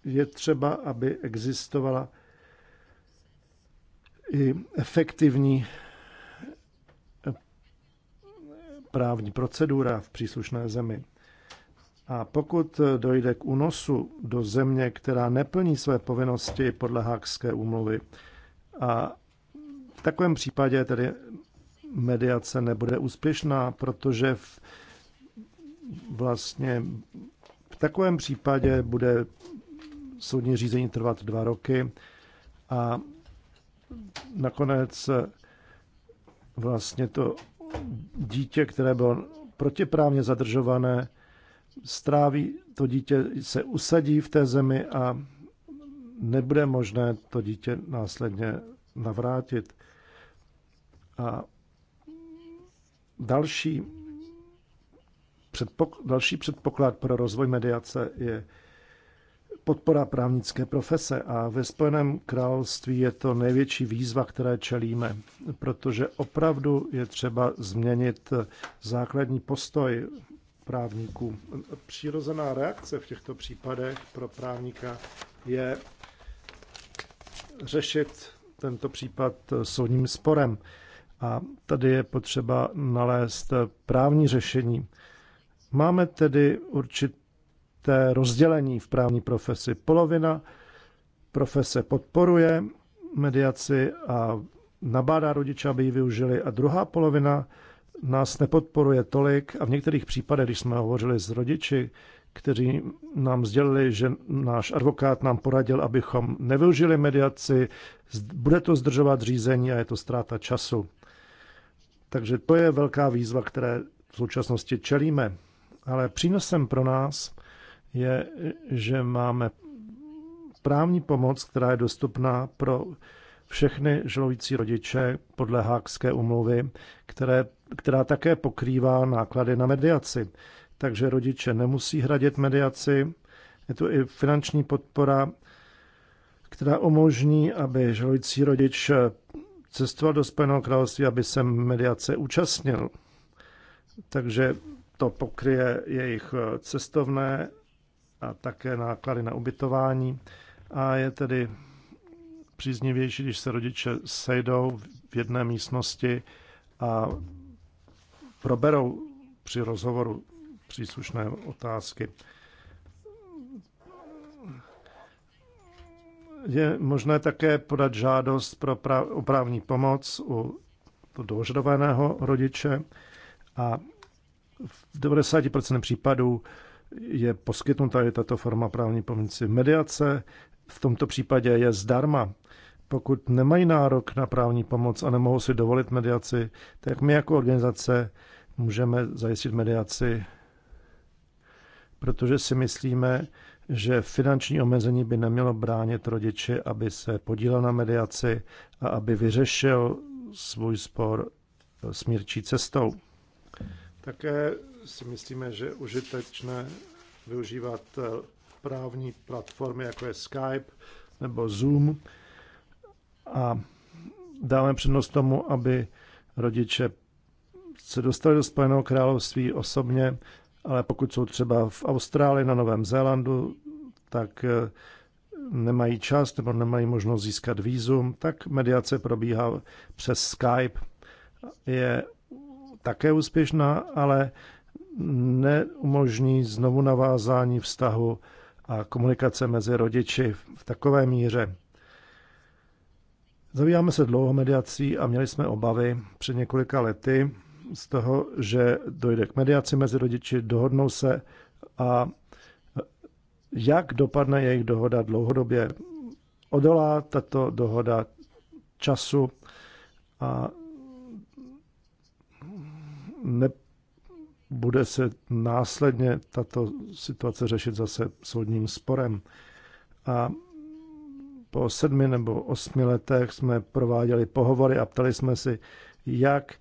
je třeba, aby existovala i efektivní právní procedura v příslušné zemi. A pokud dojde k únosu do země, která neplní své povinnosti podle Hákské úmluvy, a v takovém případě tedy mediace nebude úspěšná, protože v, vlastně v takovém případě bude soudní řízení trvat dva roky a nakonec eh, vlastně to dítě, které bylo protiprávně zadržované, stráví to dítě, se usadí v té zemi a nebude možné to dítě následně navrátit. A další, předpok, další předpoklad pro rozvoj mediace je podpora právnické profese a ve Spojeném království je to největší výzva, které čelíme, protože opravdu je třeba změnit základní postoj právníků. Přirozená reakce v těchto případech pro právníka je řešit tento případ soudním sporem. A tady je potřeba nalézt právní řešení. Máme tedy určit té rozdělení v právní profesi. Polovina profese podporuje mediaci a nabádá rodiče, aby ji využili a druhá polovina nás nepodporuje tolik a v některých případech, když jsme hovořili s rodiči, kteří nám sdělili, že náš advokát nám poradil, abychom nevyužili mediaci, bude to zdržovat řízení a je to ztráta času. Takže to je velká výzva, které v současnosti čelíme. Ale přínosem pro nás je, že máme právní pomoc, která je dostupná pro všechny žilující rodiče podle Hákské umluvy, které, která také pokrývá náklady na mediaci. Takže rodiče nemusí hradit mediaci. Je tu i finanční podpora, která umožní, aby žilující rodič cestoval do Spojeného království, aby se mediace účastnil. Takže to pokryje jejich cestovné a také náklady na ubytování. A je tedy příznivější, když se rodiče sejdou v jedné místnosti a proberou při rozhovoru příslušné otázky. Je možné také podat žádost pro o právní pomoc u dožadovaného rodiče a v 90% případů je poskytnuta i tato forma právní pomoci. Mediace v tomto případě je zdarma. Pokud nemají nárok na právní pomoc a nemohou si dovolit mediaci, tak my jako organizace můžeme zajistit mediaci, protože si myslíme, že finanční omezení by nemělo bránit rodiče, aby se podílel na mediaci a aby vyřešil svůj spor smírčí cestou. Také si myslíme, že je užitečné využívat eh, právní platformy, jako je Skype nebo Zoom a dáme přednost tomu, aby rodiče se dostali do Spojeného království osobně, ale pokud jsou třeba v Austrálii, na Novém Zélandu, tak eh, nemají čas nebo nemají možnost získat výzum, tak mediace probíhá přes Skype. Je také úspěšná, ale neumožní znovu navázání vztahu a komunikace mezi rodiči v takové míře. Zavíjáme se dlouho mediací a měli jsme obavy před několika lety z toho, že dojde k mediaci mezi rodiči, dohodnou se a jak dopadne jejich dohoda dlouhodobě. Odolá tato dohoda času a ne, bude se následně tato situace řešit zase soudním sporem. A po sedmi nebo osmi letech jsme prováděli pohovory a ptali jsme si, jak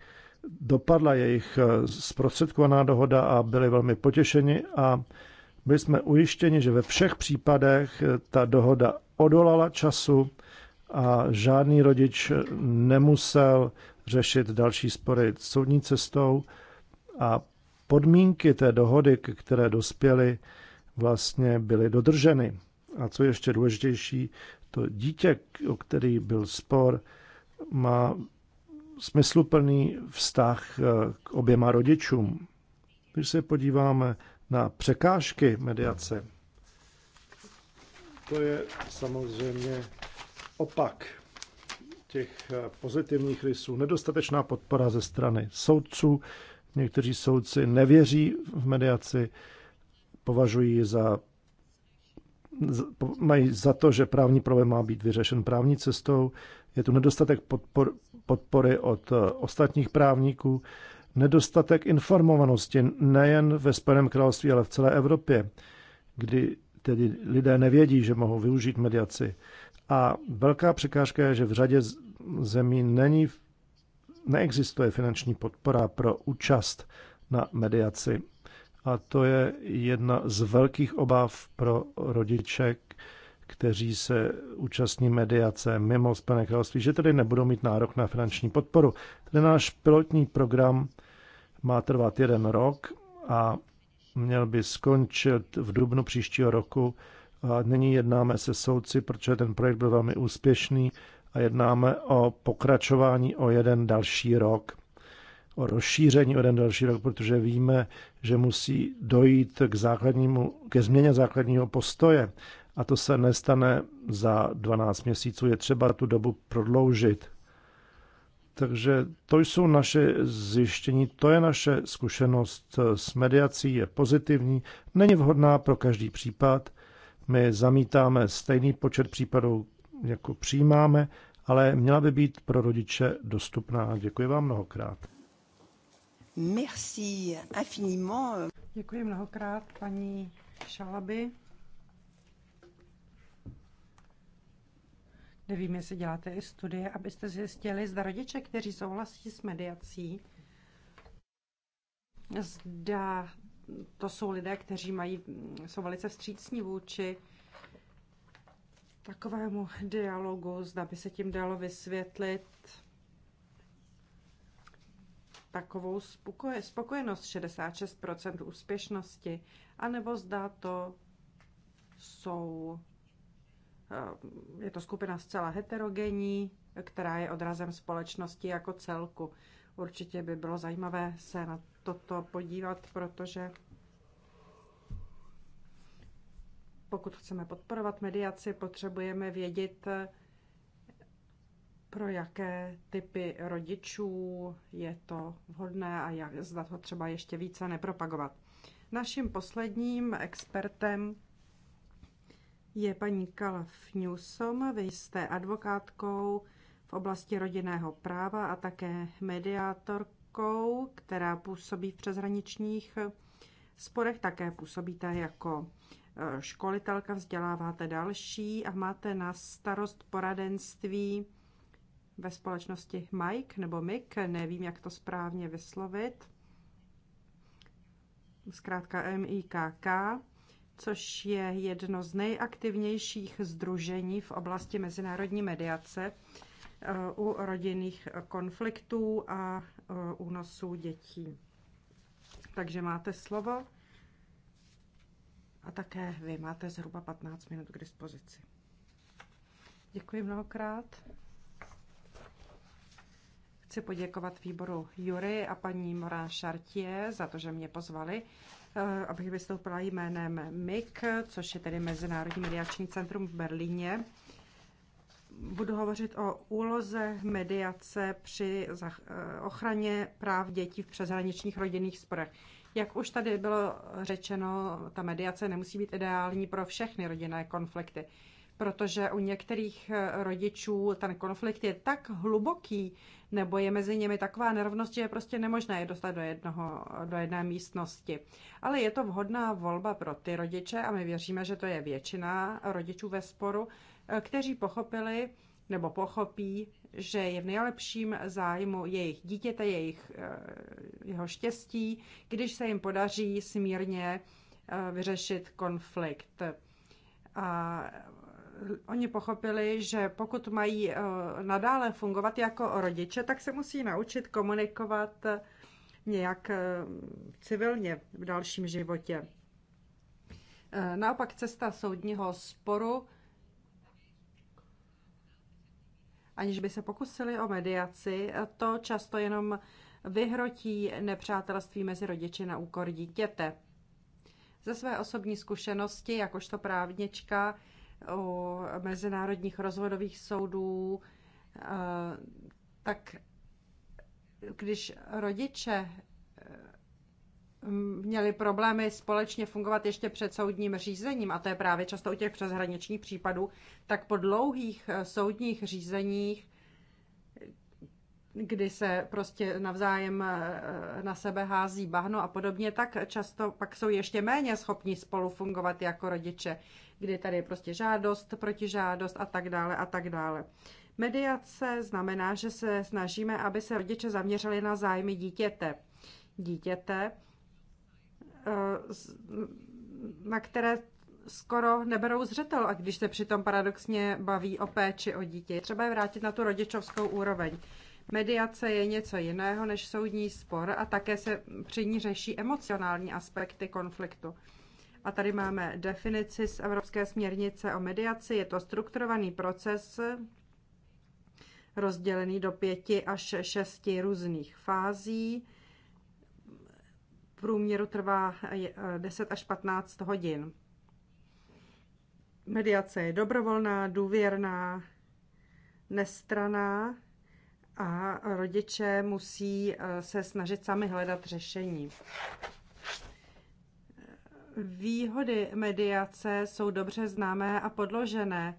dopadla jejich eh, zprostředkovaná dohoda a byli velmi potěšeni a byli jsme ujištěni, že ve všech případech eh, ta dohoda odolala času a žádný rodič eh, nemusel řešit další spory soudní cestou a podmínky té dohody, které dospěly, vlastně byly dodrženy. A co ještě důležitější, to dítě, o který byl spor, má smysluplný vztah eh, k oběma rodičům. Když se podíváme na překážky mediace, to je samozřejmě opak těch eh, pozitivních rysů. Nedostatečná podpora ze strany soudců, Někteří soudci nevěří v mediaci, považují za, mají za to, že právní problém má být vyřešen právní cestou. Je tu nedostatek podpor, podpory od eh, ostatních právníků, nedostatek informovanosti nejen ve Spojeném království, ale v celé Evropě, kdy tedy lidé nevědí, že mohou využít mediaci. A velká překážka je, že v řadě zemí není neexistuje finanční podpora pro účast na mediaci. A to je jedna z velkých obav pro rodiče, kteří se účastní mediace mimo Spojené království, že tedy nebudou mít nárok na finanční podporu. Tedy náš pilotní program má trvat jeden rok a měl by skončit v dubnu příštího roku. A nyní jednáme se soudci, protože ten projekt byl velmi úspěšný a jednáme o pokračování o jeden další rok, o rozšíření o jeden další rok, protože víme, že musí dojít k, základnímu, ke změně základního postoje a to se nestane za 12 měsíců, je třeba tu dobu prodloužit. Takže to jsou naše zjištění, to je naše zkušenost s mediací, je pozitivní, není vhodná pro každý případ. My zamítáme stejný počet případů jako přijímáme, ale měla by být pro rodiče dostupná. Děkuji vám mnohokrát.
Merci infiniment. Děkuji mnohokrát, paní Šalaby. Nevím, jestli děláte i studie, abyste zjistili, zda rodiče, kteří souhlasí s mediací, zda to jsou lidé, kteří mají, jsou velice vstřícní vůči takovému dialogu, zda by se tím dalo vysvětlit takovou spokoje, spokojenost 66% úspěšnosti, anebo zda to jsou, eh, je to skupina zcela heterogenní, která je odrazem společnosti jako celku. Určitě by bylo zajímavé se na toto podívat, protože Pokud chceme podporovat mediaci, potřebujeme vědět, pro jaké typy rodičů je to vhodné a jak zda to třeba ještě více nepropagovat. Naším posledním expertem je paní Kalf Newsom. Vy jste advokátkou v oblasti rodinného práva a také mediátorkou, která působí v přeshraničních sporech. Také působíte jako Eh, školitelka, vzděláváte další a máte na starost poradenství ve společnosti Mike nebo Mik, nevím, jak to správně vyslovit, zkrátka MIKK, což je jedno z nejaktivnějších združení v oblasti mezinárodní mediace eh, u rodinných konfliktů a eh, únosů dětí. Takže máte slovo. A také vy máte zhruba 15 minut k dispozici. Děkuji mnohokrát. Chci poděkovat výboru Jury a paní Morán Šartě za to, že mě pozvali, eh, abych vystoupila jménem MIK, což je tedy Mezinárodní mediační centrum v Berlíně. Budu hovořit o úloze mediace při eh, ochraně práv dětí v přeshraničních rodinných sporech. Jak už tady bylo řečeno, ta mediace nemusí být ideální pro všechny rodinné konflikty, protože u některých eh, rodičů ten konflikt je tak hluboký, nebo je mezi nimi taková nerovnost, že je prostě nemožné je dostat do, jednoho, do jedné místnosti. Ale je to vhodná volba pro ty rodiče a my věříme, že to je většina rodičů ve sporu, eh, kteří pochopili nebo pochopí, že je v nejlepším zájmu jejich dítěte, jejich, eh, jeho štěstí, když se jim podaří smírně eh, vyřešit konflikt. A eh, oni pochopili, že pokud mají nadále fungovat jako rodiče, tak se musí naučit komunikovat nějak civilně v dalším životě. Naopak cesta soudního sporu aniž by se pokusili o mediaci, to často jenom vyhrotí nepřátelství mezi rodiči na úkor dítěte. Ze své osobní zkušenosti, jakožto právnička o mezinárodních rozvodových soudů, eh, tak když rodiče měli problémy společně fungovat ještě před soudním řízením, a to je právě často u těch přeshraničních případů, tak po dlouhých eh, soudních řízeních, kdy se prostě navzájem eh, na sebe hází bahno a podobně, tak často pak jsou ještě méně schopni spolu fungovat jako rodiče, kdy tady je prostě žádost, protižádost a tak dále a tak dále. Mediace znamená, že se snažíme, aby se rodiče zaměřili na zájmy dítěte. Dítěte, Eh, na které skoro neberou zřetel, a když se přitom paradoxně baví o péči o dítě. Třeba je vrátit na tu rodičovskou úroveň. Mediace je něco jiného než soudní spor a také se při ní řeší emocionální aspekty konfliktu. A tady máme definici z Evropské směrnice o mediaci. Je to strukturovaný proces rozdělený do pěti až šesti různých fází průměru trvá 10 eh, až 15 hodin. Mediace je dobrovolná, důvěrná, nestraná a rodiče musí eh, se snažit sami hledat řešení. Výhody mediace jsou dobře známé a podložené.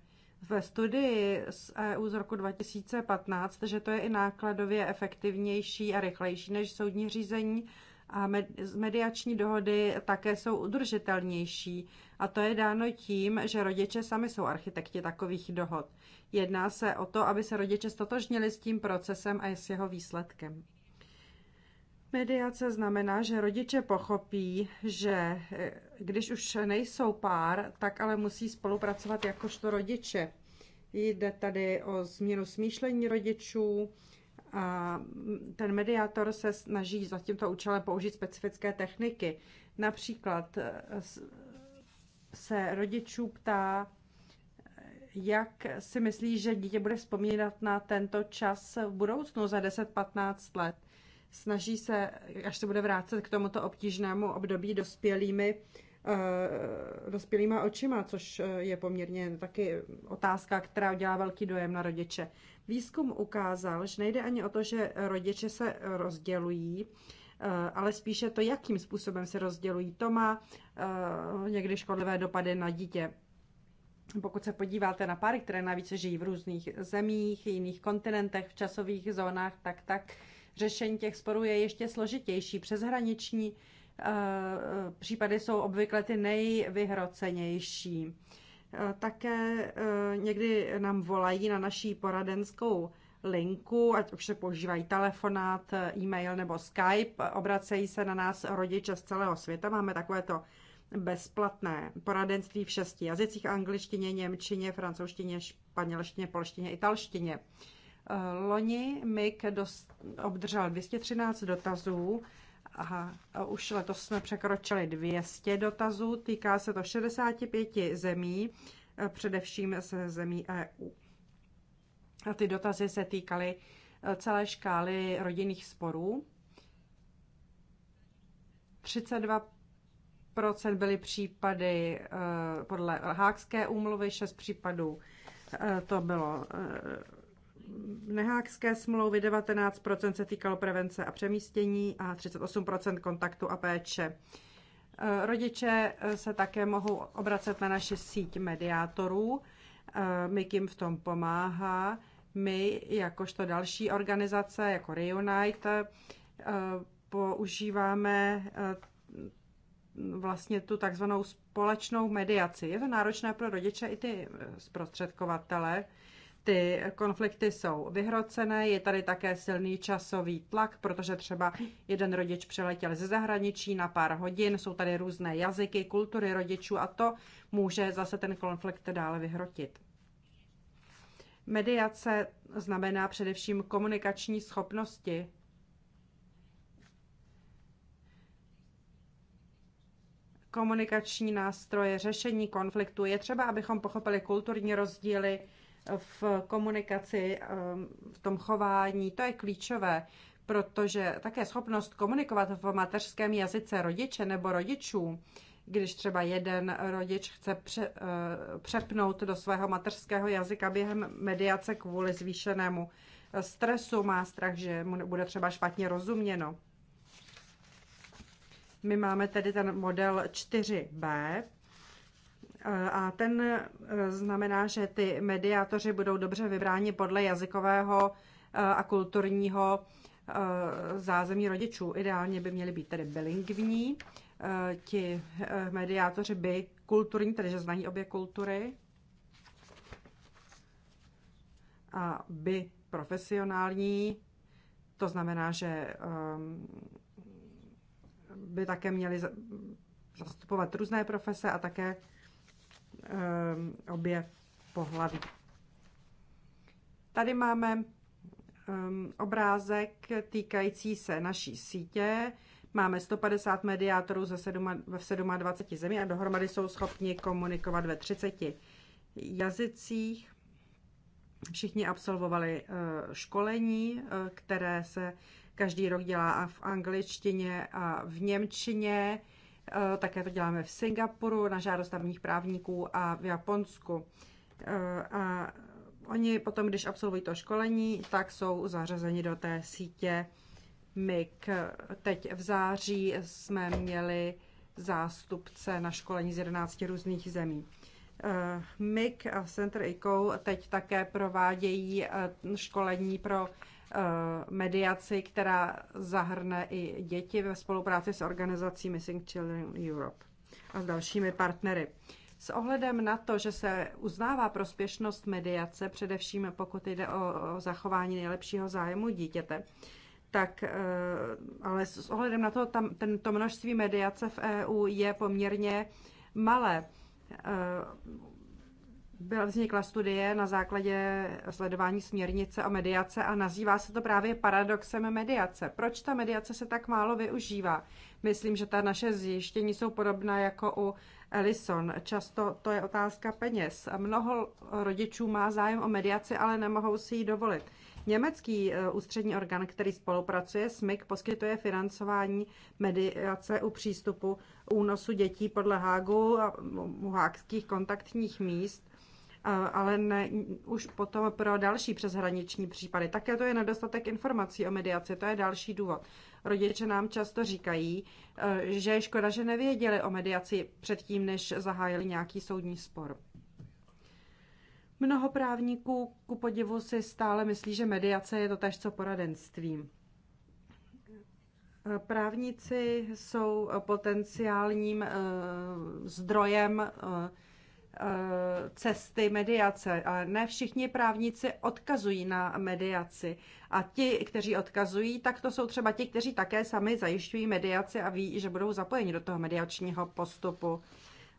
Ve studii z EU z roku 2015, že to je i nákladově efektivnější a rychlejší než soudní řízení, a mediační dohody také jsou udržitelnější. A to je dáno tím, že rodiče sami jsou architekti takových dohod. Jedná se o to, aby se rodiče stotožnili s tím procesem a s jeho výsledkem. Mediace znamená, že rodiče pochopí, že eh, když už nejsou pár, tak ale musí spolupracovat jakožto rodiče. Jde tady o změnu smýšlení rodičů, ten mediátor se snaží za tímto účelem použít specifické techniky. Například eh, se rodičů ptá, eh, jak si myslí, že dítě bude vzpomínat na tento čas v budoucnu za 10-15 let. Snaží se, až se bude vrátit k tomuto obtížnému období dospělými, eh, dospělýma očima, což je poměrně taky otázka, která udělá velký dojem na rodiče. Výzkum ukázal, že nejde ani o to, že rodiče se rozdělují, eh, ale spíše to, jakým způsobem se rozdělují. To má eh, někdy škodlivé dopady na dítě. Pokud se podíváte na páry, které navíc žijí v různých zemích, jiných kontinentech, v časových zónách, tak tak řešení těch sporů je ještě složitější. Přeshraniční eh, případy jsou obvykle ty nejvyhrocenější. Eh, také eh, někdy nám volají na naší poradenskou linku, ať už se používají telefonát, eh, e-mail nebo Skype, obracejí se na nás rodiče z celého světa. Máme takovéto bezplatné poradenství v šesti jazycích, angličtině, němčině, francouzštině, španělštině, polštině, italštině. Loni MIK obdržel 213 dotazů Aha, a už letos jsme překročili 200 dotazů, týká se to 65 zemí, eh, především se zemí EU. A ty dotazy se týkaly eh, celé škály rodinných sporů. 32 byly případy eh, podle Hákské úmluvy, 6 případů to bylo nehákské smlouvy 19% se týkalo prevence a přemístění a 38% kontaktu a péče. Eh, rodiče eh, se také mohou obracet na naši síť mediátorů. Eh, my kým v tom pomáhá. My, jakožto další organizace, jako Reunite, používáme vlastně tu takzvanou společnou mediaci. Je to náročné pro rodiče i ty zprostředkovatele, ty konflikty jsou vyhrocené, je tady také silný časový tlak, protože třeba jeden rodič přiletěl ze zahraničí na pár hodin, jsou tady různé jazyky, kultury rodičů a to může zase ten konflikt dále vyhrotit. Mediace znamená především komunikační schopnosti. Komunikační nástroje, řešení konfliktu. Je třeba, abychom pochopili kulturní rozdíly, v komunikaci, ehm, v tom chování, to je klíčové, protože také schopnost komunikovat v mateřském jazyce rodiče nebo rodičů, když třeba jeden rodič chce pře, eh, přepnout do svého mateřského jazyka během mediace kvůli zvýšenému eh, stresu, má strach, že mu bude třeba špatně rozuměno. My máme tedy ten model 4b, a ten eh, znamená, že ty mediátoři budou dobře vybráni podle jazykového eh, a kulturního eh, zázemí rodičů. Ideálně by měli být tedy bilingvní. Ti mediátoři by kulturní, tedy že znají obě kultury. A by profesionální, to znamená, že ehm, by také měli zastupovat různé profese a také Eh, obě pohlaví. Tady máme eh, obrázek týkající se naší sítě. Máme 150 mediátorů ze 7, v 27 zemí a dohromady jsou schopni komunikovat ve 30 jazycích. Všichni absolvovali eh, školení, které se každý rok dělá v angličtině a v němčině. Eh, také to děláme v Singapuru na žádost tamních právníků a v Japonsku. Eh, a oni potom, když absolvují to školení, tak jsou zařazeni do té sítě MIG. Teď v září jsme měli zástupce na školení z 11 různých zemí. Eh, MIG a Center ICO teď také provádějí školení pro Eh, mediaci, která zahrne i děti ve spolupráci s organizací Missing Children Europe a s dalšími partnery. S ohledem na to, že se uznává prospěšnost mediace, především pokud jde o zachování nejlepšího zájmu dítěte, tak eh, ale s ohledem na to, tam, ten, to množství mediace v EU je poměrně malé. Eh, byla vznikla studie na základě sledování směrnice o mediace a nazývá se to právě paradoxem mediace. Proč ta mediace se tak málo využívá? Myslím, že ta naše zjištění jsou podobná jako u Ellison. Často to je otázka peněz. Mnoho rodičů má zájem o mediaci, ale nemohou si ji dovolit. Německý e, ústřední orgán, který spolupracuje s MIG, poskytuje financování mediace u přístupu únosu dětí podle Hágu a hákských kontaktních míst ale ne, už potom pro další přeshraniční případy. Také to je nedostatek informací o mediaci, to je další důvod. Rodiče nám často říkají, e, že je škoda, že nevěděli o mediaci předtím, než zahájili nějaký soudní spor. Mnoho právníků ku podivu si stále myslí, že mediace je to tež co poradenství. E, právníci jsou potenciálním e, zdrojem Eh, cesty mediace. A ne všichni právníci odkazují na mediaci. A ti, kteří odkazují, tak to jsou třeba ti, kteří také sami zajišťují mediaci a ví, že budou zapojeni do toho mediačního postupu.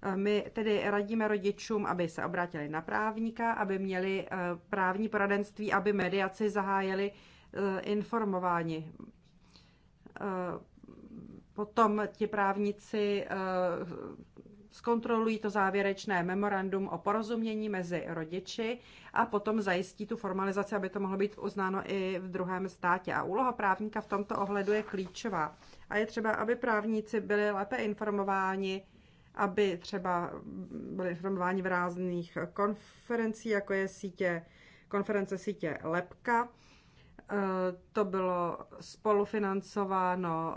Eh, my tedy radíme rodičům, aby se obrátili na právníka, aby měli eh, právní poradenství, aby mediaci zahájili informováni. Potom ti právníci zkontrolují to závěrečné memorandum o porozumění mezi rodiči a potom zajistí tu formalizaci, aby to mohlo být uznáno i v druhém státě. A úloha právníka v tomto ohledu je klíčová. A je třeba, aby právníci byli lépe informováni, aby třeba byli informováni v rázných konferencích, jako je sítě, konference sítě Lepka, Eh, to bylo spolufinancováno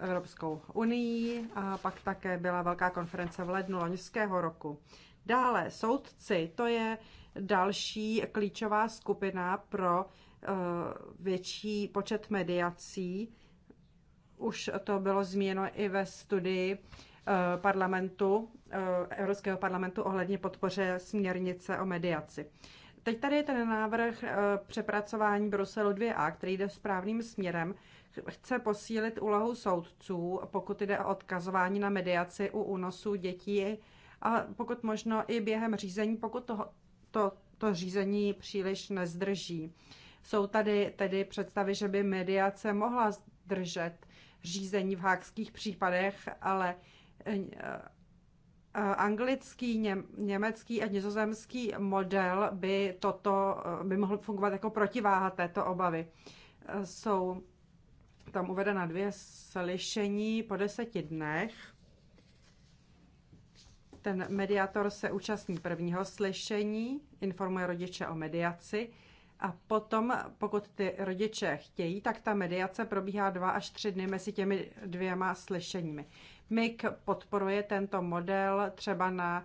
eh, Evropskou unii a pak také byla velká konference v lednu loňského roku. Dále soudci, to je další klíčová skupina pro eh, větší počet mediací. Už to bylo zmíněno i ve studii parlamentu, Evropského parlamentu ohledně podpoře směrnice o mediaci. Teď tady je ten návrh eh, přepracování Bruselu 2a, který jde správným směrem. Chce posílit úlohu soudců, pokud jde o odkazování na mediaci u únosu dětí a pokud možno i během řízení, pokud to, to, to řízení příliš nezdrží. Jsou tady tedy představy, že by mediace mohla zdržet řízení v hákských případech, ale eh, Eh, anglický, německý a nizozemský model by, toto, eh, by mohl fungovat jako protiváha této obavy. Eh, jsou tam uvedena dvě slyšení po deseti dnech. Ten mediátor se účastní prvního slyšení, informuje rodiče o mediaci a potom, pokud ty rodiče chtějí, tak ta mediace probíhá dva až tři dny mezi těmi dvěma slyšeními. MIG podporuje tento model třeba na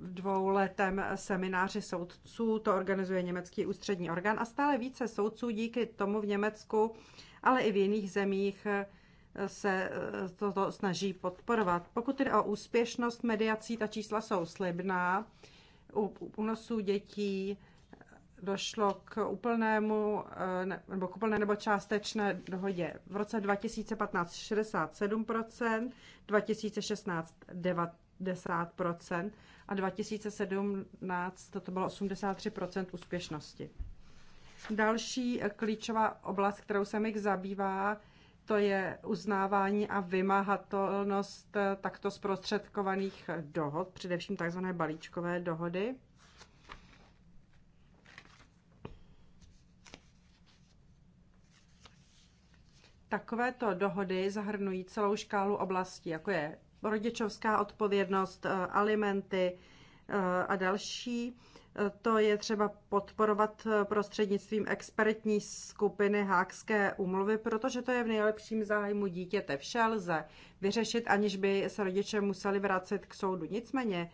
dvouletém semináři soudců, to organizuje německý ústřední orgán a stále více soudců díky tomu v Německu, ale i v jiných zemích eh, se eh, toto snaží podporovat. Pokud jde o úspěšnost mediací, ta čísla jsou slibná. U únosů dětí došlo k úplnému eh, nebo k úplné nebo částečné dohodě. V roce 2015 67%, 2016 90% a 2017 toto bylo 83% úspěšnosti. Další eh, klíčová oblast, kterou se mi zabývá, to je uznávání a vymahatelnost eh, takto zprostředkovaných dohod, především takzvané balíčkové dohody. Takovéto dohody zahrnují celou škálu oblastí, jako je rodičovská odpovědnost, eh, alimenty eh, a další. Eh, to je třeba podporovat prostřednictvím expertní skupiny Hákské úmluvy, protože to je v nejlepším zájmu dítěte. Vše lze vyřešit, aniž by se rodiče museli vracet k soudu. Nicméně,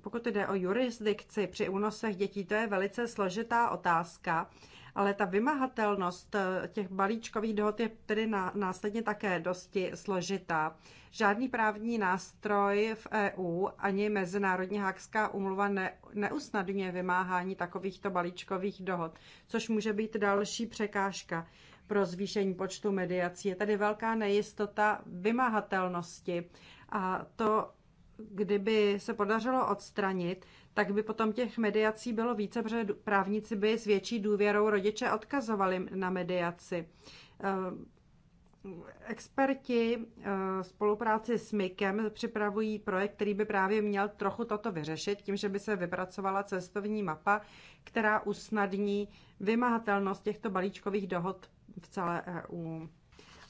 pokud jde o jurisdikci při únosech dětí, to je velice složitá otázka ale ta vymahatelnost eh, těch balíčkových dohod je tedy následně také dosti složitá. Žádný právní nástroj v EU ani Mezinárodní hákská umluva ne, neusnadňuje vymáhání takovýchto balíčkových dohod, což může být další překážka pro zvýšení počtu mediací. Je tady velká nejistota vymahatelnosti a to kdyby se podařilo odstranit, tak by potom těch mediací bylo více, protože právníci by s větší důvěrou rodiče odkazovali na mediaci. Eh, experti eh, spolupráci s MIKem připravují projekt, který by právě měl trochu toto vyřešit, tím, že by se vypracovala cestovní mapa, která usnadní vymahatelnost těchto balíčkových dohod v celé EU.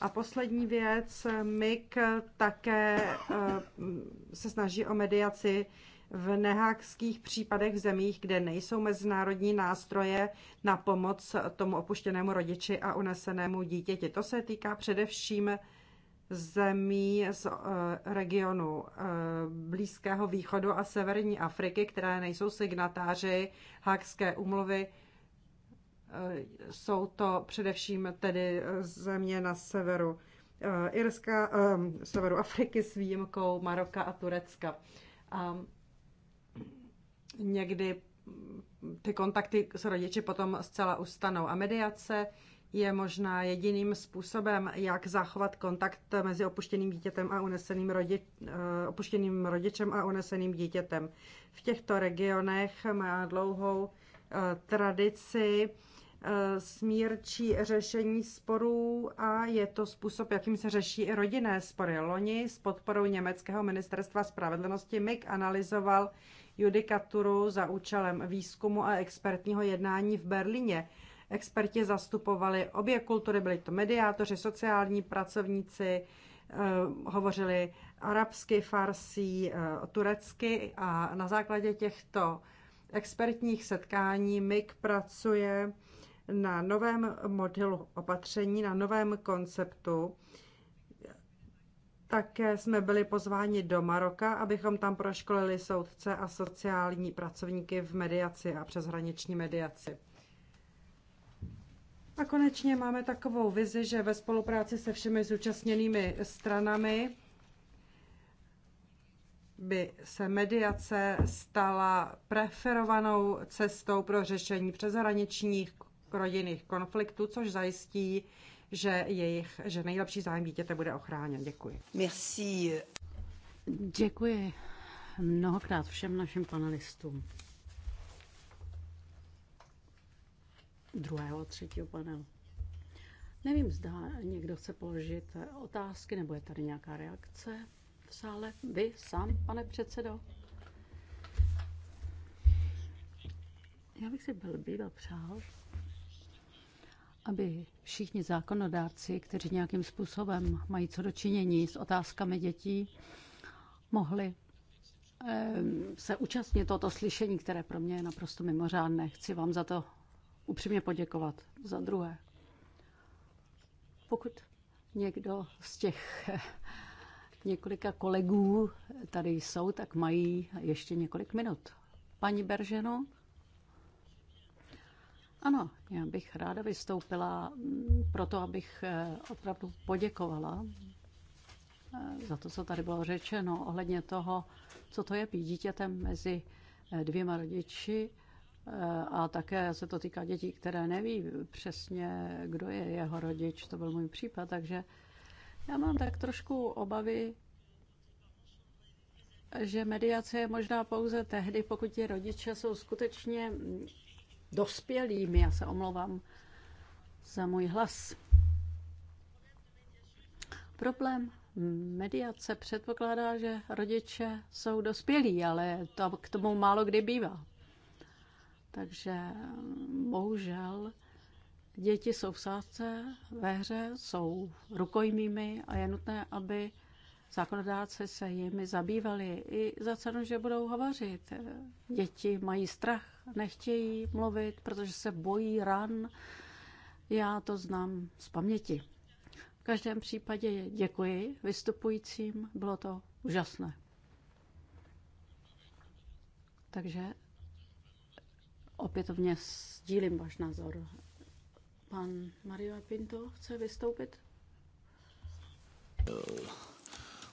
A poslední věc, MIG také eh, se snaží o mediaci v nehákských případech v zemích, kde nejsou mezinárodní nástroje na pomoc tomu opuštěnému rodiči a unesenému dítěti. To se týká především zemí z eh, regionu eh, Blízkého východu a Severní Afriky, které nejsou signatáři Hákské umluvy jsou to především tedy země na severu eh, Irska, eh, severu Afriky s výjimkou Maroka a Turecka. A někdy ty kontakty s rodiči potom zcela ustanou. A mediace je možná jediným způsobem, jak zachovat kontakt mezi opuštěným dítětem a uneseným rodi, eh, opuštěným rodičem a uneseným dítětem. V těchto regionech má dlouhou tradici Eh, smírčí řešení sporů a je to způsob, jakým se řeší i rodinné spory. Loni s podporou německého ministerstva spravedlnosti MIG analyzoval judikaturu za účelem výzkumu a expertního jednání v Berlíně. Experti zastupovali obě kultury, byli to mediátoři, sociální pracovníci, eh, hovořili arabsky, farsí, eh, turecky a na základě těchto expertních setkání MIG pracuje na novém modelu opatření, na novém konceptu. Také jsme byli pozváni do Maroka, abychom tam proškolili soudce a sociální pracovníky v mediaci a přeshraniční mediaci. A konečně máme takovou vizi, že ve spolupráci se všemi zúčastněnými stranami by se mediace stala preferovanou cestou pro řešení přeshraničních rodinných konfliktů, což zajistí, že, jejich, že nejlepší zájem dítěte bude ochráněn. Děkuji.
Merci. Děkuji mnohokrát všem našim panelistům. Druhého, třetího panelu. Nevím, zda někdo chce položit otázky, nebo je tady nějaká reakce v sále. Vy sám, pane předsedo? Já bych si byl býval přál, aby všichni zákonodárci, kteří nějakým způsobem mají co dočinění s otázkami dětí, mohli ehm, se účastnit tohoto slyšení, které pro mě je naprosto mimořádné. Chci vám za to upřímně poděkovat. Za druhé, pokud někdo z těch [laughs] několika kolegů tady jsou, tak mají ještě několik minut. Paní Berženo, ano, já bych ráda vystoupila mm, proto, abych eh, opravdu poděkovala eh, za to, co tady bylo řečeno ohledně toho, co to je být dítětem mezi eh, dvěma rodiči a také se to týká dětí, které neví přesně, kdo je jeho rodič, to byl můj případ, takže já mám tak trošku obavy, že mediace je možná pouze tehdy, pokud ti rodiče jsou skutečně mm, dospělými. Já se omlouvám za můj hlas. Problém mediace předpokládá, že rodiče jsou dospělí, ale to k tomu málo kdy bývá. Takže bohužel děti jsou v sázce, ve hře, jsou rukojmými a je nutné, aby zákonodáci se jimi zabývali i za cenu, že budou hovořit. Děti mají strach nechtějí mluvit, protože se bojí ran. Já to znám z paměti. V každém případě děkuji vystupujícím, bylo to úžasné. Takže opětovně sdílím váš názor. Pan Mario Pinto chce vystoupit?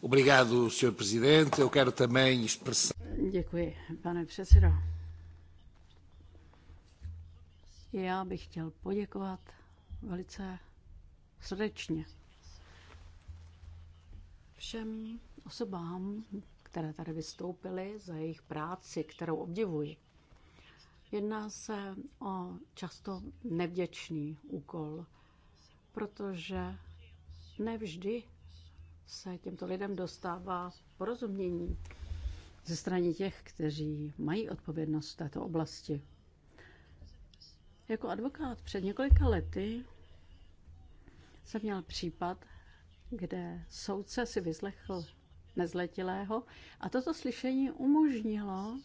Obrigado, senhor presidente. Eu quero também expressar.
Děkuji, pane předsedo. Já bych chtěl poděkovat velice srdečně všem osobám, které tady vystoupily, za jejich práci, kterou obdivuji. Jedná se o často nevděčný úkol, protože nevždy se těmto lidem dostává porozumění ze strany těch, kteří mají odpovědnost v této oblasti. Jako advokát před několika lety jsem měl případ, kde soudce si vyslechl nezletilého a toto slyšení umožnilo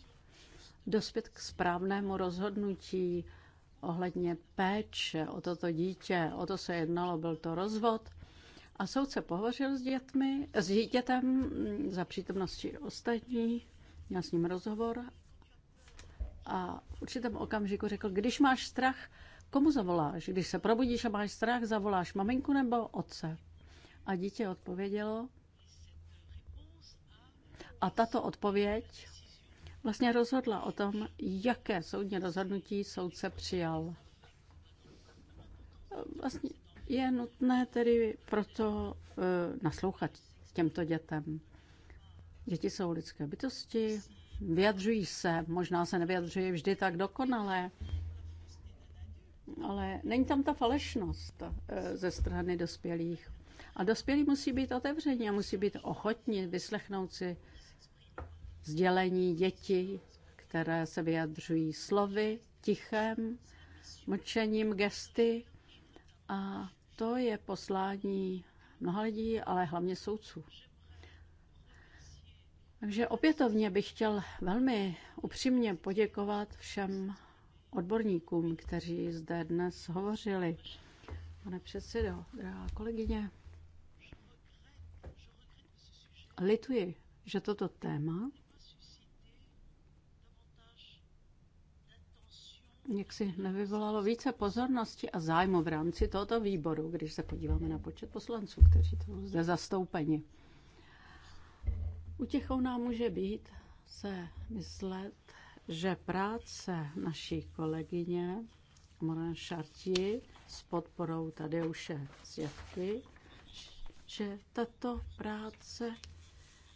dospět k správnému rozhodnutí ohledně péče o toto dítě. O to se jednalo, byl to rozvod. A soudce pohovořil s, dětmi, s dítětem za přítomnosti ostatních, měl s ním rozhovor a určitém okamžiku řekl, když máš strach, komu zavoláš? Když se probudíš a máš strach, zavoláš maminku nebo otce? A dítě odpovědělo. A tato odpověď vlastně rozhodla o tom, jaké soudní rozhodnutí soudce přijal. Vlastně je nutné tedy proto eh, naslouchat těmto dětem. Děti jsou lidské bytosti, vyjadřují se, možná se nevyjadřují vždy tak dokonale, ale není tam ta falešnost eh, ze strany dospělých. A dospělí musí být otevření a musí být ochotní vyslechnout si sdělení dětí, které se vyjadřují slovy, tichem, mlčením, gesty. A to je poslání mnoha lidí, ale hlavně soudců. Takže opětovně bych chtěl velmi upřímně poděkovat všem odborníkům, kteří zde dnes hovořili. Pane předsedo, drahá kolegyně, lituji, že toto téma jak si nevyvolalo více pozornosti a zájmu v rámci tohoto výboru, když se podíváme na počet poslanců, kteří jsou zde zastoupeni. Utěchou nám může být se myslet, že práce naší kolegyně Moran Šarti s podporou Tadeuše Zjevky, že tato práce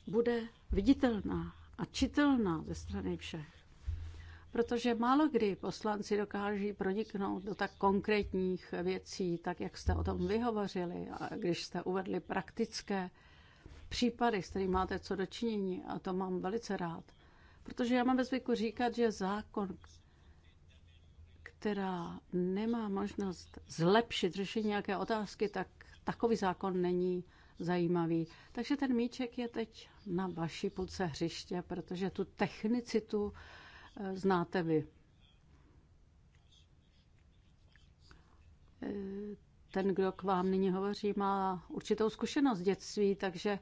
bude viditelná a čitelná ze strany všech. Protože málo kdy poslanci dokáží proniknout do tak konkrétních věcí, tak jak jste o tom vyhovořili, a když jste uvedli praktické Případy, s kterými máte co dočinění a to mám velice rád. Protože já mám ve zvyku říkat, že zákon, která nemá možnost zlepšit řešení nějaké otázky, tak takový zákon není zajímavý. Takže ten míček je teď na vaší půlce hřiště, protože tu technicitu eh, znáte vy. Eh, ten, kdo k vám nyní hovoří, má určitou zkušenost dětství, takže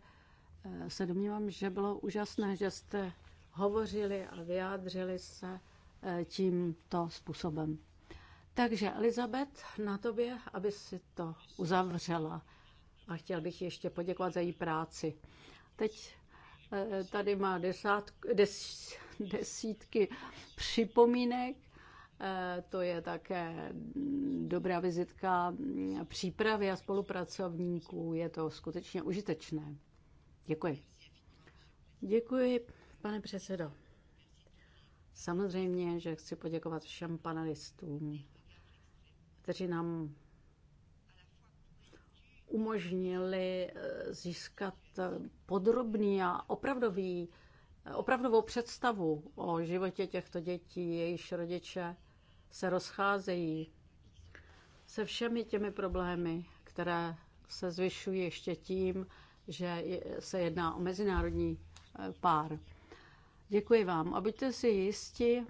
Eh, se domnívám, že bylo úžasné, že jste hovořili a vyjádřili se eh, tímto způsobem. Takže Elizabet, na tobě, aby si to uzavřela. A chtěl bych ještě poděkovat za její práci. Teď eh, tady má desát, des, desítky připomínek. To je také dobrá vizitka přípravy a spolupracovníků. Je to skutečně užitečné. Děkuji. Děkuji, pane předsedo. Samozřejmě, že chci poděkovat všem panelistům, kteří nám umožnili eh, získat eh, podrobný a opravdový, eh, opravdovou představu o životě těchto dětí, jejichž rodiče se rozcházejí se všemi těmi problémy, které se zvyšují ještě tím, že se jedná o mezinárodní eh, pár. Děkuji vám a buďte si jisti,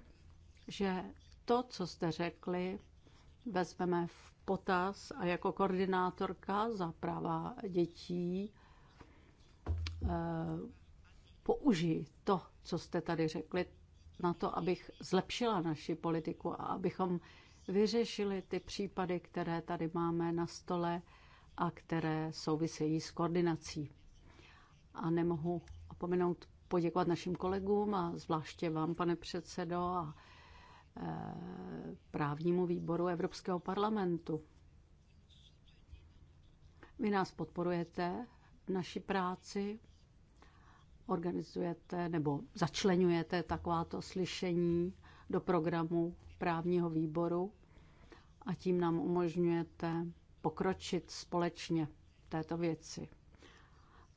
že to, co jste řekli, vezmeme v potaz a jako koordinátorka za práva dětí eh, použiji to, co jste tady řekli, na to, abych zlepšila naši politiku a abychom vyřešili ty případy, které tady máme na stole a které souvisejí s koordinací. A nemohu opomenout poděkovat našim kolegům a zvláště vám, pane předsedo, a e, právnímu výboru Evropského parlamentu. Vy nás podporujete v naší práci, organizujete nebo začlenujete takováto slyšení do programu právního výboru a tím nám umožňujete pokročit společně v této věci.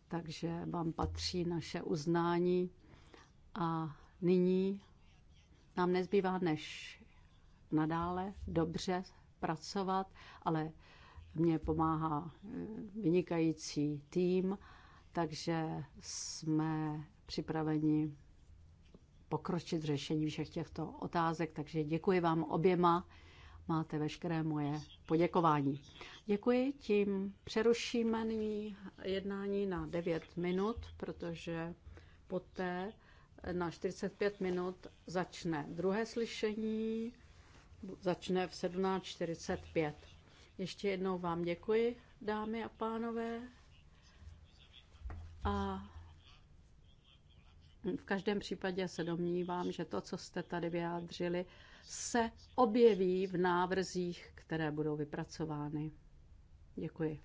Takže vám patří naše uznání a nyní nám nezbývá než nadále dobře pracovat, ale mě pomáhá eh, vynikající tým, takže jsme připraveni pokročit v řešení všech těchto otázek. Takže děkuji vám oběma máte veškeré moje poděkování. Děkuji, tím přerušíme nyní jednání na 9 minut, protože poté na 45 minut začne druhé slyšení, začne v 17.45. Ještě jednou vám děkuji, dámy a pánové. A v každém případě se domnívám, že to, co jste tady vyjádřili, se objeví v návrzích, které budou vypracovány. Děkuji.